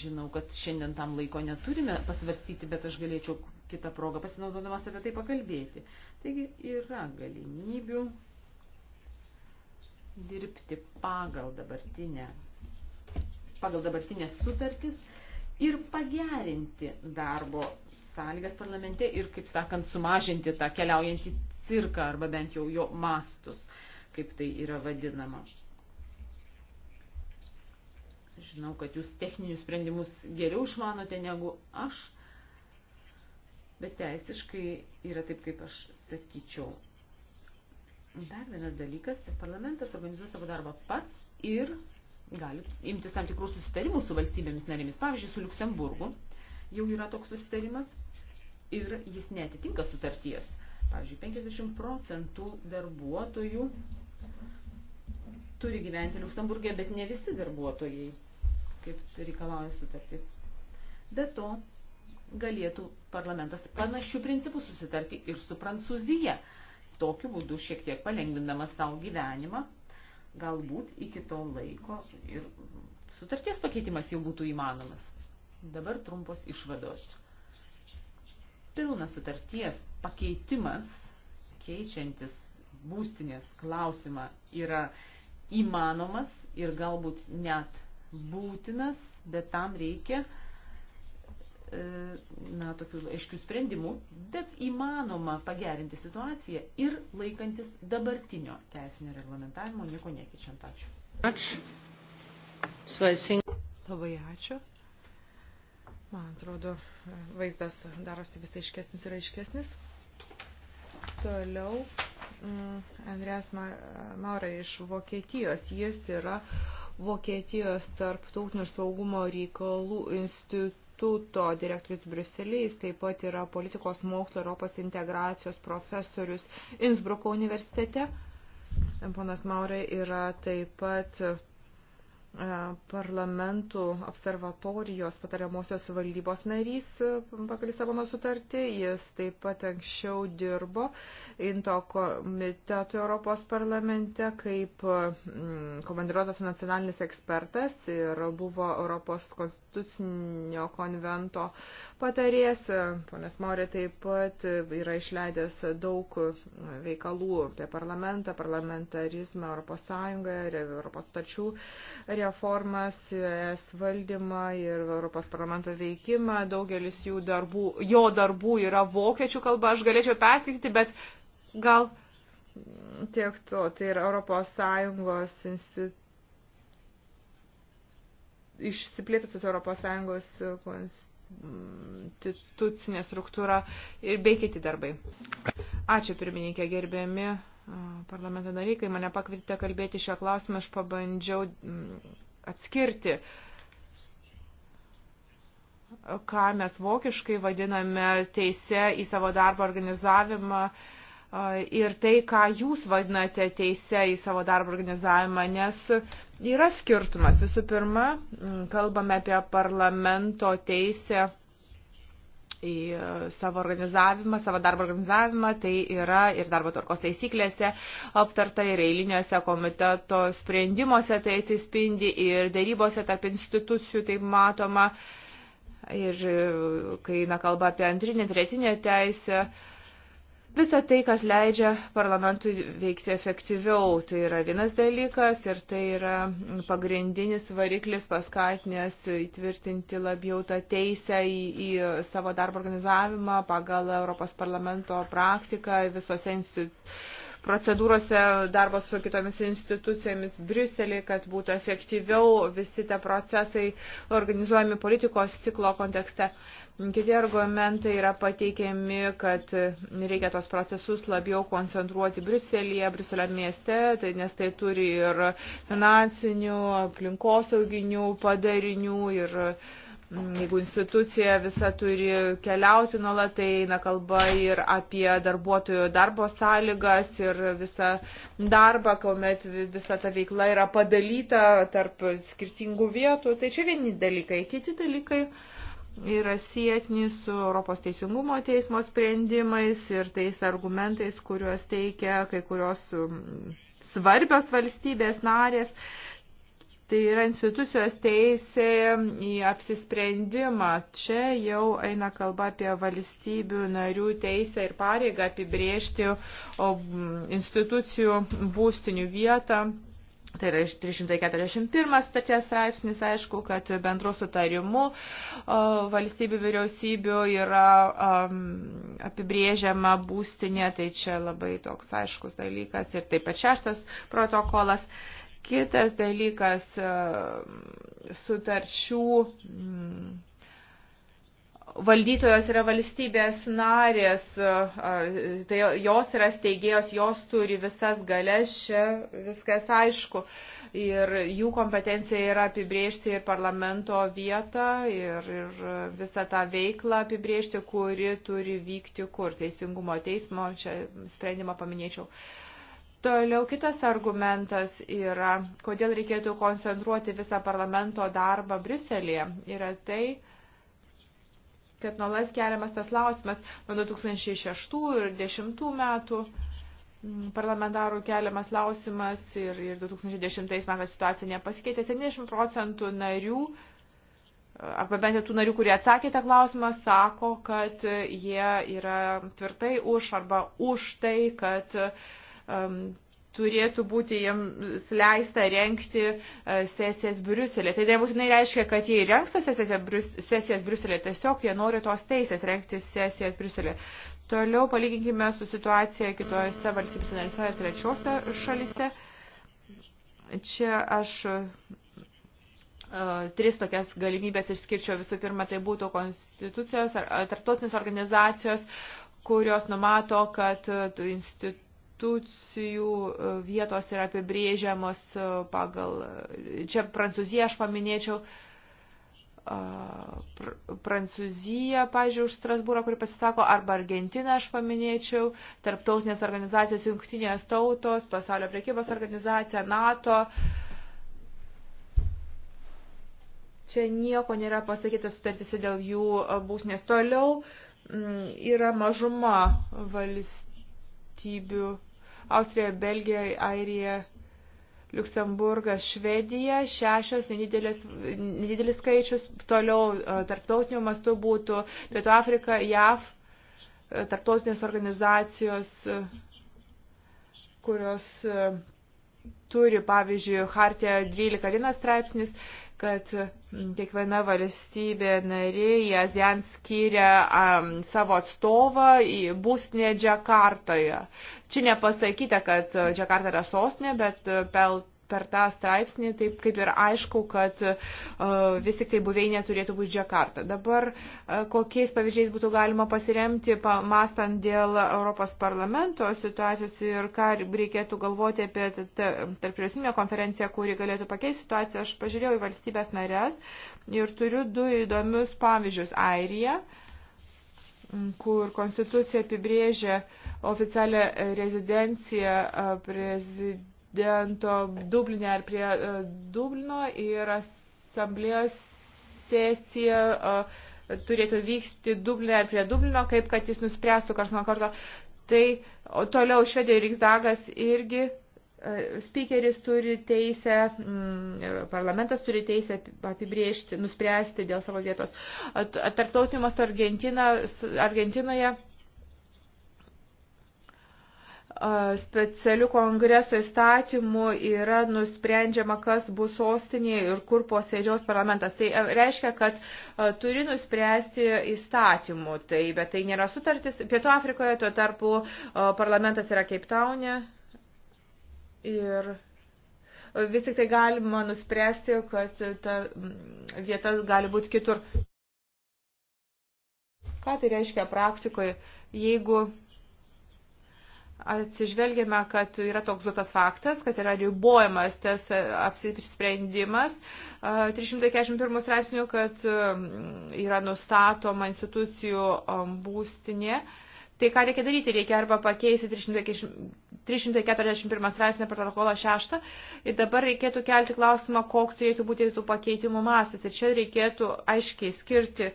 Speaker 4: Žinau, kad šiandien tam laiko neturime pasvarstyti, bet aš galėčiau kitą progą pasinaudodamas apie tai pakalbėti. Taigi yra galimybių dirbti pagal dabartinę, pagal dabartinės sutartis ir pagerinti darbo sąlygas parlamente ir, kaip sakant, sumažinti tą keliaujantį cirką arba bent jau jo mastus, kaip tai yra vadinama. Žinau, kad jūs techninius sprendimus geriau išmanote negu aš, bet teisiškai yra taip, kaip aš sakyčiau. Dar vienas dalykas, tai parlamentas organizuoja savo darbą pats ir gali imtis tam tikrų susitarimų su valstybėmis narėmis. Pavyzdžiui, su Luksemburgu jau yra toks susitarimas ir jis netitinka sutarties. Pavyzdžiui, 50 procentų darbuotojų turi gyventi Luksemburgė, bet ne visi darbuotojai, kaip reikalauja sutartis. Be to, galėtų parlamentas panašių principų susitarti ir su Prancūzija, tokiu būdu šiek tiek palengvindamas savo gyvenimą Galbūt iki to laiko ir sutarties pakeitimas jau būtų įmanomas. Dabar trumpos išvados. Pilnas sutarties pakeitimas, keičiantis būstinės klausimą, yra įmanomas ir galbūt net būtinas, bet tam reikia uh, E, na, tokių aiškių sprendimų, bet įmanoma pagerinti situaciją ir laikantis dabartinio teisinio reglamentavimo, nieko nekeičiant. Ačiū. Ačiū. Svaising. Labai ačiū. Man atrodo, vaizdas
Speaker 2: darosi vis aiškesnis ir aiškesnis. Toliau mm, Andrės Maurai iš Vokietijos. Jis yra Vokietijos tarptautinių saugumo reikalų institutų instituto direktorius Briuseliais, taip pat yra politikos mokslo Europos integracijos profesorius Innsbruko universitete. Ponas Maurė yra taip pat e, parlamentų observatorijos patariamosios valdybos narys e, pagal Lisabono sutartį. Jis taip pat anksčiau dirbo Into komiteto Europos parlamente kaip mm, komandiruotas nacionalinis ekspertas ir buvo Europos konstitucijos konstitucinio konvento patarės. Ponas Maurė taip pat yra išleidęs daug veikalų apie parlamentą, parlamentarizmą Europos Sąjungoje, Europos tačių reformas, es valdymą ir Europos parlamento veikimą. Daugelis jų darbų, jo darbų yra vokiečių kalba, aš galėčiau perskaityti, bet gal tiek to, tai yra Europos Sąjungos institucijos išsiplėtusios ES e, konstitucinė struktūra ir bei kiti darbai. Ačiū pirmininkė, gerbiami e, parlamento nariai, kai mane pakvietėte kalbėti šio klausimą, aš pabandžiau mm, atskirti ką mes vokiškai vadiname teise į savo darbo organizavimą e, ir tai, ką jūs vadinate teise į savo darbo organizavimą, nes Yra skirtumas. Visų pirma, kalbame apie parlamento teisę į e, savo organizavimą, savo darbo organizavimą, tai yra ir darbo tvarkos taisyklėse aptarta ir eiliniuose komiteto sprendimuose tai atsispindi ir dėrybose tarp institucijų tai matoma ir e, kai na, kalba apie antrinę, tretinę teisę. Uh, Visa tai, kas leidžia parlamentui veikti efektyviau, tai yra vienas dalykas ir tai yra pagrindinis variklis paskatinęs įtvirtinti labiau tą teisę į, į savo darbo organizavimą pagal Europos parlamento praktiką visose institucijose procedūrose, darbas su kitomis institucijomis Briuselį, kad būtų efektyviau visi tie procesai organizuojami politikos ciklo kontekste. Kiti argumentai yra pateikiami, kad reikia tos procesus labiau koncentruoti Briuselėje, Briuselio mieste, tai nes tai turi ir finansinių, aplinkosauginių padarinių ir mm, jeigu institucija visa turi keliauti nuolat, tai eina kalba ir apie darbuotojų darbo sąlygas ir visą darbą, kuomet visa ta veikla yra padalyta tarp skirtingų vietų. Tai čia vieni dalykai, kiti dalykai. Uh, yra sėtini su Europos teisingumo teismo sprendimais ir tais argumentais, kuriuos teikia kai kurios mm, svarbios valstybės narės. Tai yra institucijos teisė į apsisprendimą. Čia jau eina kalba apie valstybių narių teisę ir pareigą apibriežti mm, institucijų būstinių vietą Tai yra 341 sutarties straipsnis, aišku, kad bendru sutarimu valstybių vyriausybių yra um, apibrėžiama būstinė, tai čia labai toks aiškus dalykas. Ir taip pat šeštas protokolas. Kitas dalykas sutarčių. Um, valdytojos yra valstybės narės, tai jos yra steigėjos, jos turi visas galės, čia viskas aišku. Ir jų kompetencija yra apibriežti ir parlamento vietą ir, ir visą tą veiklą apibriežti, kuri turi vykti kur. Teisingumo teismo, čia sprendimą paminėčiau. Toliau kitas argumentas yra, kodėl reikėtų koncentruoti visą parlamento darbą Briuselėje, yra tai, kad nuolat keliamas tas klausimas nuo 2006 ir 2010 metų mm, parlamentarų keliamas klausimas ir, ir 2010 metais situacija nepasikeitė. 70 procentų narių, arba bent jau tų narių, kurie atsakė tą klausimą, sako, kad jie yra tvirtai už arba už tai, kad um, turėtų būti jiems leista renkti e, sesijas Briuselė. Tai nebūtinai reiškia, kad jie renksta sesijas Briuselė, tiesiog jie nori tos teisės renkti sesijas Briuselė. Toliau palyginkime su situacija kitose valstybės narėse ir trečiose šalise. Čia aš e, tris tokias galimybės išskirčiau. Visų pirma, tai būtų konstitucijos ar tarptautinės organizacijos, kurios numato, kad institucijos institucijų e, vietos yra apibrėžiamos e, pagal, e, čia Prancūziją aš paminėčiau, Prancūzija, pažiūrėjau, už Strasbūrą, kuri pasisako, arba Argentiną aš paminėčiau, tarptautinės organizacijos, jungtinės tautos, pasaulio priekybos organizacija, NATO. Čia nieko nėra pasakyta sutartisi dėl jų būsnės. Toliau yra mažuma valstybė valstybių - Austrija, Belgija, Airija, Luksemburgas, Švedija, šešios nedidelis, nedidelis skaičius, toliau e, tarptautiniu mastu būtų Pietų Afrika, JAV, e, tarptautinės organizacijos, e, kurios turi, pavyzdžiui, Hartija 12.1 straipsnis, kad kiekviena valstybė narė į ASEAN skiria um, savo atstovą į būstinę Džakartoje. Čia nepasakyta, kad e, Džakarta yra sostinė, bet uh, pel per tą straipsnį, taip kaip ir aišku, kad e, vis tik tai buveinė turėtų būti Džakarta. Dabar e, kokiais pavyzdžiais būtų galima pasiremti, pamastant dėl Europos parlamento situacijos ir ką reikėtų galvoti apie tarpvyriausybinę konferenciją, kuri galėtų pakeisti situaciją. Aš pažiūrėjau į valstybės narės ir turiu du įdomius pavyzdžius. Airija kur konstitucija apibrėžia oficialią rezidenciją e, prezidentą Dublinė ar prie e, Dublino ir asamblėjos sesija e, turėtų vykti Dublinė ar prie Dublino, kaip kad jis nuspręstų kars nuo karto. Tai toliau Švedijoje Riksdagas irgi e, speakeris turi teisę, mm, parlamentas turi teisę apibriežti, nuspręsti dėl savo vietos. Tarptautinimas Argentina, Argentinoje specialių kongreso įstatymų yra nusprendžiama, kas bus sostinėje ir kur posėdžios parlamentas. Tai e, reiškia, kad turi nuspręsti įstatymų, tai, bet tai nėra sutartis. Pietų Afrikoje tuo tarpu parlamentas yra Cape Town'e ir vis tik tai galima nuspręsti, kad ta vieta gali būti kitur. Ką tai reiškia praktikoje, jeigu atsižvelgiame, kad yra toks duotas faktas, kad yra ribojamas tas e, apsisprendimas 341 e, straipsnių, kad e, yra nustatoma institucijų būstinė. Tai ką reikia daryti? Reikia arba pakeisti 341 straipsnį protokolą 6 ir dabar reikėtų kelti klausimą, koks turėtų būti tų pakeitimų mastas. Ir čia reikėtų aiškiai skirti uh,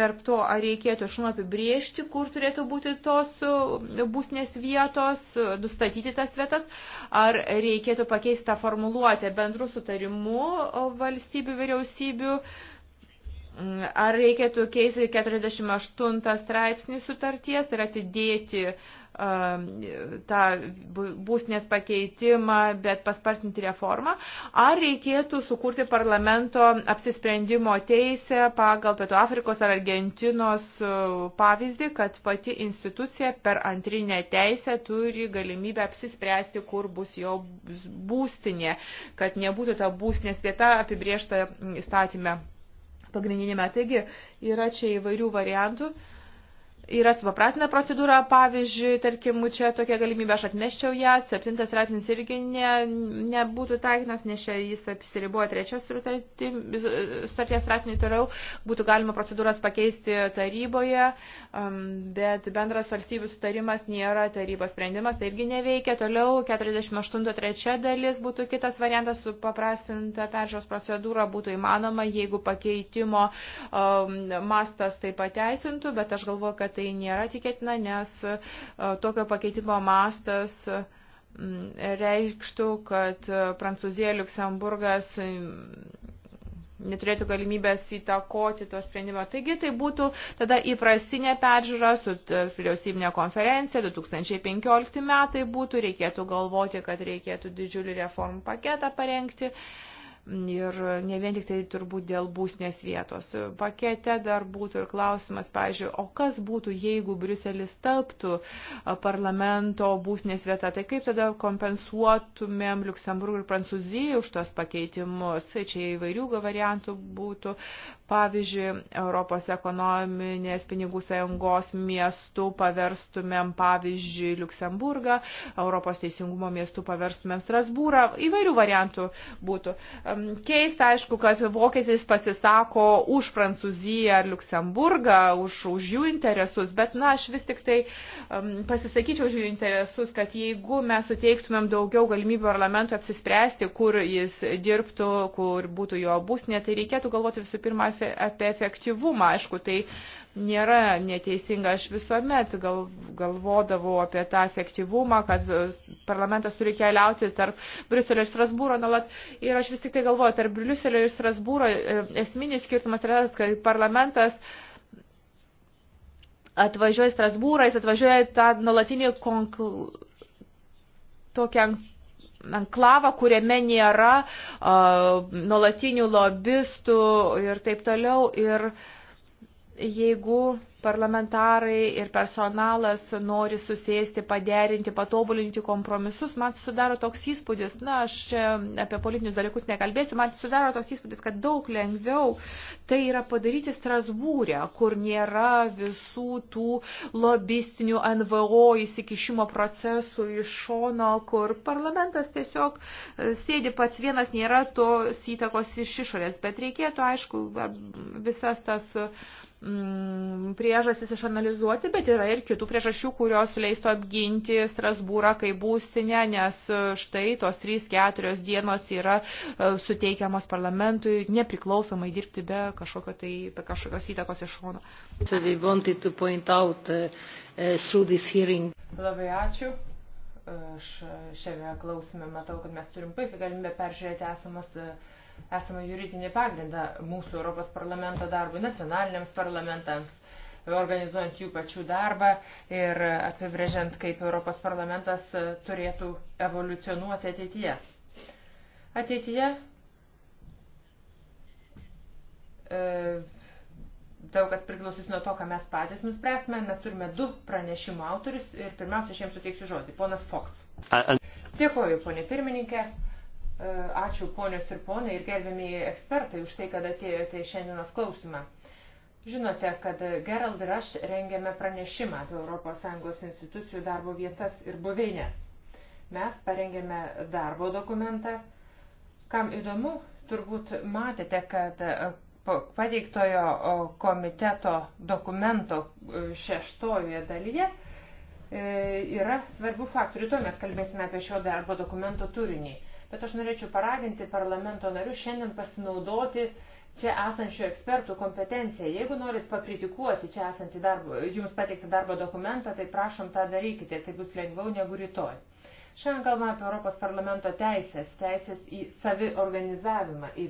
Speaker 2: tarp to, ar reikėtų iš apibriežti, kur turėtų būti tos e, būsnės vietos, e, nustatyti tas vietas, ar reikėtų pakeisti tą formuluotę bendrų sutarimų valstybių vyriausybių. Ar reikėtų keisti 48 straipsnį sutarties ir atidėti uh, Um, tą būsnės pakeitimą, bet paspartinti reformą, ar reikėtų sukurti parlamento apsisprendimo teisę pagal Pietų Afrikos ar Argentinos uh, pavyzdį, kad pati institucija per antrinę teisę turi galimybę apsispręsti, kur bus jo būstinė, kad nebūtų ta būsnės vieta apibriešta įstatymė pagrindinėme. Taigi yra čia įvairių variantų. Uh, yra supaprastinta procedūra, pavyzdžiui, tarkim, čia tokia galimybė, aš atmeščiau ją, septintas ratinis irgi ne, nebūtų taikinas, nes čia jis apsiribuoja trečias sutarties ratinį toliau, būtų galima procedūras pakeisti taryboje, um, bet bendras valstybių sutarimas nėra tarybos sprendimas, tai irgi neveikia. Toliau 48.3 dalis būtų kitas variantas, supaprastinta peržiūros procedūra būtų įmanoma, jeigu pakeitimo um, mastas tai pateisintų, bet aš galvoju, kad tai nėra tikėtina, nes e, tokio pakeitimo mastas reikštų, kad e, Prancūzija, Luksemburgas neturėtų galimybės įtakoti to sprendimo. Taigi tai būtų tada įprastinė peržiūra su e, vyriausybinė konferencija, 2015 metai būtų, reikėtų galvoti, kad reikėtų didžiulį reformų paketą parengti. Uh, ir ne vien tik tai turbūt dėl būsnės vietos. Pakete dar būtų ir klausimas, pavyzdžiui, o kas būtų, jeigu Briuselis taptų parlamento būsnės vieta, tai kaip tada kompensuotumėm Luksemburgų ir Prancūziją už tos pakeitimus. Tai čia įvairių variantų būtų, pavyzdžiui, Europos ekonominės pinigų sąjungos miestų paverstumėm, pavyzdžiui, Luksemburgą, Europos teisingumo miestų paverstumėm Strasbūrą, įvairių variantų būtų. Uh, Keista, aišku, kad vokietis pasisako už Prancūziją ar Luksemburgą, už, už jų interesus, bet, na, aš vis tik tai um, pasisakyčiau už jų interesus, kad jeigu mes suteiktumėm daugiau galimybių parlamentui apsispręsti, kur jis dirbtų, kur būtų jo būsnė, tai reikėtų galvoti visų pirma apie efektyvumą. Aišku, tai uh, nėra neteisinga. Aš visuomet gal, galvodavau apie tą efektyvumą, kad parlamentas turi keliauti tarp Briuselio ir Strasbūro nuolat. Ir aš vis tik tai galvoju, tarp Briuselio ir Strasbūro e, esminis skirtumas yra tas, kad parlamentas atvažiuoja į Strasbūrą, jis atvažiuoja tą nuolatinį konkl... tokią enklavą, kuriame nėra uh, nuolatinių lobistų ir taip toliau. Ir uh, jeigu parlamentarai ir personalas nori susėsti, paderinti, patobulinti kompromisus, man susidaro toks įspūdis, na, aš čia apie politinius dalykus nekalbėsiu, man susidaro toks įspūdis, kad daug lengviau tai yra padaryti Strasbūrė, kur nėra visų tų lobistinių NVO įsikišimo procesų iš šono, kur parlamentas tiesiog e, sėdi pats vienas, nėra tos įtakos iš išorės, bet reikėtų, aišku, visas tas Mm, priežastis išanalizuoti, bet yra ir kitų priežasčių, kurios leistų apginti Strasbūrą kaip būstinę, nes e, štai tos 3-4 dienos yra e, suteikiamos parlamentui nepriklausomai dirbti be, kažkokio tai, be kažkokios įtakos iš šono.
Speaker 1: Uh, uh,
Speaker 3: Labai ačiū. Aš šiame klausime matau, kad mes turim puikiai galimybę peržiūrėti esamos uh, esame juridinį pagrindą mūsų Europos parlamento darbui, nacionaliniams parlamentams, organizuojant jų pačių darbą ir apibrėžiant, kaip Europos parlamentas turėtų evoliucionuoti ateityje. Ateityje e, daug kas priklausys nuo to, ką mes patys nuspręsime. Mes turime du pranešimo autorius ir pirmiausia, aš jiems suteiksiu žodį. Ponas Fox. Dėkuoju, ponė pirmininkė. Ačiū ponios ir ponai ir gerbėmiai ekspertai už tai, kad atėjote į šiandienos klausimą. Žinote, kad Gerald ir aš rengėme pranešimą apie ES institucijų darbo vietas ir buveinės. Mes parengėme darbo dokumentą. Kam įdomu, turbūt matėte, kad e, pateiktojo komiteto dokumento e, šeštojoje dalyje e, yra svarbių faktorių. Tuo mes kalbėsime apie šio darbo dokumento turinį. Bet aš norėčiau paraginti parlamento narius šiandien pasinaudoti čia esančių ekspertų kompetencija. Jeigu norit pakritikuoti čia esantį darbą, jums pateiktą darbo dokumentą, tai prašom tą darykite, tai bus lengviau negu rytoj. Šiandien kalbame apie Europos parlamento teisės, teisės į saviorganizavimą, į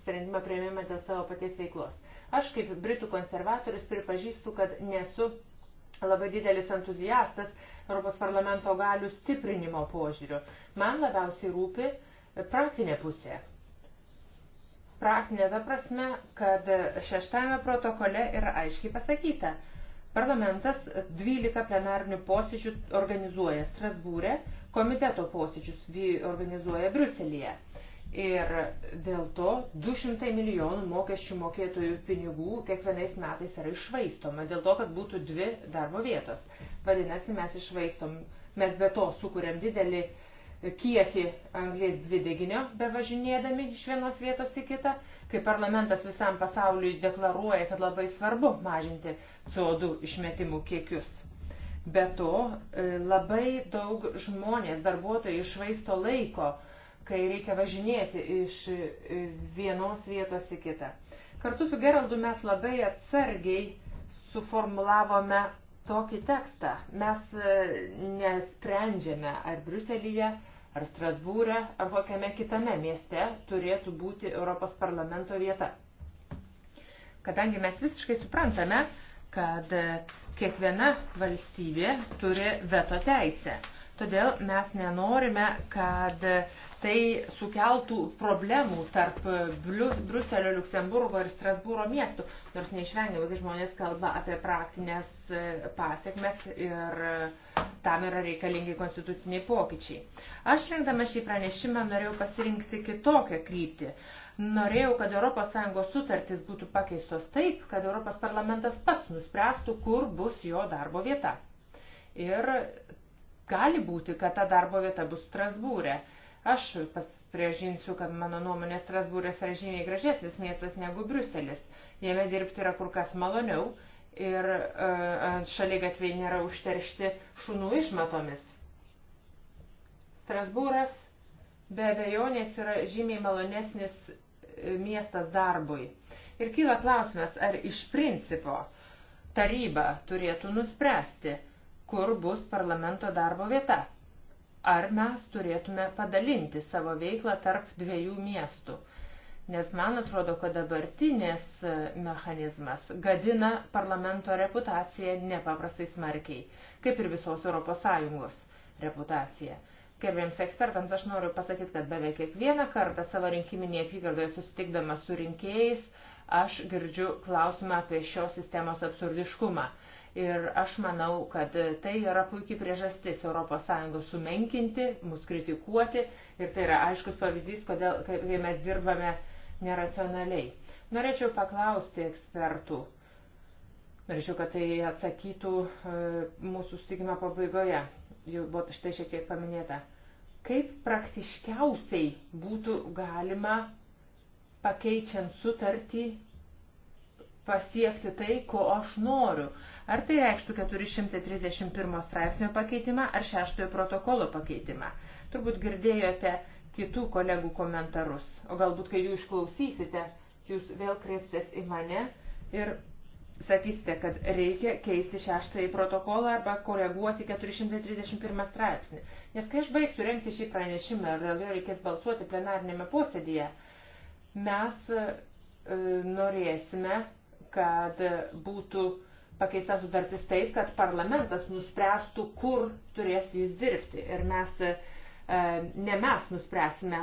Speaker 3: sprendimą prieimimą dėl savo paties veiklos. Aš kaip Britų konservatorius pripažįstu, kad nesu labai didelis entuziastas Europos parlamento galių stiprinimo požiūriu. Man labiausiai rūpi praktinė pusė. Praktinė ta prasme, kad šeštame protokole yra aiškiai pasakyta. Parlamentas 12 plenarinių posėdžių organizuoja Strasbūrė, komiteto posėdžius organizuoja Bruselėje. Ir dėl to 200 milijonų mokesčių mokėtojų pinigų kiekvienais metais yra išvaistoma, dėl to, kad būtų dvi darbo vietos. Vadinasi, mes išvaistom, mes be to sukūrėm didelį kiekį anglės dvideginio bevažinėdami iš vienos vietos į kitą, kai parlamentas visam pasauliui deklaruoja, kad labai svarbu mažinti CO2 išmetimų kiekius. Be to, e, labai daug žmonės, darbuotojai išvaisto laiko, kai reikia važinėti iš e, vienos vietos į kitą. Kartu su Geraldu mes labai atsargiai suformulavome tokį tekstą. Mes e, nesprendžiame ar Briuselyje, ar Strasbūrė, ar kokiame kitame mieste turėtų būti Europos parlamento vieta. Kadangi mes visiškai suprantame, kad e, kiekviena valstybė turi veto teisę. Todėl mes nenorime, kad uh, tai sukeltų problemų tarp Briuselio, Luksemburgo ir Strasbūro miestų, nors neišvengiamai, kai žmonės kalba apie praktinės e, pasiekmes ir e, tam yra reikalingi konstituciniai pokyčiai. Aš rengdama šį pranešimą norėjau pasirinkti kitokią kryptį. Norėjau, kad ES sutartys būtų pakeistos taip, kad ES parlamentas pats nuspręstų, kur bus jo darbo vieta. Ir gali būti, kad ta darbo vieta bus Strasbūrė. E Aš priežinsiu, kad mano nuomonė Strasbūras yra žymiai gražesnis miestas negu Briuselis. Jame dirbti yra kur kas maloniau ir uh, e, šalia gatviai nėra užteršti šunų išmatomis. Strasbūras be abejonės yra žymiai malonesnis e, miestas darbui. Ir kyla klausimas, ar iš principo taryba turėtų nuspręsti, kur bus parlamento darbo vieta ar mes turėtume padalinti savo veiklą tarp dviejų miestų. Nes man atrodo, kad dabartinės e, mechanizmas gadina parlamento reputaciją nepaprastai smarkiai, kaip ir visos ES reputaciją. Gerbėjams ekspertams aš noriu pasakyti, kad beveik kiekvieną kartą savo rinkiminėje apygardoje susitikdama su rinkėjais aš girdžiu klausimą apie šios sistemos absurdiškumą. Ir aš manau, kad tai yra puikiai priežastis ES sumenkinti, mus kritikuoti ir tai yra aiškus pavyzdys, kodėl kai mes dirbame neracionaliai. Norėčiau paklausti ekspertų. Norėčiau, kad tai atsakytų e, mūsų sustikimo pabaigoje. Jau buvo štai šiek tiek paminėta. Kaip praktiškiausiai būtų galima pakeičiant sutartį pasiekti tai, ko aš noriu. Ar tai reikštų 431 straipsnio pakeitimą ar 6 protokolo pakeitimą? Turbūt girdėjote kitų kolegų komentarus, o galbūt, kai jų išklausysite, jūs vėl kreipsitės į mane ir sakysite, kad reikia keisti šeštąjį protokolą arba koreguoti 431 straipsnį. Nes kai aš baigsiu renkti šį pranešimą ir dėl jo reikės balsuoti plenarinėme posėdėje, mes e, norėsime, kad būtų e, pakeista sutartis taip, kad parlamentas nuspręstų, kur turės jis dirbti. Ir mes, e, ne mes nuspręsime,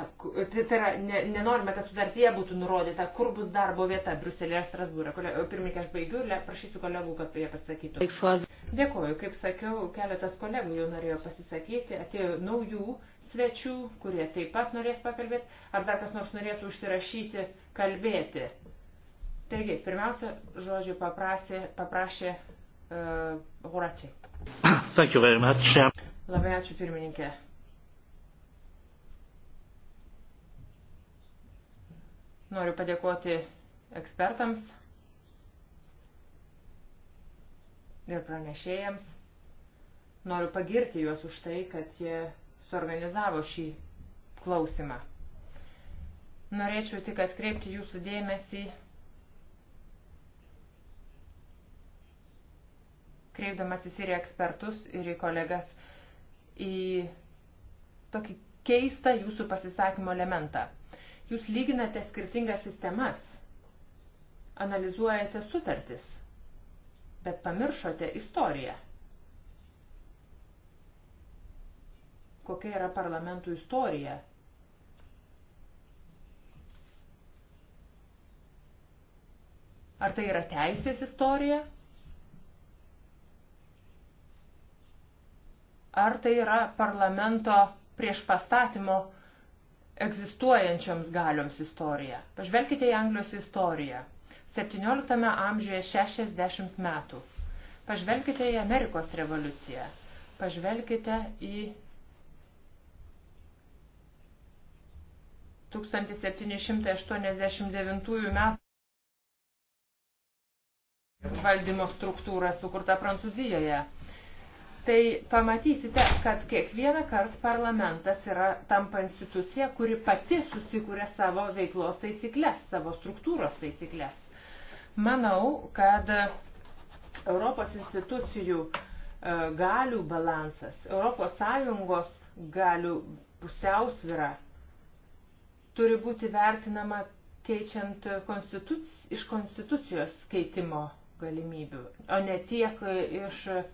Speaker 3: tai, tai yra, ne, nenorime, kad sutartyje būtų nurodyta, kur bus darbo vieta Bruselėje ar Strasbūrė. Pirmininkai, aš baigiu ir prašysiu kolegų, kad jie pasakytų. Dėkuoju, kaip sakiau, keletas kolegų jau norėjo pasisakyti, atėjo naujų svečių, kurie taip pat norės pakalbėti. Ar dar kas nors norėtų užsirašyti kalbėti? Taigi, pirmiausia, žodžiu paprasė, paprašė uh, e, Horačiai. Labai ačiū pirmininkė. Noriu padėkoti ekspertams ir pranešėjams. Noriu pagirti juos už tai, kad jie suorganizavo šį klausimą. Norėčiau tik atkreipti jūsų dėmesį kreipdamasis ir į ekspertus, ir į kolegas, į tokį keistą jūsų pasisakymo elementą. Jūs lyginate skirtingas sistemas, analizuojate sutartis, bet pamiršote istoriją. Kokia yra parlamentų istorija? Ar tai yra teisės istorija? Ar tai yra parlamento prieš pastatymo egzistuojančioms galioms istorija? Pažvelkite į Anglijos istoriją. 17 amžiuje 60 metų. Pažvelkite į Amerikos revoliuciją. Pažvelkite į 1789 metų valdymo struktūrą sukurtą Prancūzijoje tai pamatysite, kad kiekvieną kartą parlamentas yra tampa institucija, kuri pati susikuria savo veiklos taisyklės, savo struktūros taisyklės. Manau, kad Europos institucijų e, galių balansas, ES galių pusiausvyra turi būti vertinama keičiant konstituc iš konstitucijos keitimo galimybių, o ne tiek iš uh,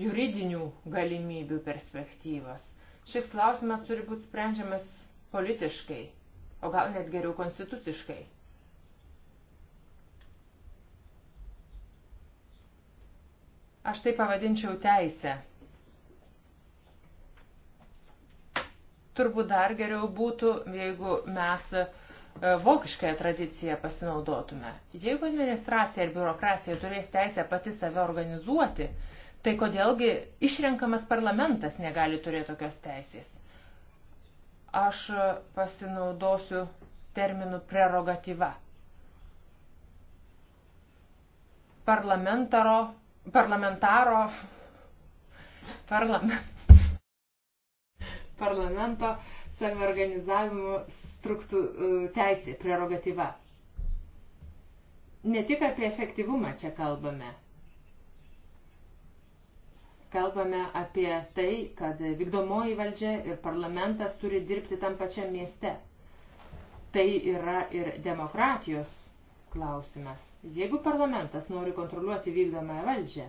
Speaker 3: juridinių galimybių perspektyvos. Šis klausimas turi būti sprendžiamas politiškai, o gal net geriau konstituciškai.
Speaker 1: Aš tai pavadinčiau teisę.
Speaker 3: Turbūt dar geriau būtų, jeigu mes e, vokiškąją tradiciją pasinaudotume. Jeigu administracija ir biurokracija turės teisę pati save organizuoti, tai kodėlgi išrenkamas parlamentas negali turėti tokios teisės. Aš pasinaudosiu terminų prerogatyva. Parlamentaro, parlamentaro, parlament, parlamento saviorganizavimo struktų e, teisė, prerogatyva. Ne tik apie efektyvumą čia kalbame, kalbame apie tai, kad vykdomoji valdžia ir parlamentas turi dirbti tam pačiam mieste. Tai yra ir demokratijos klausimas. Jeigu parlamentas nori kontroliuoti vykdomąją valdžią,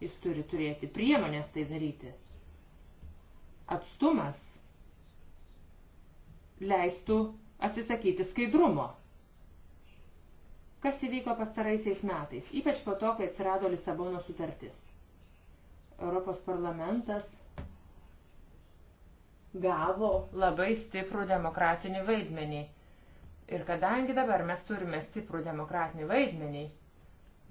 Speaker 3: jis turi turėti priemonės tai daryti. Atstumas leistų atsisakyti skaidrumo. Kas įvyko pastaraisiais metais, ypač po to, kai atsirado Lisabono sutartis. Europos parlamentas gavo labai stiprų demokratinį vaidmenį. Ir kadangi dabar mes turime stiprų demokratinį vaidmenį,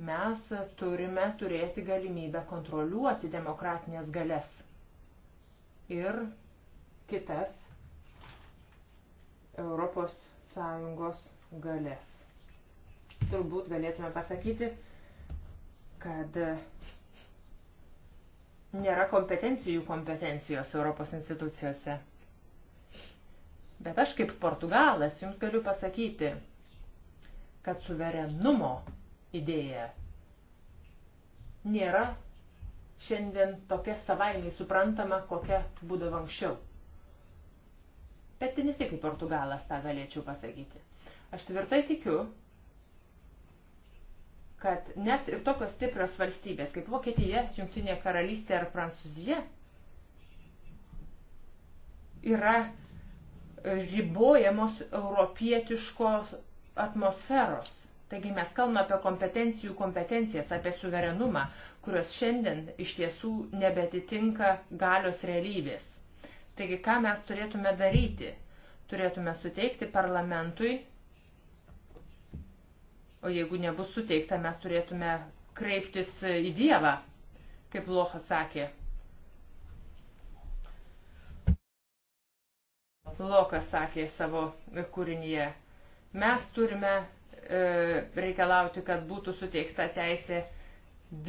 Speaker 3: mes turime turėti galimybę kontroliuoti demokratinės galės ir kitas Europos Sąjungos galės. Turbūt galėtume pasakyti, kad nėra kompetencijų kompetencijos Europos institucijose. Bet aš kaip portugalas jums galiu pasakyti, kad suverenumo idėja nėra šiandien tokia savaimiai suprantama, kokia būdavo anksčiau. Bet ne tik kaip portugalas tą galėčiau pasakyti. Aš tvirtai tikiu, kad net ir tokios stiprios valstybės kaip Vokietija, Junktinė karalystė ar Prancūzija yra e, ribojamos europietiškos atmosferos. Taigi mes kalbame apie kompetencijų kompetencijas, apie suverenumą, kurios šiandien iš tiesų nebetitinka galios realybės. Taigi ką mes turėtume daryti? Turėtume suteikti parlamentui O jeigu nebus suteikta, mes turėtume kreiptis į Dievą, kaip Lohas sakė. Lokas sakė savo kūrinyje. Mes turime e, reikalauti, kad būtų suteikta teisė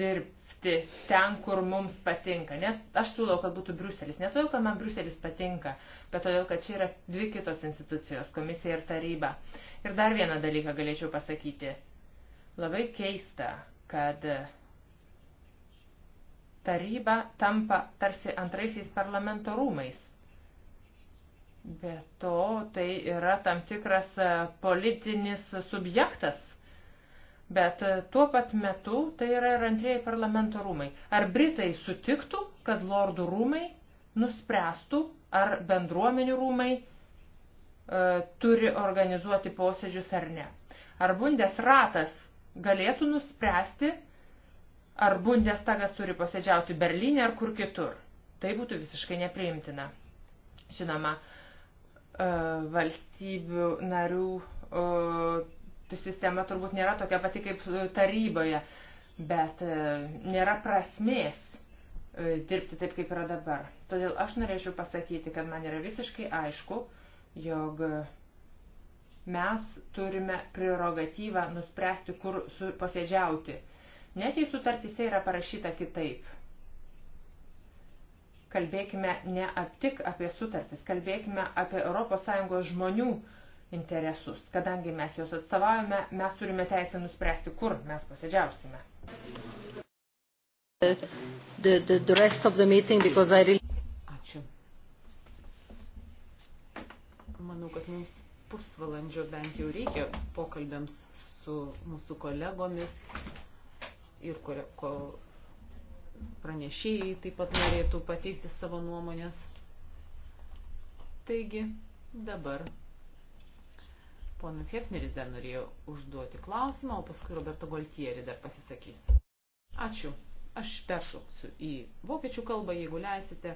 Speaker 3: dirbti leisti ten, kur mums patinka. Net, aš siūlau, kad būtų Bruselis. Ne todėl, kad man Bruselis patinka, bet todėl, kad čia yra dvi kitos institucijos - komisija ir taryba. Ir dar vieną dalyką galėčiau pasakyti. Labai keista, kad taryba tampa tarsi antraisiais parlamento rūmais. Be to, tai yra tam tikras e, politinis subjektas Bet e, tuo pat metu tai yra ir antrieji parlamento rūmai. Ar Britai sutiktų, kad lordų rūmai nuspręstų, ar bendruomenių rūmai e, turi organizuoti posėdžius ar ne? Ar Bundesratas galėtų nuspręsti, ar Bundestagas turi posėdžiauti Berlyne ar kur kitur? Tai būtų visiškai nepriimtina. Žinoma, e, valstybių narių e, sistema turbūt nėra tokia pati kaip taryboje, bet e, nėra prasmės e, dirbti taip, kaip yra dabar. Todėl aš norėčiau pasakyti, kad man yra visiškai aišku, jog mes turime prerogatyvą nuspręsti, kur posėdžiauti. Net jei sutartyse yra parašyta kitaip. Kalbėkime ne ap tik apie sutartis, kalbėkime apie ES žmonių uh, interesus. Kadangi mes juos atstovaujame, mes turime teisę nuspręsti, kur mes posėdžiausime.
Speaker 4: The,
Speaker 1: the, the rest of the meeting, because I really...
Speaker 4: Ačiū. Manau, kad mums pusvalandžio bent jau reikia pokalbėms su mūsų kolegomis ir kole, ko pranešėjai taip pat norėtų pateikti savo nuomonės. Taigi, dabar Ponas Hefneris dar norėjo užduoti klausimą, o paskui Roberto Goltieri dar pasisakys. Ačiū. Aš peršoksiu į vokiečių kalbą, jeigu leisite,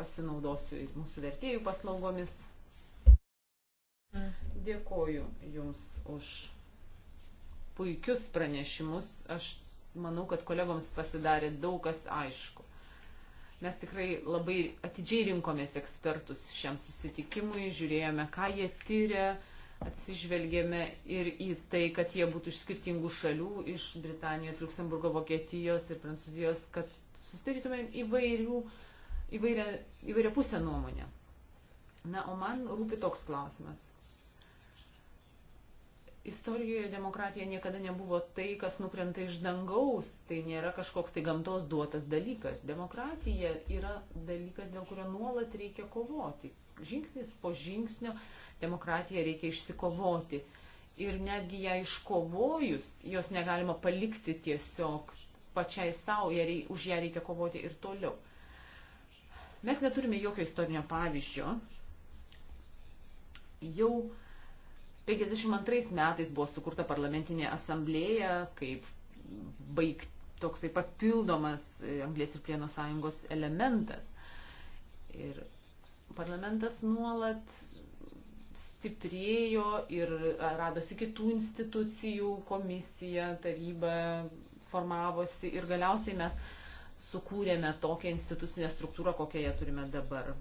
Speaker 4: pasinaudosiu ir mūsų vertėjų paslaugomis. Dėkoju Jums už puikius pranešimus. Aš manau, kad kolegoms pasidarė daug kas aišku mes tikrai labai atidžiai rinkomės ekspertus šiam susitikimui, žiūrėjome, ką jie tyria, atsižvelgėme ir į tai, kad jie būtų iš skirtingų šalių, iš Britanijos, Luksemburgo, Vokietijos ir Prancūzijos, kad susidarytume įvairių, įvairia, įvairia pusę nuomonę. Na, o man rūpi toks klausimas. Istorijoje demokratija niekada nebuvo tai, kas nukrenta iš dangaus, tai nėra kažkoks tai gamtos duotas dalykas. Demokratija yra dalykas, dėl kurio nuolat reikia kovoti, žingsnis po žingsnio demokratiją reikia išsikovoti. Ir netgi ją iškovojus, jos negalima palikti tiesiog pačiai savo, už ją reikia kovoti ir toliau. Mes neturime jokio istorinio pavyzdžio. Jau 52 metais buvo sukurta parlamentinė asamblėja kaip baigt, toksai papildomas e, Anglės ir Plieno sąjungos elementas. Ir parlamentas nuolat stiprėjo ir radosi kitų institucijų, komisija, taryba formavosi ir galiausiai mes sukūrėme tokią institucinę struktūrą, kokią ją turime dabar.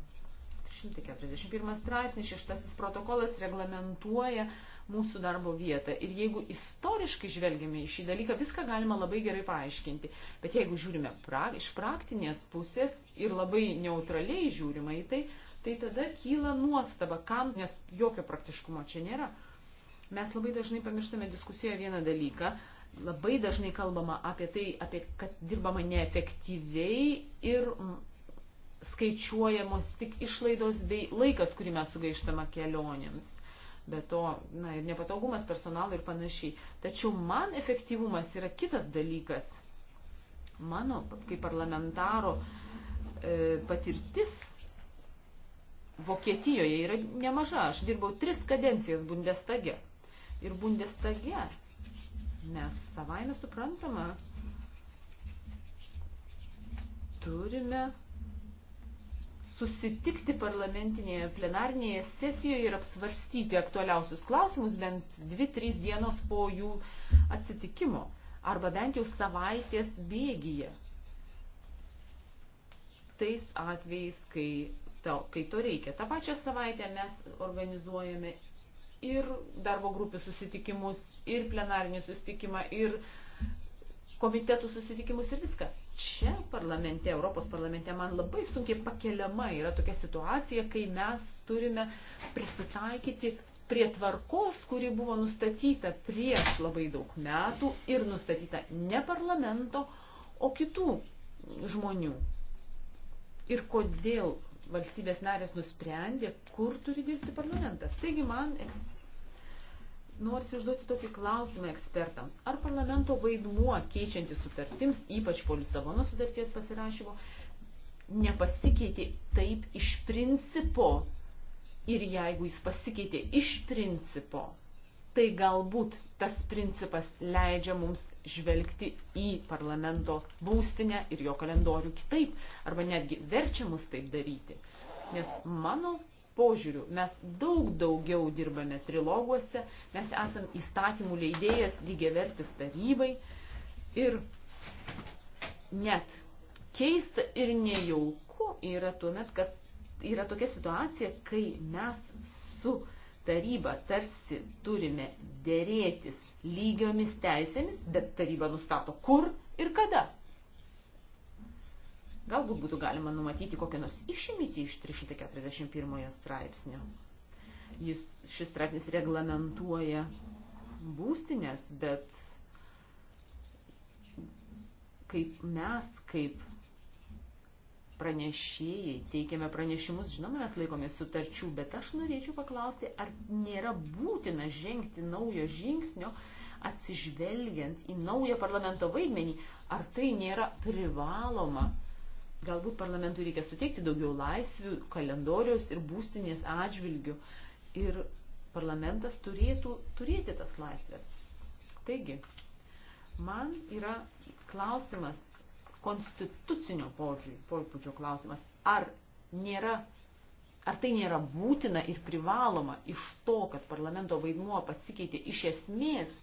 Speaker 4: 341 straipsnis, šeštasis protokolas reglamentuoja mūsų darbo vietą. Ir jeigu istoriškai žvelgiame į šį dalyką, viską galima labai gerai paaiškinti. Bet jeigu žiūrime pra, iš praktinės pusės ir labai neutraliai žiūrima į tai, tai tada kyla nuostaba, kam, nes jokio praktiškumo čia nėra. Mes labai dažnai pamirštame diskusijoje vieną dalyką, labai dažnai kalbama apie tai, apie, kad dirbama neefektyviai ir skaičiuojamos tik išlaidos bei laikas, kurį mes sugaištama kelionėms. Be to, na ir nepatogumas personalui ir panašiai. Tačiau man efektyvumas yra kitas dalykas. Mano kaip parlamentaro e, patirtis Vokietijoje yra nemaža. Aš dirbau tris kadencijas Bundestage. Ir Bundestage mes savaime suprantama turime susitikti parlamentinėje plenarnėje sesijoje ir apsvarstyti aktualiausius klausimus bent 2-3 dienos po jų atsitikimo arba bent jau savaitės bėgyje. Tais atvejais, kai to, kai to reikia. Ta pačią savaitę mes organizuojame ir darbo grupių susitikimus, ir plenarinį susitikimą, ir komitetų susitikimus ir viską. Čia parlamente, Europos parlamente, man labai sunkiai pakeliama yra tokia situacija, kai mes turime prisitaikyti prie tvarkos, kuri buvo nustatyta prieš labai daug metų ir nustatyta ne parlamento, o kitų žmonių. Ir kodėl valstybės narės nusprendė, kur turi dirbti parlamentas. Taigi man eks... norisi užduoti tokį klausimą ekspertams. Ar parlamento vaidmuo keičiantis sutartims, ypač po Lisabono sutarties pasirašymo, nepasikeitė taip iš principo ir jeigu jis pasikeitė iš principo, tai galbūt tas principas leidžia mums žvelgti į parlamento būstinę ir jo kalendorių kitaip, arba netgi verčia mus taip daryti. Nes mano požiūriu mes daug daugiau dirbame triloguose, mes esam įstatymų leidėjas lygiai vertis tarybai ir net keista ir nejauku yra tuomet, kad yra tokia situacija, kai mes su taryba tarsi turime dėrėtis lygiomis teisėmis, bet taryba nustato kur ir kada. Galbūt būtų galima numatyti kokią nors išimtį iš 341 straipsnio. Jis, šis straipsnis reglamentuoja būstinės, bet kaip mes, kaip pranešėjai, teikiame pranešimus, žinoma, mes laikomės sutarčių, bet aš norėčiau paklausti, ar nėra būtina žengti naujo žingsnio, atsižvelgiant į naują parlamento vaidmenį, ar tai nėra privaloma. Galbūt parlamentui reikia suteikti daugiau laisvių, kalendoriaus ir būstinės atžvilgių. Ir parlamentas turėtų turėti tas laisvės. Taigi, man yra klausimas, konstitucinio pobūdžio klausimas. Ar, nėra, ar tai nėra būtina ir privaloma iš to, kad parlamento vaidmuo pasikeitė iš esmės,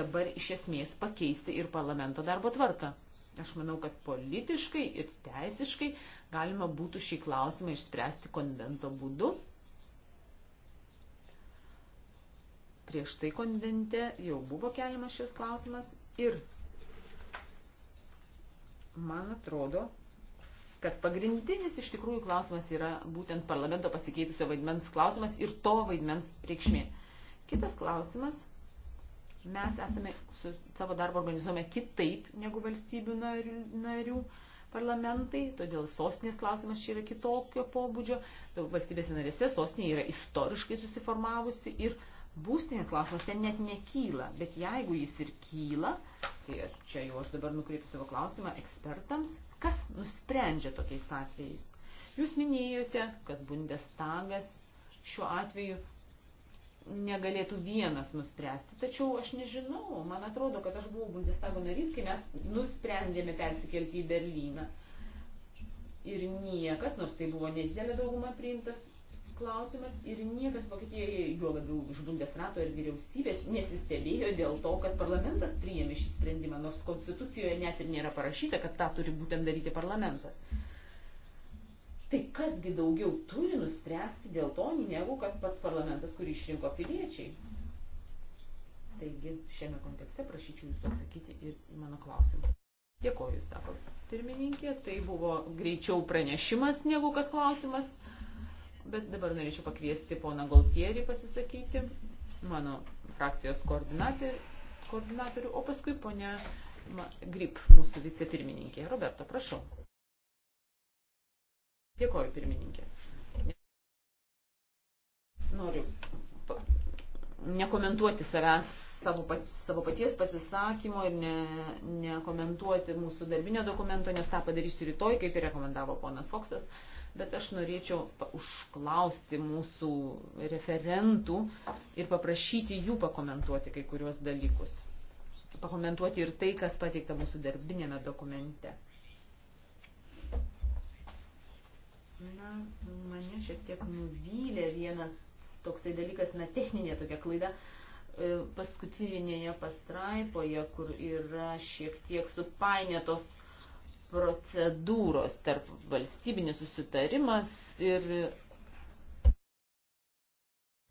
Speaker 4: dabar iš esmės pakeisti ir parlamento darbo tvarką? Aš manau, kad politiškai ir teisiškai galima būtų šį klausimą išspręsti konvento būdu. Prieš tai konvente jau buvo keliamas šis klausimas ir Man atrodo, kad pagrindinis iš tikrųjų klausimas yra būtent parlamento pasikeitusio vaidmens klausimas ir to vaidmens reikšmė. Kitas klausimas. Mes esame su savo darbą organizuojame kitaip negu valstybių narių, narių parlamentai, todėl sostinės klausimas čia yra kitokio pobūdžio. Valstybėse narėse sostinė yra istoriškai susiformavusi ir uh, būstinės klausimas ten net nekyla, bet jeigu jis ir kyla, tai čia jau aš dabar nukreipiu savo klausimą ekspertams, kas nusprendžia tokiais atvejais. Jūs minėjote, kad Bundestagas šiuo atveju negalėtų vienas nuspręsti, tačiau aš nežinau, man atrodo, kad aš buvau Bundestago narys, kai mes nusprendėme persikelti į Berlyną. Ir niekas, nors tai buvo nedidelė dauguma priimtas klausimas ir niekas Vokietijoje, juo labiau už Bundesrato ir vyriausybės, nesistebėjo dėl to, kad parlamentas priėmė šį sprendimą, nors konstitucijoje net ir nėra parašyta, kad tą turi būtent daryti parlamentas. Tai kasgi daugiau turi nuspręsti dėl to, negu kad pats parlamentas, kurį išrinko piliečiai. Taigi šiame kontekste prašyčiau jūsų atsakyti ir į mano klausimą. Dėkoju, sako pirmininkė, tai buvo greičiau pranešimas negu kad klausimas. Bet dabar norėčiau pakviesti poną Goltierį pasisakyti, mano frakcijos koordinatorių, o paskui ponę Grip, mūsų vicepirmininkė. Roberto, prašau. Dėkoju, pirmininkė. Noriu nekomentuoti savęs savo, pat, savo paties pasisakymo ir nekomentuoti ne, ne mūsų darbinio dokumento, nes tą padarysiu rytoj, kaip ir rekomendavo ponas Foksas. Uh, bet aš norėčiau užklausti mūsų referentų ir paprašyti jų pakomentuoti kai kuriuos dalykus. Pakomentuoti ir tai, kas pateikta mūsų darbinėme dokumente. Na, mane šiek tiek nuvylė vienas toksai dalykas, na, techninė tokia klaida. E, paskutinėje pastraipoje, kur yra šiek tiek supainėtos procedūros tarp valstybinis susitarimas ir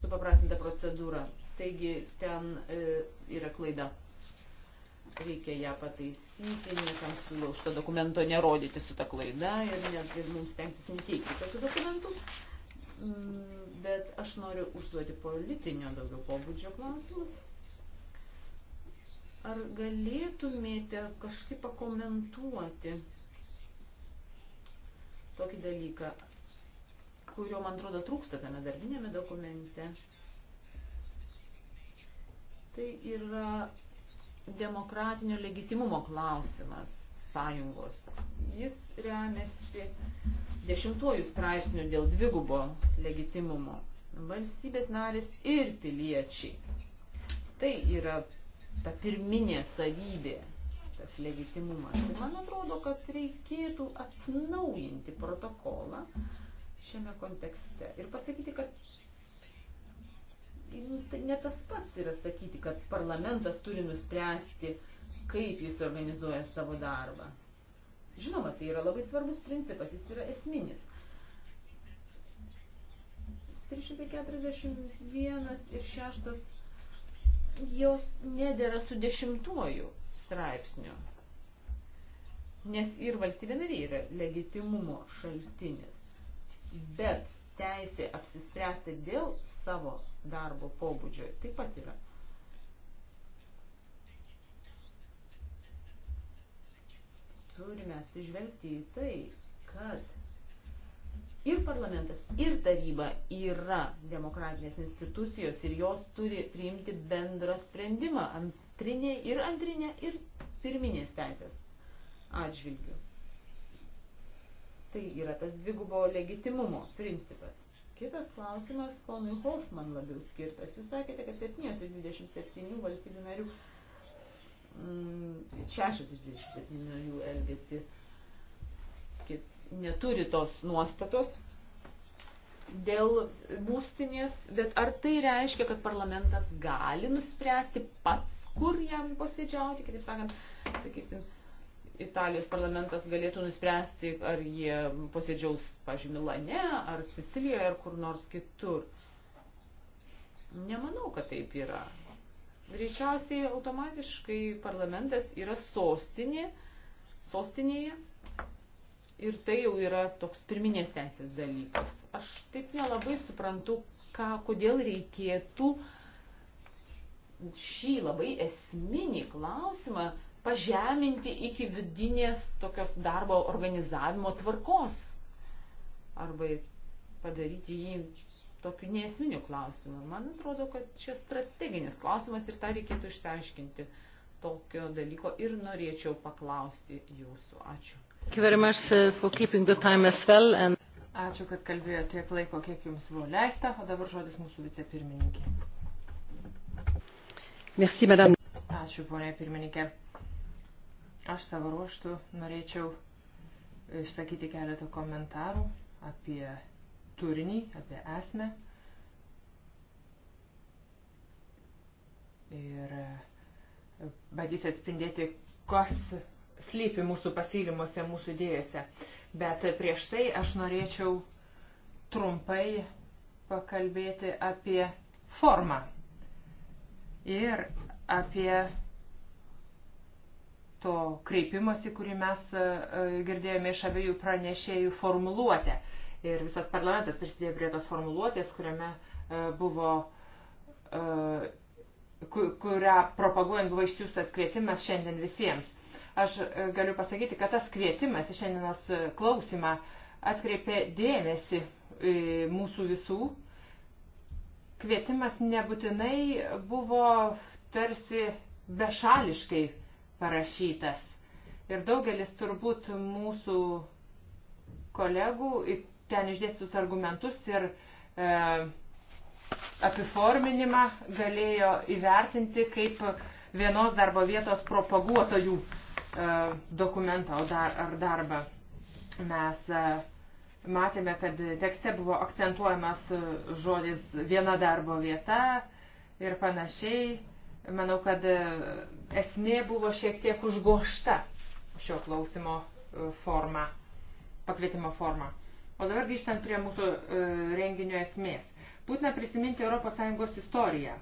Speaker 4: supaprastinta procedūra. Taigi ten e, yra klaida. Reikia ją pataisyti, niekam siūlau šito dokumento nerodyti su ta klaida ir, net, ir mums tenktis neteikti tokių dokumentų. Mm, bet aš noriu užduoti politinio daugiau pobūdžio klausimus. Ar galėtumėte kažkaip pakomentuoti tokį dalyką, kurio, man atrodo, trūksta tame darbinėme dokumente? Tai yra demokratinio legitimumo klausimas sąjungos. Jis remiasi dešimtojų straipsnių dėl dvigubo legitimumo. Valstybės narės ir piliečiai. Tai yra ta pirminė savybė, tas legitimumas. Tai man atrodo, kad reikėtų atnaujinti protokolą šiame kontekste ir pasakyti, kad nu, tai ne tas pats yra sakyti, kad parlamentas turi nuspręsti, kaip jis organizuoja savo darbą. Žinoma, tai yra labai svarbus principas, jis yra esminis. 341 ir 6 jos nedėra su dešimtuoju straipsniu. Nes ir valstybė nariai yra legitimumo šaltinis. Bet teisė apsispręsti dėl savo darbo pobūdžio taip pat yra. Turime atsižvelgti į tai, kad Ir parlamentas, ir taryba yra demokratinės institucijos ir jos turi priimti bendrą sprendimą antrinė ir antrinė ir pirminės teisės atžvilgių. Tai yra tas dvigubo legitimumo principas. Kitas klausimas ponui Hoffman labiau skirtas. Jūs sakėte, kad 7 iš 27 valstybių narių, 6 mm, iš 27 narių elgesi kitaip neturi tos nuostatos dėl būstinės, bet ar tai reiškia, kad parlamentas gali nuspręsti pats, kur jam posėdžiauti, kitaip sakant, sakysim, Italijos parlamentas galėtų nuspręsti, ar jie posėdžiaus, pažiūrėjau, Milane, ar Sicilijoje, ar kur nors kitur. Nemanau, kad taip yra. Greičiausiai automatiškai parlamentas yra sostinė, sostinėje ir tai jau yra toks pirminės teisės dalykas. Aš taip nelabai suprantu, ką, kodėl reikėtų šį labai esminį klausimą pažeminti iki vidinės tokios darbo organizavimo tvarkos arba padaryti jį tokiu neesminiu klausimu. Man atrodo, kad čia strateginis klausimas ir tą reikėtų išsiaiškinti tokio dalyko ir norėčiau paklausti jūsų. Ačiū. Uh,
Speaker 1: well and...
Speaker 4: Ačiū, kad kalbėjo tiek laiko, kiek jums buvo leista,
Speaker 3: o dabar žodis mūsų vicepirmininkė. Merci, madame. Ačiū, ponė pirmininkė. Aš savo ruoštų norėčiau išsakyti keletą komentarų apie turinį, apie esmę. Ir bandysiu atspindėti, kas slypi mūsų pasiūlymuose, mūsų idėjose. Bet prieš tai aš norėčiau trumpai pakalbėti apie formą ir apie to kreipimosi, kurį mes e, e, girdėjome iš abiejų pranešėjų formuluotę. Ir visas parlamentas prisidėjo prie tos formuluotės, kuriame e, buvo, kurią propaguojant buvo išsiųstas kvietimas šiandien visiems. Aš e, galiu pasakyti, kad tas kvietimas į šiandienos e, klausimą atkreipė dėmesį e, mūsų visų. Kvietimas nebūtinai buvo tarsi bešališkai parašytas. Ir daugelis turbūt mūsų kolegų ten išdėstus argumentus ir e, apiforminimą galėjo įvertinti kaip vienos darbo vietos propaguotojų E, dokumentą ar darbą. Mes e, matėme, kad tekste buvo akcentuojamas žodis viena darbo vieta ir panašiai. Manau, kad e, esmė buvo šiek tiek užgošta šio klausimo forma, pakvietimo forma. O dabar grįžtant prie mūsų renginio esmės. Būtina prisiminti ES istoriją.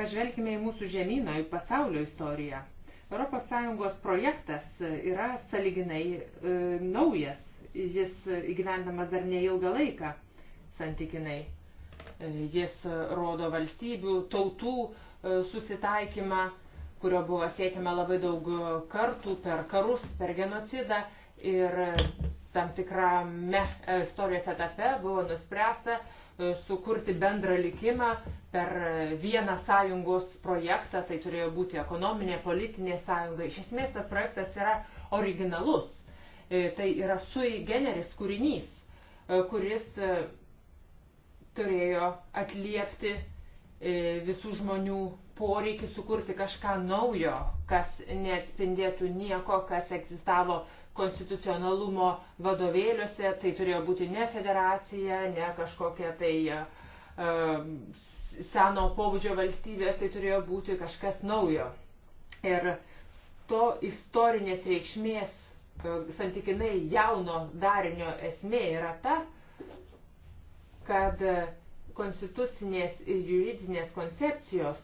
Speaker 3: Pažvelkime į mūsų žemyną, į pasaulio istoriją. ES projektas yra saliginai e, naujas, jis įgyvendamas dar neilgą laiką santykinai. E, jis rodo valstybių, tautų e, susitaikymą, kurio buvo siekiama labai daug kartų per karus, per genocidą ir tam tikrame istorijos etape buvo nuspręsta E, sukurti bendrą likimą per vieną sąjungos projektą, tai turėjo būti ekonominė, politinė sąjunga. Iš esmės tas projektas yra originalus, e, tai yra sui generis kūrinys, e, kuris turėjo atliepti visų žmonių poreikį sukurti kažką naujo, kas neatspindėtų nieko, kas egzistavo konstitucionalumo vadovėliuose, tai turėjo būti ne federacija, ne kažkokia tai um, seno pobūdžio valstybė, tai turėjo būti kažkas naujo. Ir to istorinės reikšmės e, santykinai jauno darinio esmė yra ta, kad e, konstitucinės ir juridinės koncepcijos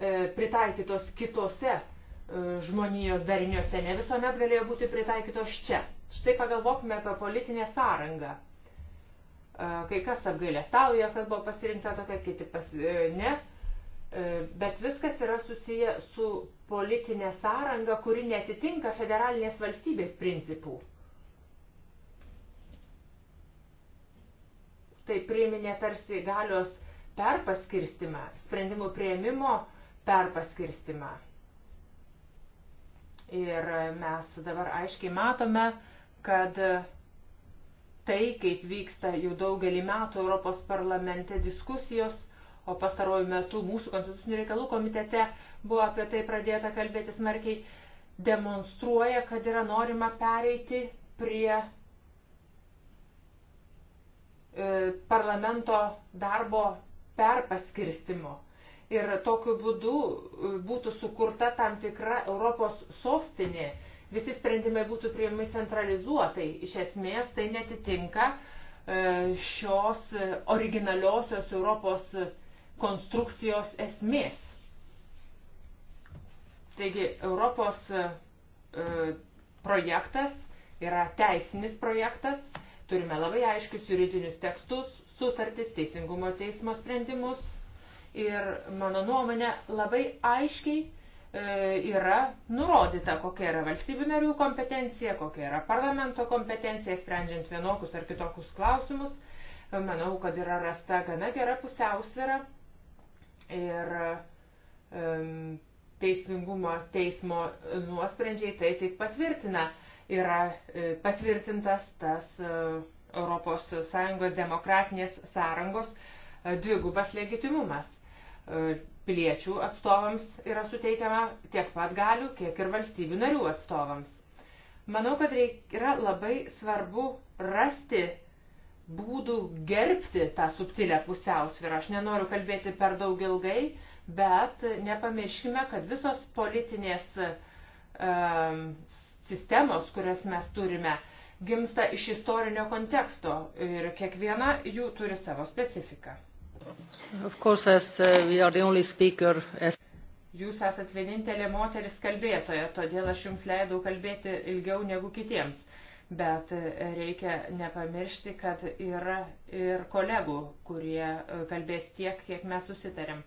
Speaker 3: e, pritaikytos kitose E, žmonijos dariniuose ne visuomet galėjo būti pritaikytos čia. Štai pagalvokime apie politinę sąrangą. E, kai kas apgailestauja, kad buvo pasirinkta tokia, kiti pas, e, ne, bet viskas yra susiję su politinė sąranga, kuri netitinka federalinės valstybės principų. Tai priminė tarsi galios perpaskirstimą, sprendimų prieimimo perpaskirstimą. Ir mes dabar aiškiai matome, kad tai, kaip vyksta jau daugelį metų Europos parlamente diskusijos, o pastarojų metų mūsų konstitucinių reikalų komitete buvo apie tai pradėta kalbėti smarkiai, demonstruoja, kad yra norima pereiti prie e, parlamento darbo perpaskirstimo. Ir tokiu būdu e, būtų sukurta tam tikra Europos sostinė. Visi sprendimai būtų priimami centralizuotai. Iš esmės tai netitinka e, šios e, originaliosios Europos konstrukcijos esmės. Taigi Europos projektas yra teisinis projektas, turime labai aiškius juridinius tekstus, sutartis, teisingumo teismo sprendimus, ir mano nuomonė labai aiškiai e, yra nurodyta, kokia yra valstybių narių kompetencija, kokia yra parlamento kompetencija, sprendžiant vienokius ar kitokius klausimus. E, manau, kad yra rasta gana gera pusiausvėra ir um, teisingumo teismo nuosprendžiai tai taip patvirtina. Yra patvirtintas tas ES demokratinės sąrangos dvigubas legitimumas. E, piliečių atstovams yra suteikiama tiek pat galių, kiek ir valstybių narių atstovams. Manau, kad reik, yra labai svarbu rasti būdų gerbti tą subtilę pusiausvyrą. Aš nenoriu kalbėti per daug ilgai, bet nepamirškime, kad visos politinės um, sistemos, kurias mes turime, gimsta iš istorinio konteksto ir kiekviena jų turi savo specifiką.
Speaker 1: Course, uh, speaker, as...
Speaker 3: Jūs esat vienintelė moteris kalbėtoja, todėl aš jums leidau kalbėti ilgiau negu kitiems. Bet uh, reikia nepamiršti, kad yra ir kolegų, kurie uh, kalbės tiek, kiek mes susitarėm.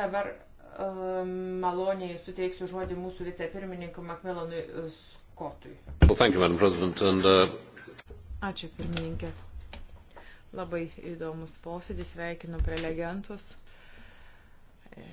Speaker 3: Dabar um, maloniai suteiksiu žodį mūsų vicepirmininkui Makmilonui Skotui.
Speaker 1: Well, you, and, uh...
Speaker 2: Ačiū, pirmininkė. Labai įdomus posėdis, sveikinu prelegentus e,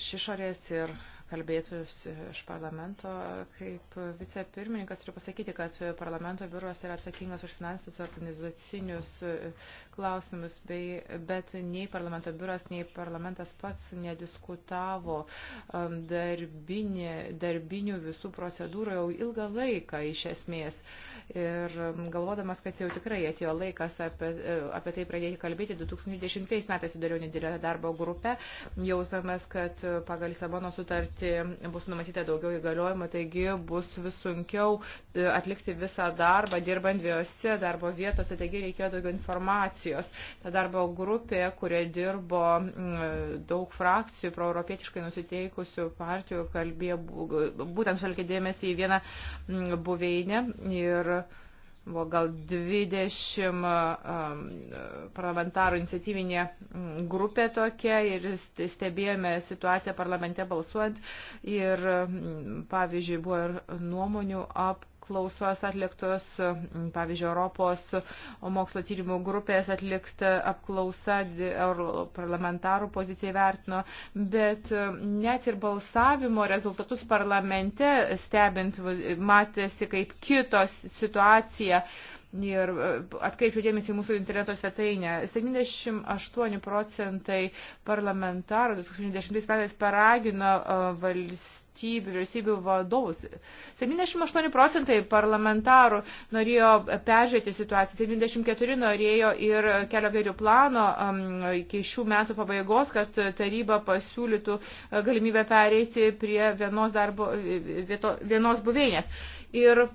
Speaker 2: iš išorės ir kalbėtus iš parlamento. Kaip vicepirmininkas turiu pasakyti, kad parlamento biuras yra atsakingas už finansinius organizacinius e, klausimus, bei, bet nei parlamento biuras, nei parlamentas pats nediskutavo um, darbinė, darbinių visų procedūrų jau ilgą laiką iš esmės. Ir um, galvodamas, kad jau tikrai atėjo laikas apie, e, apie tai pradėti kalbėti, 2010 metais sudariau nedidelę darbo grupę, jausdamas, kad pagal Lisabono sutartį mėnesį bus numatyta daugiau įgaliojimų, taigi bus vis sunkiau e, atlikti visą darbą, dirbant dviejose darbo vietose, taigi reikėjo daugiau informacijos. Ta darbo grupė, kurioje dirbo daug frakcijų, proeuropietiškai nusiteikusių partijų, kalbėjo būtent šalkė dėmesį į vieną buveinę. Ir buvo gal 20 um, parlamentarų iniciatyvinė mm, grupė tokia ir stebėjome situaciją parlamente balsuojant ir mm, pavyzdžiui buvo ir nuomonių ap apklausos atliktos, pavyzdžiui, Europos mokslo tyrimų grupės atlikta apklausa, parlamentarų pozicijai vertino, bet net ir balsavimo rezultatus parlamente stebint matėsi, kaip kitos situacija. Ir e, atkreipčiau dėmesį į mūsų interneto svetainę. 78 procentai parlamentarų 2010 metais paragino e, valstybės valstybių, vyriausybių vadovus. 78 procentai parlamentarų norėjo peržiūrėti situaciją, 74 norėjo ir kelio gairių plano um, iki šių metų pabaigos, kad taryba pasiūlytų uh, galimybę pereiti prie vienos, darbo, uh, vieto, vienos buveinės. Ir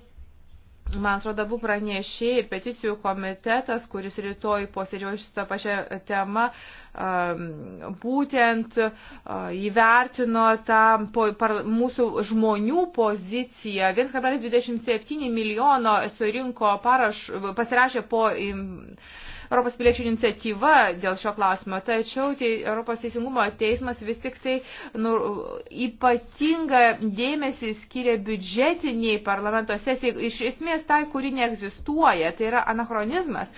Speaker 2: man atrodo, abu pranešėjai ir peticijų komitetas, kuris rytoj posėdžioja šitą pačią temą, um, būtent uh, įvertino tą mūsų žmonių poziciją. 1,27 milijono surinko paraš, pasirašė po Europos piliečių iniciatyva dėl šio klausimo, tačiau tai Europos teisingumo teismas vis tik tai nu, ypatingą dėmesį skiria biudžetiniai parlamento sesijai, iš esmės tai, kuri neegzistuoja, tai yra anachronizmas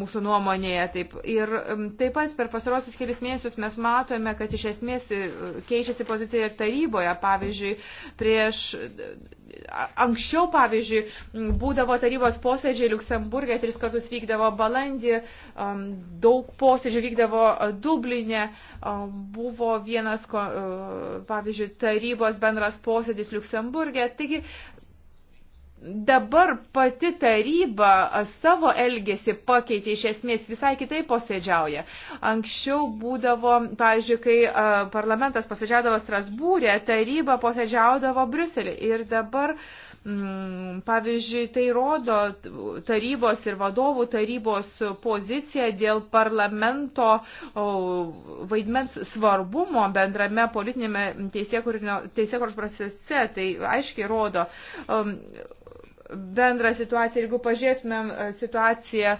Speaker 2: mūsų nuomonėje. Taip. Ir taip pat per pasarosius kelius mėnesius mes matome, kad iš esmės e, keičiasi pozicija ir taryboje. Pavyzdžiui, prieš anksčiau, pavyzdžiui, būdavo tarybos posėdžiai Luksemburgė tris kartus vykdė vykdavo balandį, daug posėdžių vykdavo Dublinė, buvo vienas, pavyzdžiui, tarybos bendras posėdis Luksemburgė. Taigi dabar pati taryba savo elgesį pakeitė iš esmės visai kitaip posėdžiauja. Anksčiau būdavo, pavyzdžiui, kai parlamentas posėdžiaudavo Strasbūrė, taryba posėdžiaudavo Briuselį ir dabar uh, Mm, pavyzdžiui, tai rodo tarybos ir vadovų tarybos poziciją dėl parlamento vaidmens svarbumo bendrame politinėme teisėkuros procese. Tai aiškiai rodo um, bendrą situaciją. Jeigu pažiūrėtumėm e, situaciją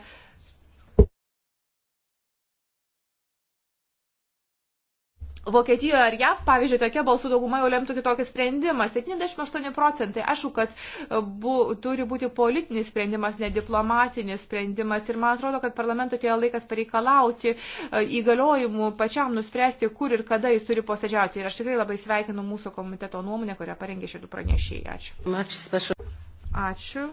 Speaker 2: Vokietijoje ar JAV, pavyzdžiui, tokia balsų dauguma jau lemtų kitokį sprendimą. 78 procentai. Aišku, kad e, bu, turi būti politinis sprendimas, ne diplomatinis sprendimas. Ir man atrodo, kad parlamento atėjo laikas pareikalauti e, įgaliojimų pačiam nuspręsti, kur ir kada jis turi posėdžiauti. Ir aš tikrai labai sveikinu mūsų komiteto nuomonę, kurią parengė šitų pranešėjai. Ačiū. Ačiū.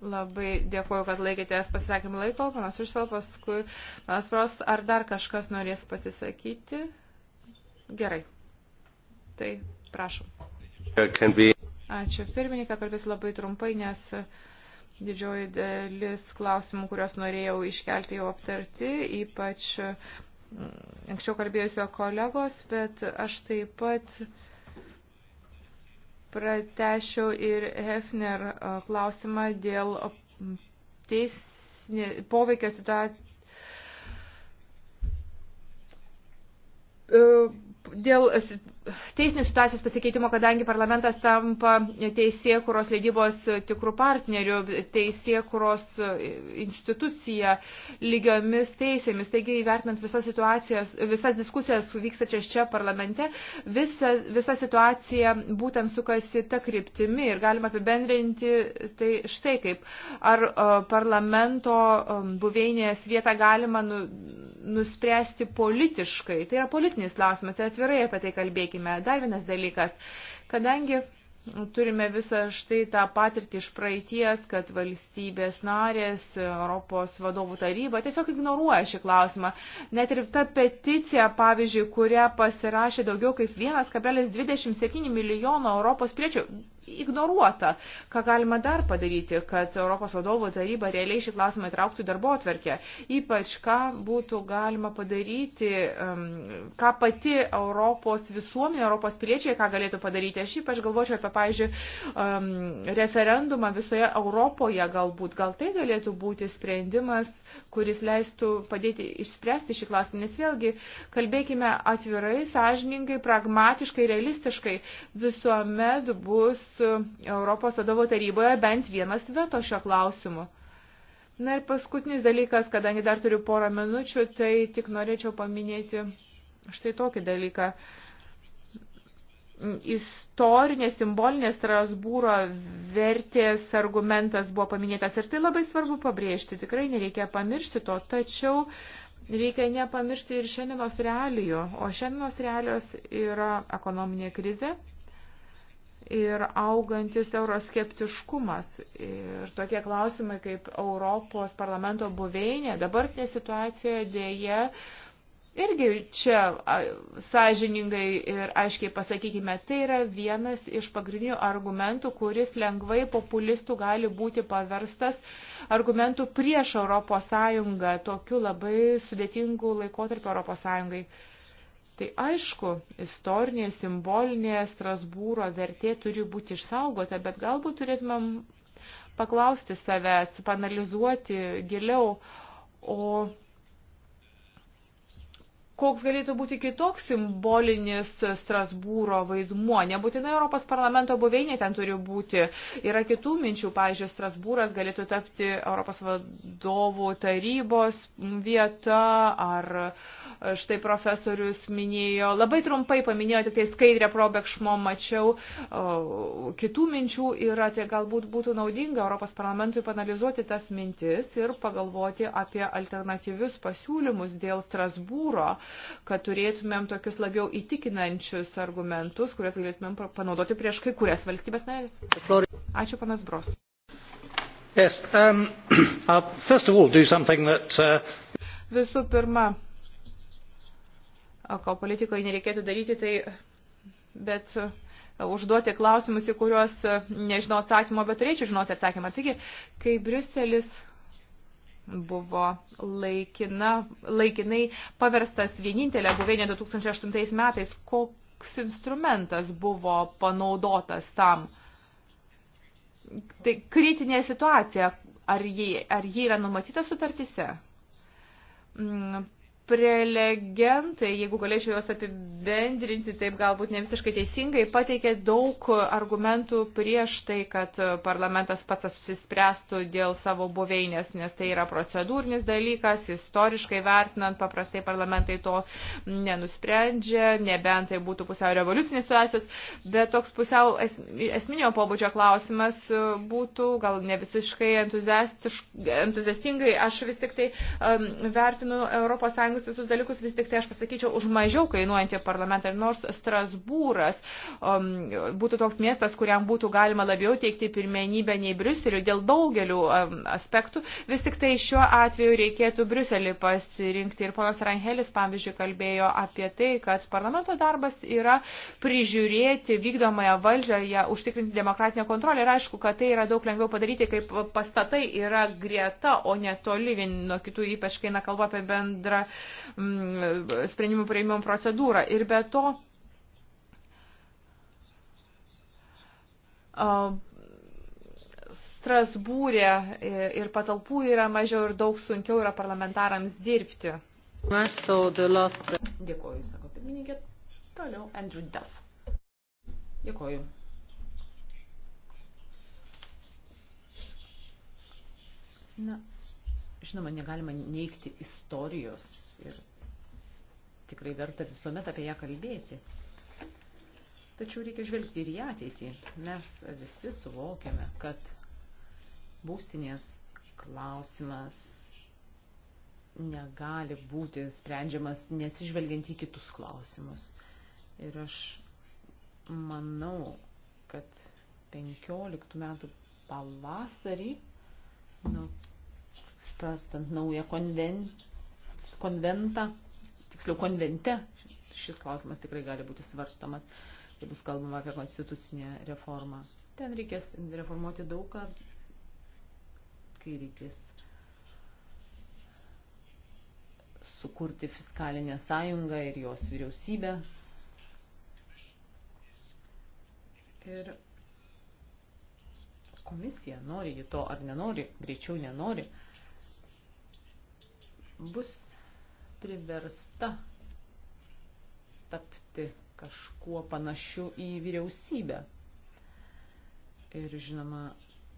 Speaker 2: Labai dėkuoju, kad laikėtės pasisakymų laiko. Panas užsal, paskui panas pros, ar dar kažkas norės pasisakyti? Gerai. Tai prašom. Ačiū. Pirmininką kalbės labai trumpai, nes didžioji dalis klausimų, kuriuos norėjau iškelti, jau aptarti, ypač mm, anksčiau kalbėjusio kolegos, bet aš taip pat pratešiau ir Hefner klausimą dėl teisinė, poveikio situacijos dėl teisinės situacijos pasikeitimo, kadangi parlamentas tampa teisėkuros leidybos tikrų partnerių, teisėkuros institucija lygiomis teisėmis. Taigi, įvertinant visas, visas diskusijas vykstačias čia parlamente, visa, visa situacija būtent sukasi ta kryptimi ir galima apibendrinti tai štai kaip. Ar parlamento buveinės vietą galima nu, nuspręsti politiškai? Tai yra politinis klausimas ir tai atvirai apie tai kalbėti paminėkime. Dar vienas dalykas, kadangi turime visą štai tą patirtį iš praeities, kad valstybės narės, Europos vadovų taryba tiesiog ignoruoja šį klausimą. Net ir ta peticija, pavyzdžiui, kurią pasirašė daugiau kaip 1,27 milijono Europos priečių, ignoruota. Ką galima dar padaryti, kad Europos vadovų taryba realiai šį klausimą įtrauktų darbo atverkę? Ypač ką būtų galima padaryti, ką pati Europos visuomenė, Europos piliečiai, ką galėtų padaryti. Aš ypač galvočiau apie, pavyzdžiui, referendumą visoje Europoje galbūt. Gal tai galėtų būti sprendimas, kuris leistų padėti išspręsti šį klausimą. Nes vėlgi, kalbėkime atvirai, sąžiningai, pragmatiškai, realistiškai. Visuomet bus Europos vadovų taryboje bent vienas veto šio klausimu. Na ir paskutinis dalykas, kadangi dar turiu porą minučių, tai tik norėčiau paminėti štai tokį dalyką. Istorinės, simbolinės Strasbūro vertės argumentas buvo paminėtas ir tai labai svarbu pabrėžti, tikrai nereikia pamiršti to, tačiau reikia nepamiršti ir šiandienos realijų, o šiandienos realijos yra ekonominė krizė, ir augantis euroskeptiškumas. Ir tokie klausimai kaip Europos parlamento buveinė dabartinė situacijoje dėje irgi čia sąžiningai ir aiškiai pasakykime, tai yra vienas iš pagrindinių argumentų, kuris lengvai populistų gali būti paverstas argumentų prieš Europos Sąjungą, tokiu labai sudėtingu laikotarpiu Europos Sąjungai. Tai aišku, istorinė, simbolinė Strasbūro vertė turi būti išsaugota, bet galbūt turėtumėm paklausti savęs, panalizuoti giliau, o koks galėtų būti kitoks simbolinis Strasbūro vaidmuo. Nebūtinai Europos parlamento buveinė ten turi būti. Yra kitų minčių, pavyzdžiui, Strasbūras galėtų tapti Europos vadovų tarybos vieta, ar e, štai profesorius minėjo, labai trumpai paminėjo, tik tai skaidrę probekšmo mačiau, kitų minčių yra, tai galbūt būtų naudinga Europos parlamentui panalizuoti tas mintis ir pagalvoti apie alternatyvius pasiūlymus dėl Strasbūro kad turėtumėm tokius labiau įtikinančius argumentus, kurias galėtumėm panaudoti prieš kai kurias valstybės narės. Ačiū, panas Bros.
Speaker 1: Yes, um, I'll [clears throat] uh, first of all do something that, uh...
Speaker 2: Visų pirma, ko politikoje nereikėtų daryti, tai bet uh, užduoti klausimus, į kuriuos uh, nežinau atsakymo, bet turėčiau žinoti atsakymą. Taigi, kai Briuselis buvo laikina, laikinai paverstas vienintelė buveinė 2008 metais. Koks instrumentas buvo panaudotas tam? Tai kritinė situacija, ar ji, ar ji yra numatyta sutartise? Mm, prelegentai, jeigu galėčiau juos apibendrinti, taip galbūt ne visiškai teisingai, pateikė daug argumentų prieš tai, kad parlamentas pats apsispręstų dėl savo buveinės, nes tai yra procedūrinis dalykas, istoriškai vertinant, paprastai parlamentai to nenusprendžia, nebent tai būtų pusiau revoliucinės situacijos, bet toks pusiau esminio pobūdžio klausimas būtų, gal ne visiškai entuziastingai, aš vis tik tai um, vertinu ES tikrus visus dalykus, vis tik tai aš pasakyčiau, už mažiau kainuojantį parlamentą. Ir nors Strasbūras um, būtų toks miestas, kuriam būtų galima labiau teikti pirmenybę nei Briuseliu dėl daugelių um, aspektų, vis tik tai šiuo atveju reikėtų Briuselį pasirinkti. Ir ponas Ranhelis, pavyzdžiui, kalbėjo apie tai, kad parlamento darbas yra prižiūrėti vykdomąją valdžią, ją užtikrinti demokratinę kontrolę. Ir aišku, kad tai yra daug lengviau padaryti, kaip pastatai yra greta, o netoli vieni nuo kitų, ypač kai na, kalba apie bendrą Mm, sprendimų prieimimo procedūrą. Ir be to, Strasbūrė ir patalpų yra mažiau ir daug sunkiau yra parlamentarams dirbti. Dėkuoju, sako pirmininkė.
Speaker 4: Toliau Andrew Duff. Dėkuoju. Na, Žinoma, negalima neikti istorijos ir tikrai verta visuomet apie ją kalbėti. Tačiau reikia žvelgti ir į ateitį. Mes visi suvokiame, kad būstinės klausimas negali būti sprendžiamas neatsižvelgiant į kitus klausimus. Ir aš manau, kad 15 metų pavasarį nuo prastant naują konven, konventą, tiksliau konvente, šis klausimas tikrai gali būti svarstomas, kai bus kalbama apie konstitucinę reformą. Ten reikės reformuoti daugą, kai reikės sukurti fiskalinę sąjungą ir jos vyriausybę. Ir komisija nori ji to ar nenori, greičiau nenori bus priversta tapti kažkuo panašiu į vyriausybę. Ir žinoma,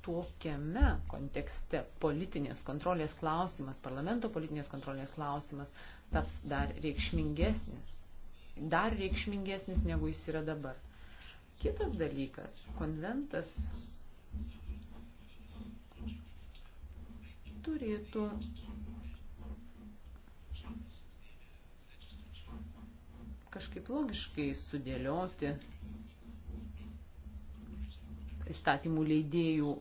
Speaker 4: tokiame kontekste politinės kontrolės klausimas, parlamento politinės kontrolės klausimas taps dar reikšmingesnis. Dar reikšmingesnis negu jis yra dabar. Kitas dalykas, konventas turėtų kažkaip logiškai sudėlioti įstatymų leidėjų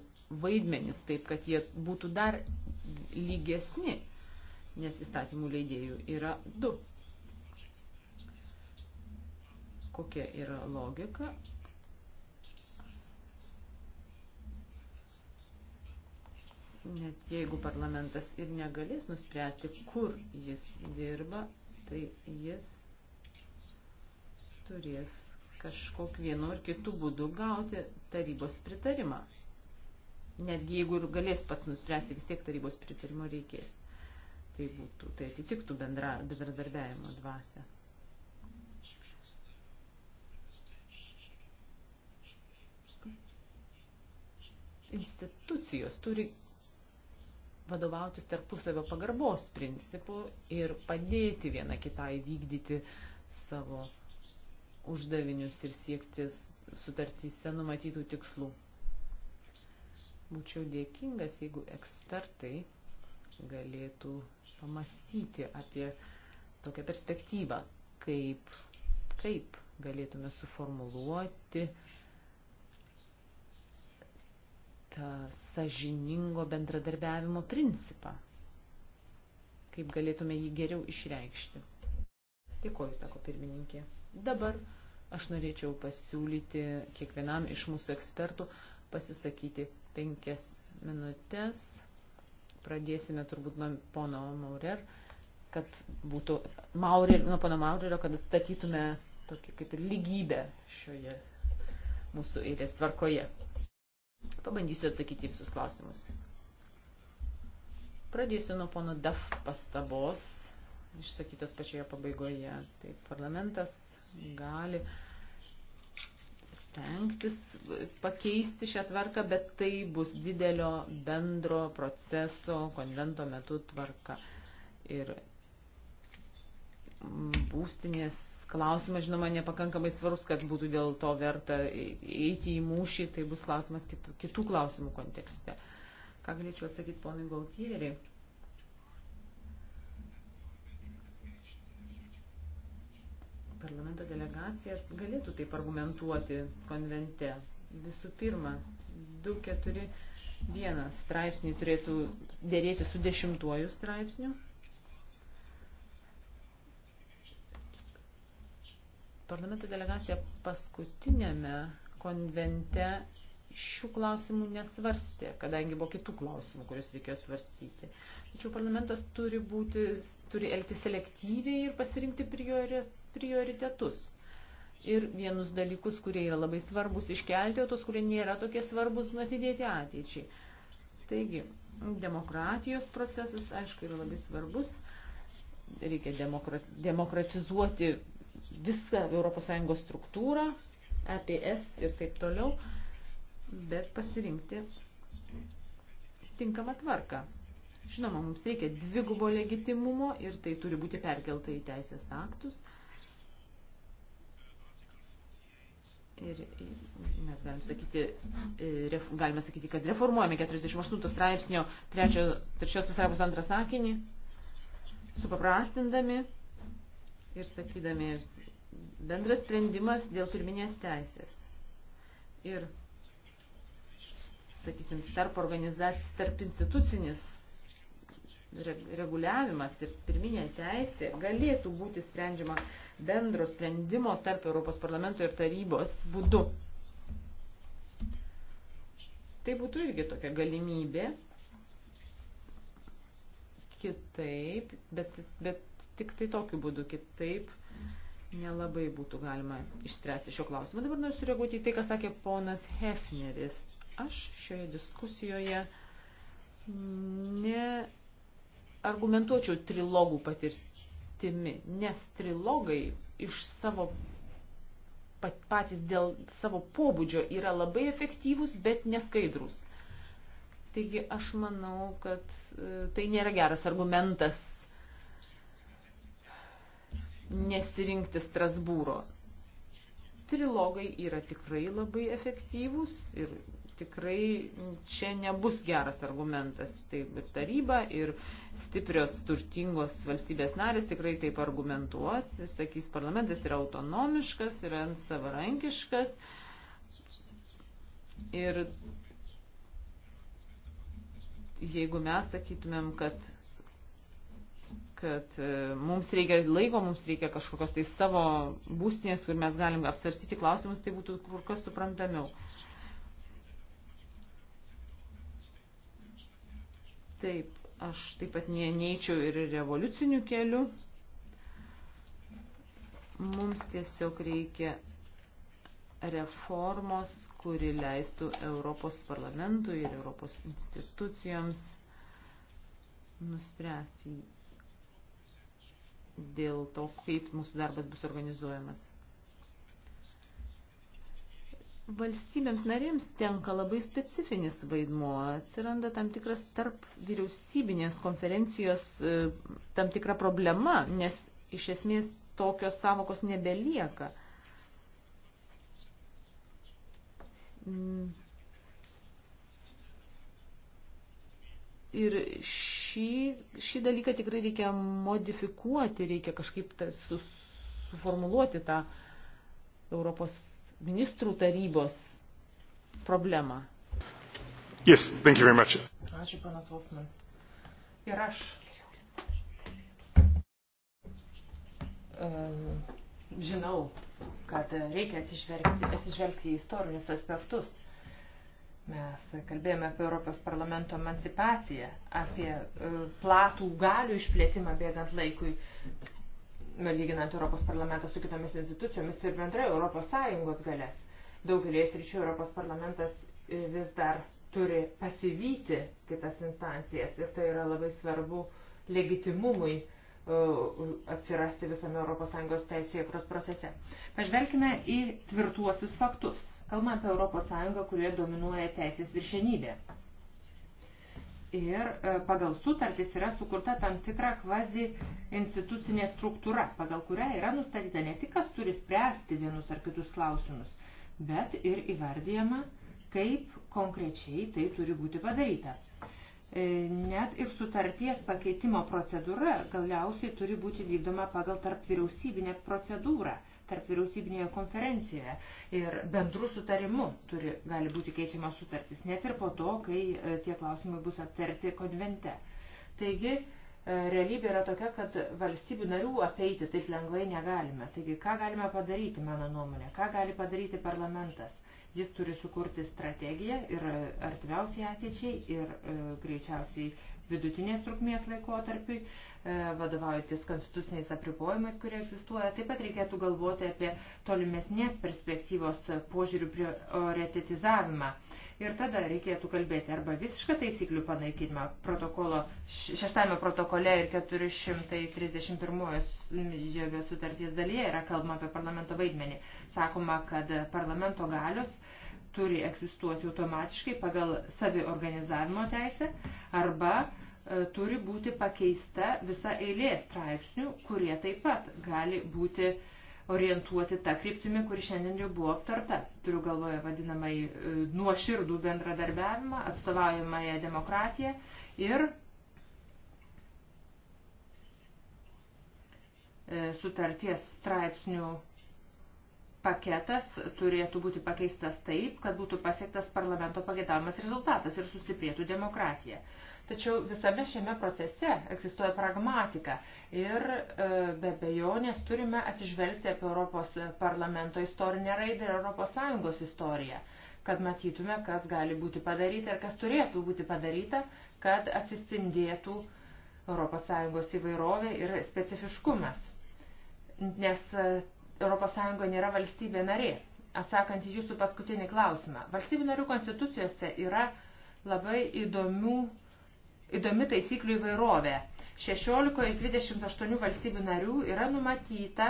Speaker 4: vaidmenis taip, kad jie būtų dar lygesni, nes įstatymų leidėjų yra du. Kokia yra logika? Net jeigu parlamentas ir negalės nuspręsti, kur jis dirba, tai jis turės kažkokiu vienu ar kitu būdu gauti tarybos pritarimą. Netgi jeigu ir galės pats nuspręsti, vis tiek tarybos pritarimo reikės. Tai būtų, tai atitiktų bendra, bendradarbiavimo dvasę. Institucijos turi vadovautis tarpusavio pagarbos principu ir padėti viena kitai vykdyti savo uždavinius ir siekti sutartyse numatytų tikslų. Būčiau dėkingas, jeigu ekspertai galėtų pamastyti apie tokią perspektyvą, kaip, kaip galėtume suformuluoti tą sažiningo bendradarbiavimo principą, kaip galėtume jį geriau išreikšti. Dėkuoju, sako pirmininkė. Dabar aš norėčiau pasiūlyti kiekvienam iš mūsų ekspertų pasisakyti penkias minutės. Pradėsime turbūt nuo pono Maurer, kad būtų Maurer, nuo pono Maurerio, kad atstatytume tokį kaip ir lygybę šioje mūsų eilės tvarkoje. Pabandysiu atsakyti visus klausimus. Pradėsiu nuo pono DAF pastabos, išsakytos pačioje pabaigoje. Tai parlamentas gali stengtis pakeisti šią tvarką, bet tai bus didelio bendro proceso konvento metu tvarka. Ir mm, būstinės klausimas, žinoma, nepakankamai svarus, kad būtų dėl to verta eiti į mūšį, tai bus klausimas kitų, kitų klausimų kontekste. Ką galėčiau atsakyti ponui Galtieriui? parlamento delegacija galėtų taip argumentuoti konvente. Visų pirma, 241 straipsnį turėtų dėrėti su dešimtuoju straipsniu. Parlamento delegacija paskutinėme konvente šių klausimų nesvarstė, kadangi buvo kitų klausimų, kuriuos reikėjo svarstyti. Tačiau parlamentas turi, būti, turi elgti selektyviai ir pasirinkti priori, prioritetus. Ir vienus dalykus, kurie yra labai svarbus iškelti, o tos, kurie nėra tokie svarbus, atidėti ateičiai. Taigi, demokratijos procesas, aišku, yra labai svarbus. Reikia demokratizuoti visą ES struktūrą, EPS ir taip toliau, bet pasirinkti tinkamą tvarką. Žinoma, mums reikia dvigubo legitimumo ir tai turi būti perkelta į teisės aktus. Ir mes galim sakyti, ref, galime sakyti, kad reformuojame 48 straipsnio 3, 3 pasarpos antrą sakinį, supaprastindami ir sakydami bendras sprendimas dėl pirminės teisės. Ir, sakysim, tarp organizacijos, tarp institucinis reguliavimas ir pirminė teisė galėtų būti sprendžiama bendro sprendimo tarp Europos parlamento ir tarybos būdu. Tai būtų irgi tokia galimybė. Kitaip, bet, bet tik tai tokiu būdu kitaip nelabai būtų galima išspręsti šio klausimo. Dabar noriu sureaguoti į tai, ką sakė ponas Hefneris. Aš šioje diskusijoje ne argumentuočiau trilogų patirtimi, nes trilogai iš savo patys dėl savo pobūdžio yra labai efektyvūs, bet neskaidrus. Taigi aš manau, kad e, tai nėra geras argumentas nesirinkti Strasbūro. Trilogai yra tikrai labai efektyvūs ir tikrai čia nebus geras argumentas. Tai ir taryba, ir stiprios, turtingos valstybės narės tikrai taip argumentuos. Sakys, parlamentas yra autonomiškas, yra savarankiškas. Ir jeigu mes sakytumėm, kad kad e, mums reikia laiko, mums reikia kažkokios tai savo būstinės, kur mes galim apsvarstyti klausimus, tai būtų kur kas suprantamiau. Uh, Taip, aš taip pat neįčiau ir revoliucinių kelių. Mums tiesiog reikia reformos, kuri leistų Europos parlamentui ir Europos institucijoms nuspręsti dėl to, kaip mūsų darbas bus organizuojamas valstybėms narėms tenka labai specifinis vaidmuo. Atsiranda tam tikras tarp vyriausybinės konferencijos e, tam tikra problema, nes iš esmės tokios savokos nebelieka. Mm. Ir šį, šį dalyką tikrai reikia modifikuoti, reikia kažkaip ta, su, suformuluoti tą Europos ministrų tarybos problemą.
Speaker 1: Yes, thank you very much.
Speaker 4: Ačiū, panas Wolfman.
Speaker 1: Ir aš.
Speaker 3: Žinau, kad reikia atsižvelgti, atsižvelgti į istorinius aspektus. Mes kalbėjome apie Europos parlamento emancipaciją, apie e, platų galių išplėtimą bėgant laikui. Nu, lyginant Europos parlamentą su kitomis institucijomis ir bendrai Europos Sąjungos galės. Daugelį sričių Europos parlamentas e, vis dar turi pasivyti kitas instancijas ir tai yra labai svarbu legitimumui e, atsirasti visame ES teisėkros procese. Pažvelkime į tvirtuosius faktus. Kalbame apie ES, kurioje dominuoja teisės viršenybė. Ir e, pagal sutartis yra sukurta tam tikra kvazi institucinė struktūra, pagal kurią yra nustatyta ne tik, kas turi spręsti vienus ar kitus klausimus, bet ir įvardyjama, kaip konkrečiai tai turi būti padaryta. E, net ir sutarties pakeitimo procedūra galiausiai turi būti vykdoma pagal tarp vyriausybinę procedūrą – tarp vyriausybinėje konferencijoje ir bendru sutarimu turi, gali būti keičiamas sutartis, net ir po to, kai e, tie klausimai bus aptarti konvente. Taigi, e, realybė yra tokia, kad valstybių narių apeiti taip lengvai negalime. Taigi, ką galime padaryti, mano nuomonė, ką gali padaryti parlamentas? Jis turi sukurti strategiją ir e, artimiausiai ateičiai ir e, greičiausiai vidutinės trukmės laikotarpiui. E, E, vadovaujantis konstituciniais apribojimais, kurie egzistuoja. Taip pat reikėtų galvoti apie tolimesnės perspektyvos požiūrių prioritetizavimą. Ir tada reikėtų kalbėti arba visišką taisyklių panaikinimą protokolo, šeštame protokole ir 431 sutarties dalyje yra kalbama apie parlamento vaidmenį. Sakoma, kad parlamento galios turi egzistuoti automatiškai pagal saviorganizavimo teisę arba uh, E, turi būti pakeista visa eilė straipsnių, kurie taip pat gali būti orientuoti tą kryptimį, kuri šiandien jau buvo aptarta. Turiu galvoje vadinamai e, nuoširdų bendradarbiavimą, atstovaujamąją demokratiją ir e, sutarties straipsnių paketas turėtų būti pakeistas taip, kad būtų pasiektas parlamento pagėdavimas rezultatas ir sustiprėtų demokratija. Tačiau visame šiame procese egzistuoja pragmatika ir e, be bejonės turime atsižvelgti apie Europos parlamento istorinę raidą ir Europos Sąjungos istoriją, kad matytume, kas gali būti padaryta ir kas turėtų būti padaryta, kad atsistindėtų Europos Sąjungos įvairovė ir specifiškumas. Nes e, Europos Sąjunga nėra valstybė narė atsakant į jūsų paskutinį klausimą. Valstybių narių konstitucijose yra labai įdomių įdomi taisyklių įvairovė. 16 iš 28 valstybių narių yra numatyta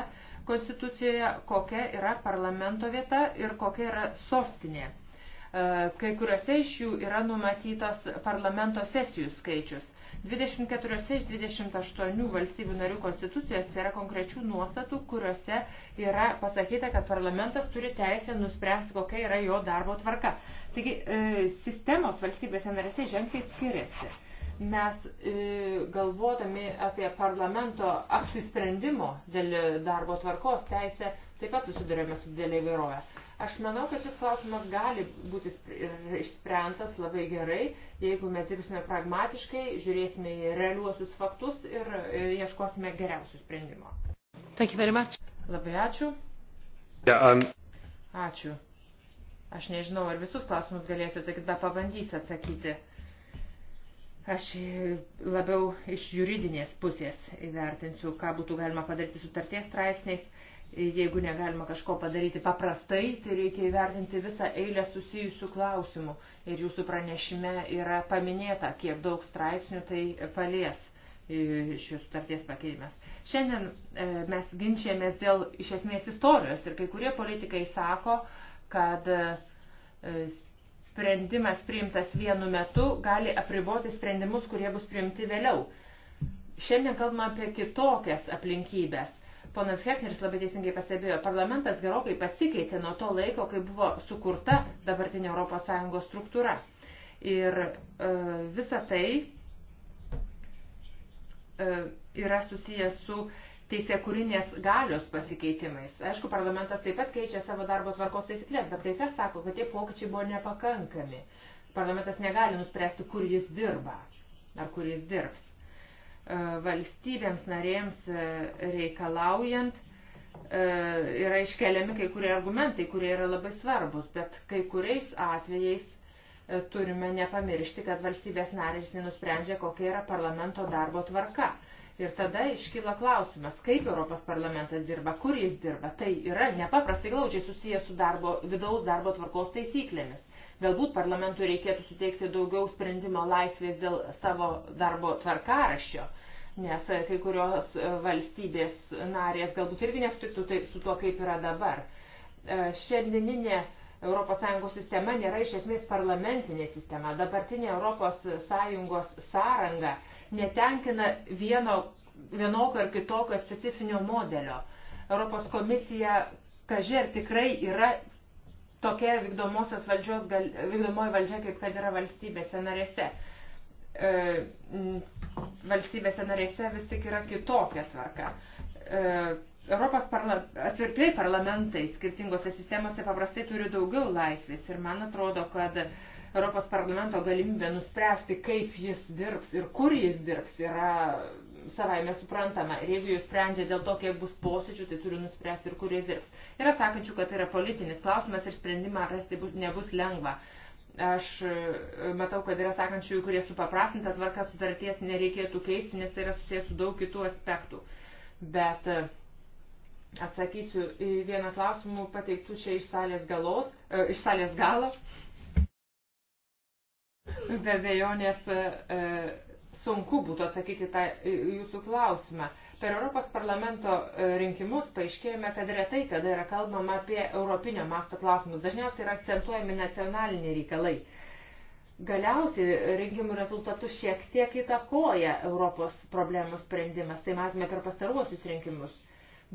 Speaker 3: konstitucijoje, kokia yra parlamento vieta ir kokia yra sostinė. E, kai kuriuose iš jų yra numatytos parlamento sesijų skaičius. 24 iš 28 valstybių narių konstitucijos yra konkrečių nuostatų, kuriuose yra pasakyta, kad parlamentas turi teisę nuspręsti, kokia yra jo darbo tvarka. Taigi e, sistemos valstybėse narėse ženkliai skiriasi mes e, galvodami apie parlamento apsisprendimo dėl darbo tvarkos teisę taip pat susidurėme su didelė įvairovė. Aš manau, kad šis klausimas gali būti išspręstas labai gerai, jeigu mes dirbsime pragmatiškai, žiūrėsime į realiuosius faktus ir e, ieškosime geriausių sprendimo.
Speaker 1: Labai ačiū. Yeah, um...
Speaker 3: Ačiū. Aš nežinau, ar visus klausimus galėsiu atsakyti, bet pabandysiu atsakyti. Aš labiau iš juridinės pusės įvertinsiu, ką būtų galima padaryti sutarties straipsniais. Jeigu negalima kažko padaryti paprastai, tai reikia įvertinti visą eilę susijusių klausimų. Ir jūsų pranešime yra paminėta, kiek daug straipsnių tai palies e, šios sutarties pakeitimas. Šiandien e, mes ginčiamės dėl iš esmės istorijos ir kai kurie politikai sako, kad e, sprendimas priimtas vienu metu gali apriboti sprendimus, kurie bus priimti vėliau. Šiandien kalbame apie kitokias aplinkybės. Ponas Hefneris labai teisingai pastebėjo, parlamentas gerokai pasikeitė nuo to laiko, kai buvo sukurta dabartinė ES struktūra. Ir e, visa tai e, yra susijęs su teisėkūrinės galios pasikeitimais. Aišku, parlamentas taip pat keičia savo darbo tvarkos taisyklės, bet teisės sako, kad tie pokyčiai buvo nepakankami. Parlamentas negali nuspręsti, kur jis dirba ar kur jis dirbs. E, valstybėms narėms e, reikalaujant e, yra iškeliami kai kurie argumentai, kurie yra labai svarbus, bet kai kuriais atvejais turime nepamiršti, kad valstybės narės nenusprendžia, kokia yra parlamento darbo tvarka. Ir tada iškyla klausimas, kaip Europos parlamentas dirba, kur jis dirba. Tai yra nepaprastai glaudžiai susijęs su darbo, vidaus darbo tvarkos taisyklėmis. Galbūt parlamentui reikėtų suteikti daugiau sprendimo laisvės dėl savo darbo tvarkaraščio, nes kai kurios valstybės narės galbūt irgi nesutiktų taip su tuo, kaip yra dabar. E, šiandieninė ES sistema nėra iš esmės parlamentinė sistema. Dabartinė ES sąranga netenkina vieno, vienokio ar kitokio specifinio modelio. Europos komisija, kažer tikrai yra tokia vykdomosios valdžios, vykdomoji valdžia, kaip kad yra valstybėse narėse. E, valstybėse narėse vis tik yra kitokia tvarka. E, Europos parla... atvirkliai parlamentai skirtingose sistemose paprastai turi daugiau laisvės ir man atrodo, kad Europos parlamento galimybė nuspręsti, kaip jis dirbs ir kur jis dirbs, yra savaime suprantama. Ir jeigu jis sprendžia dėl to, kiek bus posėdžių, tai turi nuspręsti ir kur jis dirbs. Yra sakančių, kad tai yra politinis klausimas ir sprendimą rasti bus, nebus lengva. Aš e, matau, kad yra sakančių, kurie supaprastinta tvarka sutarties nereikėtų keisti, nes tai yra susijęs su daug kitų aspektų. Bet e, atsakysiu į vieną klausimų pateiktų čia iš salės, galos, e, iš salės galo. Be abejonės e, e, sunku būtų atsakyti tą jūsų klausimą. Per Europos parlamento e, rinkimus paaiškėjome, kad retai kada yra kalbama apie europinio masto klausimus. Dažniausiai yra akcentuojami nacionaliniai reikalai. Galiausiai rinkimų rezultatus šiek tiek įtakoja Europos problemų sprendimas. Tai matome per pastaruosius rinkimus.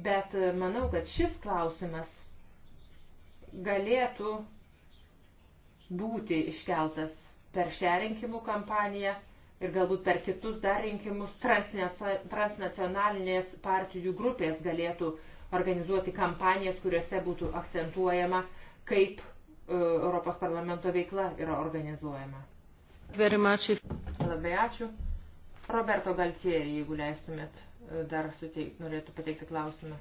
Speaker 3: Bet manau, kad šis klausimas galėtų būti iškeltas per šią rinkimų kampaniją ir galbūt per kitus dar rinkimus transnacionalinės partijų grupės galėtų organizuoti kampanijas, kuriuose būtų akcentuojama, kaip e, Europos parlamento veikla yra organizuojama. Labai ačiū. Roberto Galtieri, jeigu leistumėt, e, dar suteik, norėtų pateikti klausimą.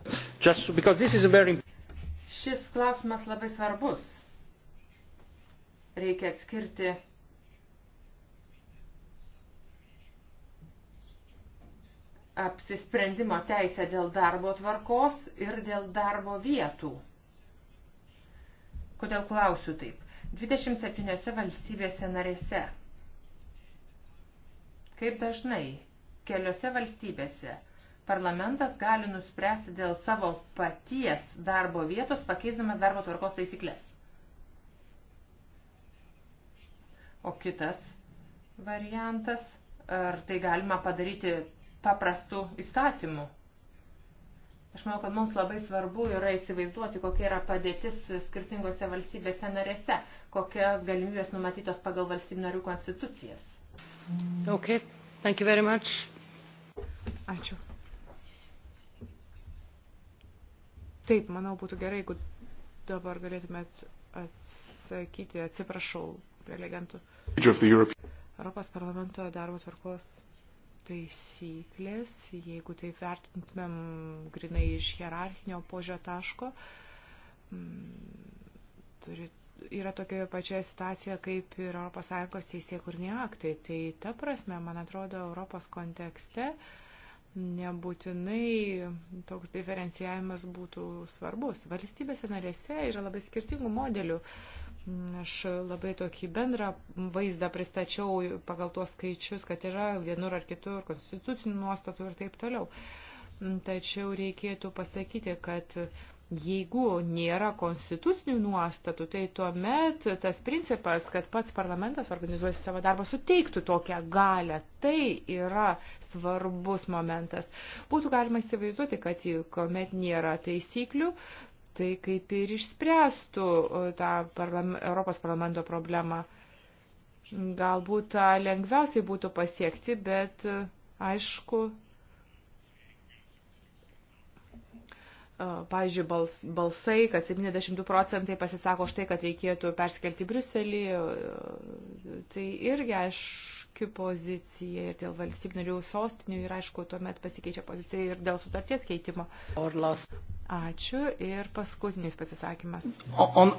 Speaker 3: Very... Šis klausimas labai svarbus. Reikia atskirti apsisprendimo teisę dėl darbo tvarkos ir dėl darbo vietų. Kodėl klausiu taip? 27 valstybėse narėse. Kaip dažnai keliose valstybėse parlamentas gali nuspręsti dėl savo paties darbo vietos, pakeisdamas darbo tvarkos taisyklės. O kitas variantas, ar tai galima padaryti paprastų įstatymų. Aš manau, kad mums labai svarbu yra įsivaizduoti, kokia yra padėtis skirtingose valstybėse narėse, kokios galimybės numatytos pagal valstybių narių konstitucijas.
Speaker 1: Okay. Thank you very much.
Speaker 2: Ačiū. Taip, manau, būtų gerai, jeigu dabar galėtumėt atsakyti, atsiprašau, prelegentų. Europos parlamento darbo tvarkos taisyklės, jeigu tai vertintumėm grinai iš hierarchinio požio taško, mm, turi, yra tokioje pačioje situacijoje kaip ir ES teisėkurniai aktai. Tai ta prasme, man atrodo, Europos kontekste nebūtinai toks diferencijavimas būtų svarbus. Valstybėse narėse yra labai skirtingų modelių. Aš labai tokį bendrą vaizdą pristačiau pagal tuos skaičius, kad yra vienur ar kitur konstitucinių nuostatų ir taip toliau. Tačiau reikėtų pasakyti, kad jeigu nėra konstitucinių nuostatų, tai tuomet tas principas, kad pats parlamentas organizuosi savo darbą, suteiktų tokią galę. Tai yra svarbus momentas. Būtų galima įsivaizduoti, kad kuomet nėra taisyklių, tai kaip ir išspręstų e, tą parlam, Europos parlamento problemą. Galbūt tą lengviausiai būtų pasiekti, bet e, aišku, e, pavyzdžiui, bals, balsai, kad 72 procentai pasisako štai, kad reikėtų perskelti Briuselį, tai irgi aš Donskiu poziciją ir dėl valstybinių sostinių ir aišku, tuomet pasikeičia pozicija ir dėl sutarties keitimo. Orlas. Ačiū ir paskutinis pasisakymas. On, on.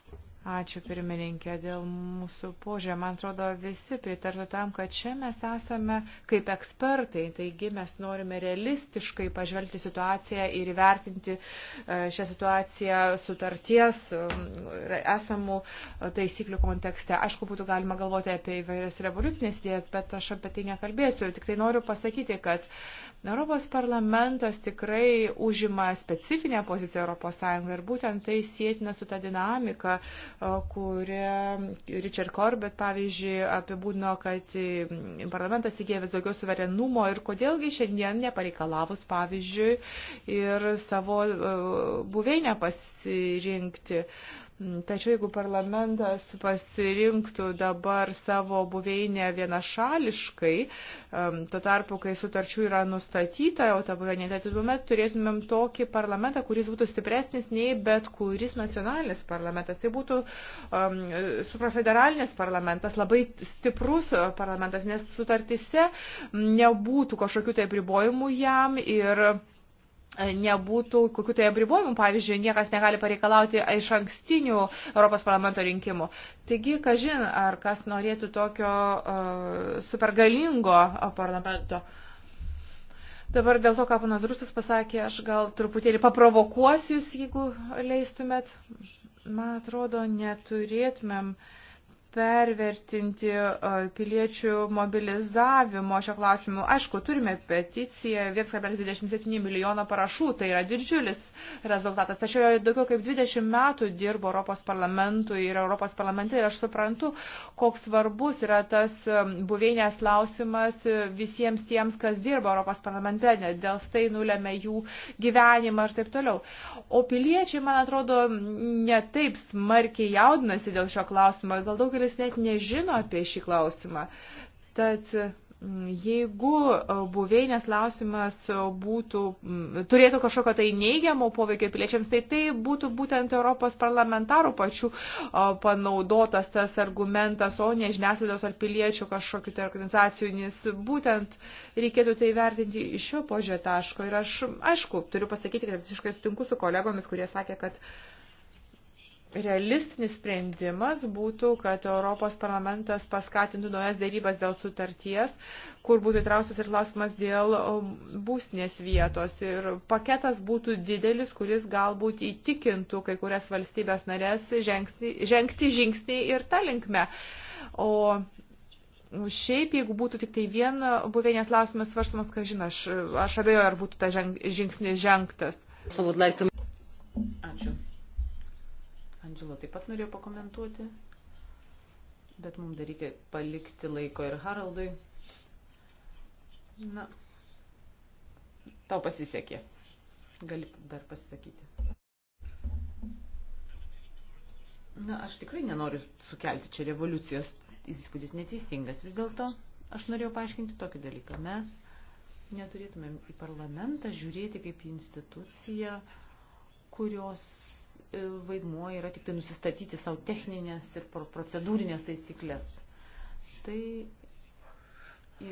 Speaker 2: Ačiū pirmininkė dėl mūsų požiūrė. Man atrodo, visi pritartų tam, kad čia mes esame kaip ekspertai, taigi mes norime realistiškai pažvelgti situaciją ir įvertinti e, šią situaciją sutarties esamų e, taisyklių kontekste. Aišku, būtų galima galvoti apie įvairias revoliucinės idėjas, bet aš apie tai nekalbėsiu. Tik tai noriu pasakyti, kad Europos parlamentas tikrai užima specifinę poziciją ES ir būtent tai sėtina su ta dinamika, kurią Richard Corbett, pavyzdžiui, apibūdino, kad mm, parlamentas įgėjo vis daugiau suverenumo ir kodėlgi šiandien nepareikalavus, pavyzdžiui, ir savo buveinę pasirinkti. Uh, Mm, tačiau jeigu parlamentas pasirinktų dabar savo buveinę vienašališkai, mm, tuo tarpu, kai sutarčių yra nustatyta, o ta buveinė, tai tuomet turėtumėm tokį parlamentą, kuris būtų stipresnis nei bet kuris nacionalinis parlamentas. Tai būtų um, suprafederalinis parlamentas, labai stiprus parlamentas, nes sutartise nebūtų kažkokių tai pribojimų jam ir nebūtų kokių tai apribojimų, pavyzdžiui, niekas negali pareikalauti iš ankstinių Europos parlamento rinkimų. Taigi, kažin, ar kas norėtų tokio uh, supergalingo uh, parlamento. Dabar dėl to, ką panas Rusas pasakė, aš gal truputėlį paprovokuosiu jūs, jeigu leistumėt. Man atrodo, neturėtumėm uh, pervertinti piliečių mobilizavimo šio klausimu. Aišku, turime peticiją 1,27 milijono parašų, tai yra didžiulis rezultatas. Tačiau jau daugiau kaip 20 metų dirbo Europos parlamentui ir Europos parlamente ir aš suprantu, koks svarbus yra tas buveinės klausimas visiems tiems, kas dirba Europos parlamente, nes dėl tai nulėmė jų gyvenimą ir taip toliau. O piliečiai, man atrodo, netaip smarkiai jaudinasi dėl šio klausimo. Gal daugelis valstybės net nežino apie šį klausimą. Tad mm, Jeigu e, buveinės klausimas būtų, mm, turėtų kažkokio tai neigiamo poveikio piliečiams, tai tai būtų būtent Europos parlamentarų pačių e, panaudotas tas argumentas, o ne žiniasklaidos ar piliečių kažkokių tai organizacijų, nes būtent reikėtų tai vertinti iš šio požiūrio taško. Ir aš, aišku, turiu pasakyti, kad visiškai sutinku su kolegomis, kurie sakė, kad uh, realistinis sprendimas būtų, kad Europos parlamentas paskatintų naujas dėrybas dėl sutarties, kur būtų įtraustas ir klausimas dėl um, būsnės vietos. Ir paketas būtų didelis, kuris galbūt įtikintų kai kurias valstybės narės žengti, žengti žingsnį ir tą linkmę. O Šiaip, jeigu būtų tik tai vien buveinės klausimas svarstamas, ką žinai, aš, aš abejoju, ar būtų ta ženg, žingsnis žengtas. Ačiū.
Speaker 4: Andželo taip pat norėjo pakomentuoti, bet mums dar reikia palikti laiko ir Haraldui. Na, tau pasisekė. Gali dar pasisakyti. Na, aš tikrai nenoriu sukelti čia revoliucijos įspūdis neteisingas. Vis dėlto aš norėjau paaiškinti tokį dalyką. Mes neturėtumėm į parlamentą žiūrėti kaip į instituciją, kurios E, vaidmuo yra tik tai nusistatyti savo techninės ir procedūrinės taisyklės. Tai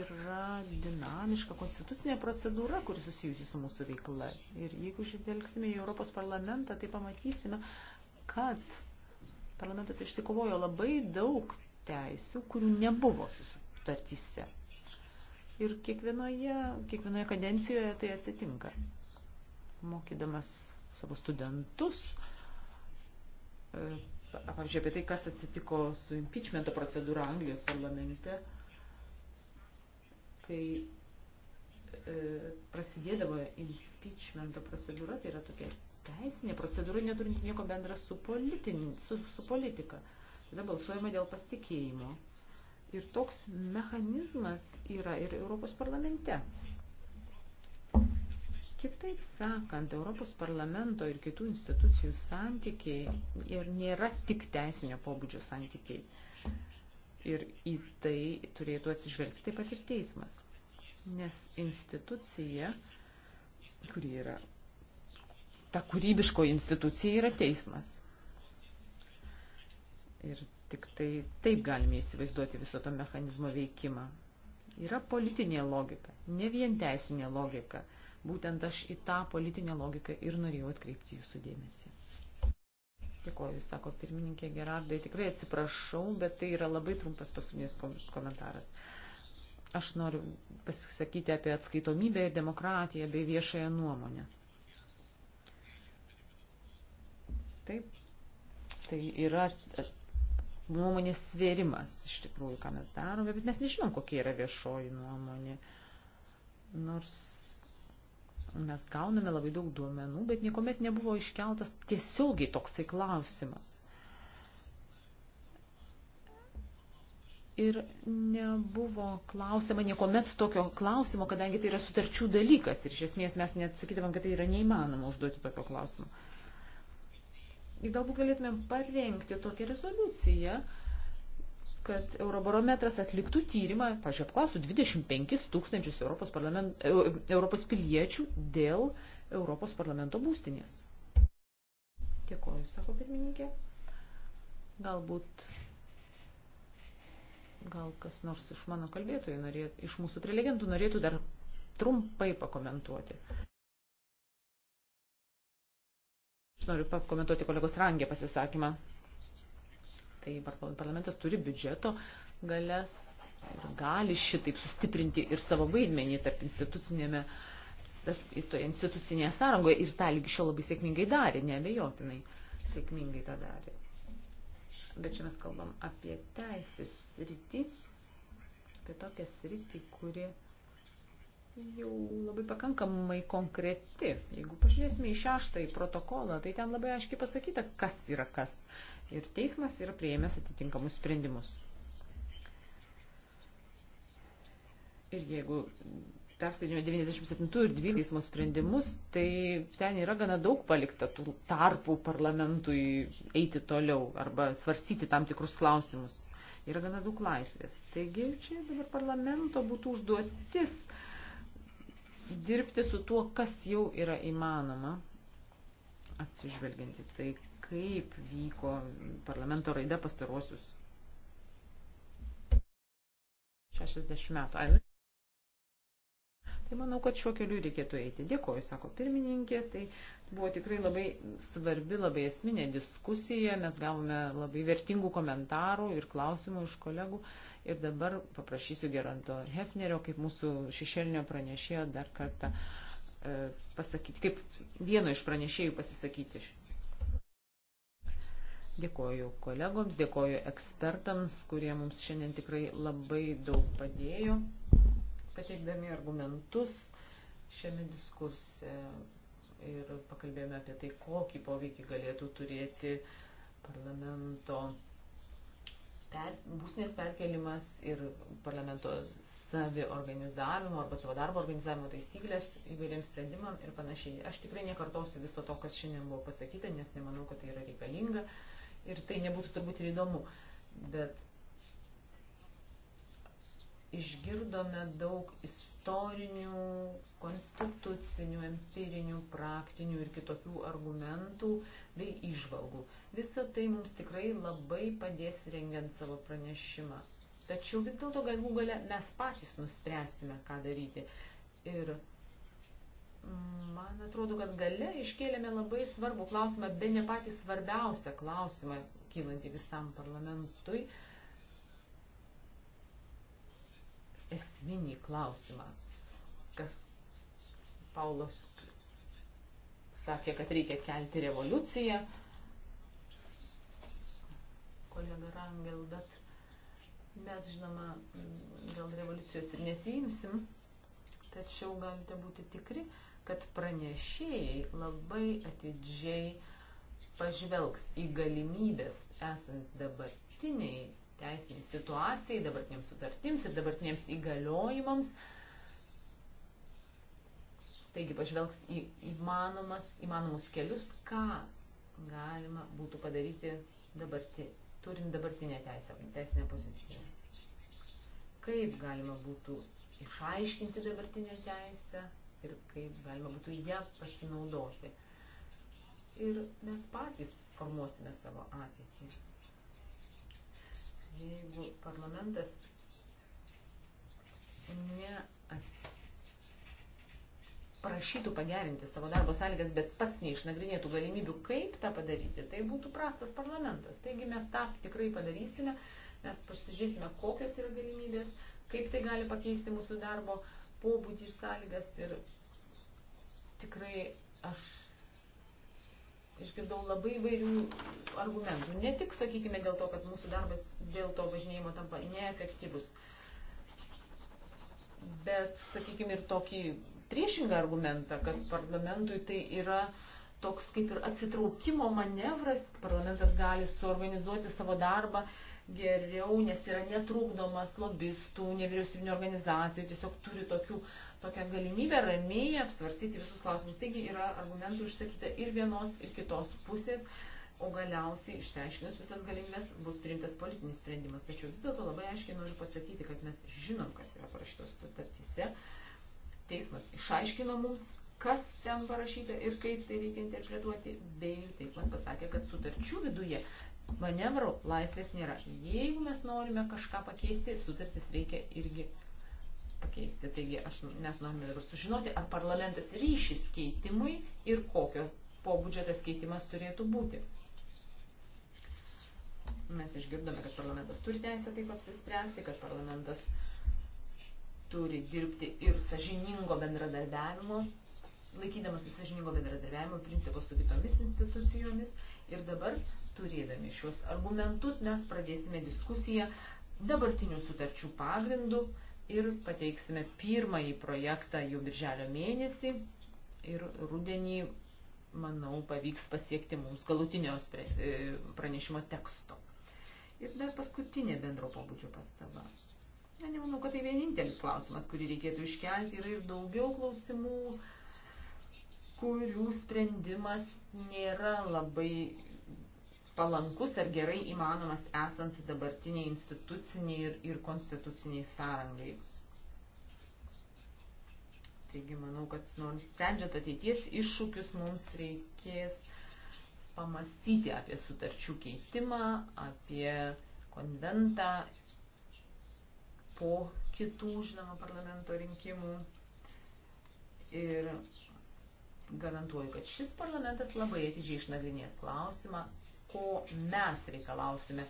Speaker 4: yra dinamiška konstitucinė procedūra, kuri susijusi su mūsų veikla. Ir jeigu žvelgsime į Europos parlamentą, tai pamatysime, kad parlamentas išsikovojo labai daug teisių, kurių nebuvo sutartyse. Ir kiekvienoje, kiekvienoje kadencijoje tai atsitinka. Mokydamas savo studentus, e, pavyzdžiui, apie tai, kas atsitiko su impeachmento procedūra Anglijos parlamente, kai e, prasidėdavo impeachmento procedūra, tai yra tokia teisinė procedūra, neturinti nieko bendra su, politin, su, su politika. Tada balsuojama dėl pasitikėjimo. Ir toks mechanizmas yra ir Europos parlamente. Kitaip sakant, Europos parlamento ir kitų institucijų santykiai ir nėra tik teisinio pobūdžio santykiai. Ir į tai turėtų atsižvelgti taip pat ir teismas. Nes institucija, kuri yra, ta kūrybiško institucija yra teismas. Ir tik tai taip galime įsivaizduoti viso to mechanizmo veikimą. Yra politinė logika, ne vien teisinė logika. Būtent aš į tą politinę logiką ir norėjau atkreipti jūsų dėmesį. Dėkoju, sako pirmininkė Gerardai. Tikrai atsiprašau, bet tai yra labai trumpas paskutinis komentaras. Aš noriu pasisakyti apie atskaitomybę ir demokratiją bei viešąją nuomonę. Taip, tai yra e, nuomonės svėrimas iš tikrųjų, ką mes darome, bet mes nežinom, kokia yra viešoji nuomonė. Nors Mes gauname labai daug duomenų, bet niekuomet nebuvo iškeltas tiesiogiai toksai klausimas. Ir nebuvo klausima niekuomet tokio klausimo, kadangi tai yra sutarčių dalykas ir iš esmės mes net sakytumėm, kad tai yra neįmanoma užduoti tokio klausimo. Ir galbūt galėtumėm parengti tokią rezoliuciją, uh, kad Eurobarometras atliktų tyrimą, pažiūrėjau, apklausų 25 tūkstančius Europos, e, Europos piliečių dėl Europos parlamento būstinės. Dėkoju, sako pirmininkė. Galbūt gal kas nors iš mano kalbėtojų, norėtų, iš mūsų prelegentų norėtų dar trumpai pakomentuoti. Aš noriu pakomentuoti kolegos Rangė pasisakymą tai parlamentas turi biudžeto galės ir gali šitaip sustiprinti ir savo vaidmenį tarp institucinėme toje institucinėje sąrangoje ir tą lygi šio labai sėkmingai darė, neabejotinai sėkmingai tą darė. Bet čia mes kalbam apie teisės sritį, apie tokią sritį, kuri jau labai pakankamai konkreti. Jeigu pažiūrėsime į šeštąjį protokolą, tai ten labai aiškiai pasakyta, kas yra kas ir teismas yra prieėmęs atitinkamus sprendimus. Ir jeigu perskaitėme 97 ir 12 teismo sprendimus, tai ten yra gana daug palikta tų tarpų parlamentui eiti toliau arba svarstyti tam tikrus klausimus. Yra gana daug laisvės. Taigi čia dabar parlamento būtų užduotis dirbti su tuo, kas jau yra įmanoma, atsižvelgianti tai, kaip vyko parlamento raida pastaruosius 60 metų. Tai manau, kad šiuo keliu reikėtų eiti. Dėkoju, sako pirmininkė. Tai buvo tikrai labai svarbi, labai esminė diskusija. Mes gavome labai vertingų komentarų ir klausimų iš kolegų. Ir dabar paprašysiu Geranto Hefnerio, kaip mūsų šešėlinio pranešėjo, dar kartą e, pasakyti, kaip vieno iš pranešėjų pasisakyti Dėkoju kolegoms, dėkoju ekspertams, kurie mums šiandien tikrai labai daug padėjo, pateikdami argumentus šiame diskurse ir pakalbėjome apie tai, kokį poveikį galėtų turėti parlamento per, būsmės perkelimas ir parlamento saviorganizavimo arba savo darbo organizavimo taisyklės įvairiems sprendimam ir panašiai. Aš tikrai nekartosiu viso to, kas šiandien buvo pasakyta, nes nemanau, kad tai yra reikalinga ir tai nebūtų turbūt ir įdomu, bet išgirdome daug istorinių, konstitucinių, empirinių, praktinių ir kitokių argumentų bei išvalgų. Visa tai mums tikrai labai padės rengiant savo pranešimą. Tačiau vis dėlto galų gale mes patys nuspręsime, ką daryti. Ir Man atrodo, kad gale iškėlėme labai svarbų klausimą, be ne patį svarbiausią klausimą, kylantį visam parlamentui. Esminį klausimą, kas Paulos sakė, kad reikia kelti revoliuciją. Kolega Rangel, bet mes, žinoma, gal revoliucijos ir nesijimsim, tačiau galite būti tikri, kad pranešėjai labai atidžiai pažvelgs į galimybės esant dabartiniai teisiniai situacijai, dabartiniams sutartims ir dabartiniams įgaliojimams. Taigi pažvelgs į įmanomas, įmanomus kelius, ką galima būtų padaryti dabarti, turint dabartinę teisę, teisinę poziciją. Kaip galima būtų išaiškinti dabartinę teisę, ir kaip galima būtų ją pasinaudoti. Ir mes patys formuosime savo ateitį. Jeigu parlamentas neprašytų pagerinti savo darbo sąlygas, bet pats neišnagrinėtų galimybių, kaip tą padaryti, tai būtų prastas parlamentas. Taigi mes tą tikrai padarysime, mes pasižiūrėsime, kokios yra galimybės, kaip tai gali pakeisti mūsų darbo pobūdį ir sąlygas ir tikrai aš išgirdau labai įvairių argumentų. Ne tik, sakykime, dėl to, kad mūsų darbas dėl to važinėjimo tampa neefektyvus, bet, sakykime, ir tokį priešingą argumentą, kad parlamentui tai yra toks kaip ir atsitraukimo manevras, parlamentas gali suorganizuoti savo darbą geriau, nes yra netrukdomas lobistų, nevyriausybinio organizacijų, tiesiog turi tokių tokią galimybę ramiai apsvarstyti visus klausimus. Taigi yra argumentų išsakyta ir vienos, ir kitos pusės, o galiausiai išsiaiškinus visas galimybės bus priimtas politinis sprendimas. Tačiau vis dėlto labai aiškiai noriu pasakyti, kad mes žinom, kas yra parašytos sutartyse. Teismas išaiškino mums, kas ten parašyta ir kaip tai reikia interpretuoti, bei teismas pasakė, kad sutarčių viduje manevrų laisvės nėra. Jeigu mes norime kažką pakeisti, sutartis reikia irgi pakeisti. Taigi aš, mes norime dabar sužinoti, ar parlamentas ryšys keitimui ir kokio pobūdžio tas keitimas turėtų būti. Mes išgirdome, kad parlamentas turi teisę taip apsispręsti, kad parlamentas turi dirbti ir sažiningo bendradarbiavimo, laikydamas į sažiningo bendradarbiavimo principo su kitomis institucijomis. Ir dabar, turėdami šios argumentus, mes pradėsime diskusiją dabartinių sutarčių pagrindų, ir pateiksime pirmąjį projektą jau birželio mėnesį ir rudenį, manau, pavyks pasiekti mums galutinio e, pranešimo teksto. Ir dar paskutinė bendro pobūdžio pastaba. Na, nemanau, kad tai vienintelis klausimas, kurį reikėtų iškelti, yra ir daugiau klausimų, kurių sprendimas nėra labai palankus ar gerai įmanomas esant dabartiniai instituciniai ir, ir konstituciniai sąrangai. Taigi manau, kad nors sprendžiant ateities iššūkius mums reikės pamastyti apie sutarčių keitimą, apie konventą po kitų, žinoma, parlamento rinkimų. Ir garantuoju, kad šis parlamentas labai atidžiai išnagrinės klausimą, ko mes reikalausime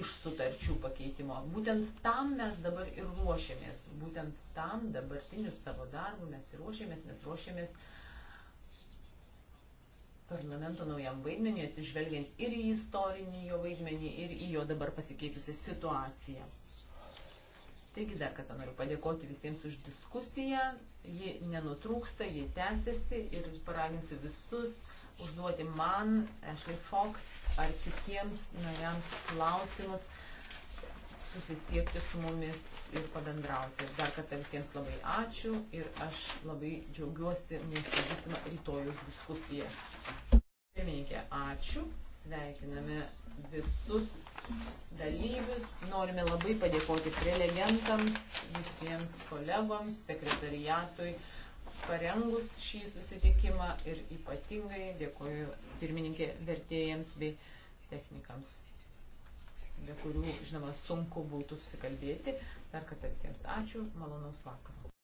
Speaker 4: iš sutarčių pakeitimo. Būtent tam mes dabar ir ruošiamės, būtent tam dabartinius savo darbų mes ir ruošiamės, mes ruošiamės parlamento naujam vaidmeniui, atsižvelgiant ir į istorinį jo vaidmenį, ir į jo dabar pasikeitusią situaciją. Taigi dar kartą noriu padėkoti visiems už diskusiją, ji nenutrūksta, ji tęsiasi ir paraginsiu visus užduoti man, Ashley Fox ar kitiems nariams klausimus, susisiekti su mumis ir pabendrauti. Dar kartą visiems labai ačiū ir aš labai džiaugiuosi mūsų būsimą rytojus diskusiją. Pirmininkė, ačiū. Sveikiname visus dalyvius. Norime labai padėkoti prelegentams, visiems kolegoms, sekretariatui parengus šį susitikimą ir ypatingai dėkoju pirmininkė vertėjams bei technikams, be kurių, žinoma, sunku būtų susikalbėti. Dar kartą visiems ačiū, malonaus vakaro.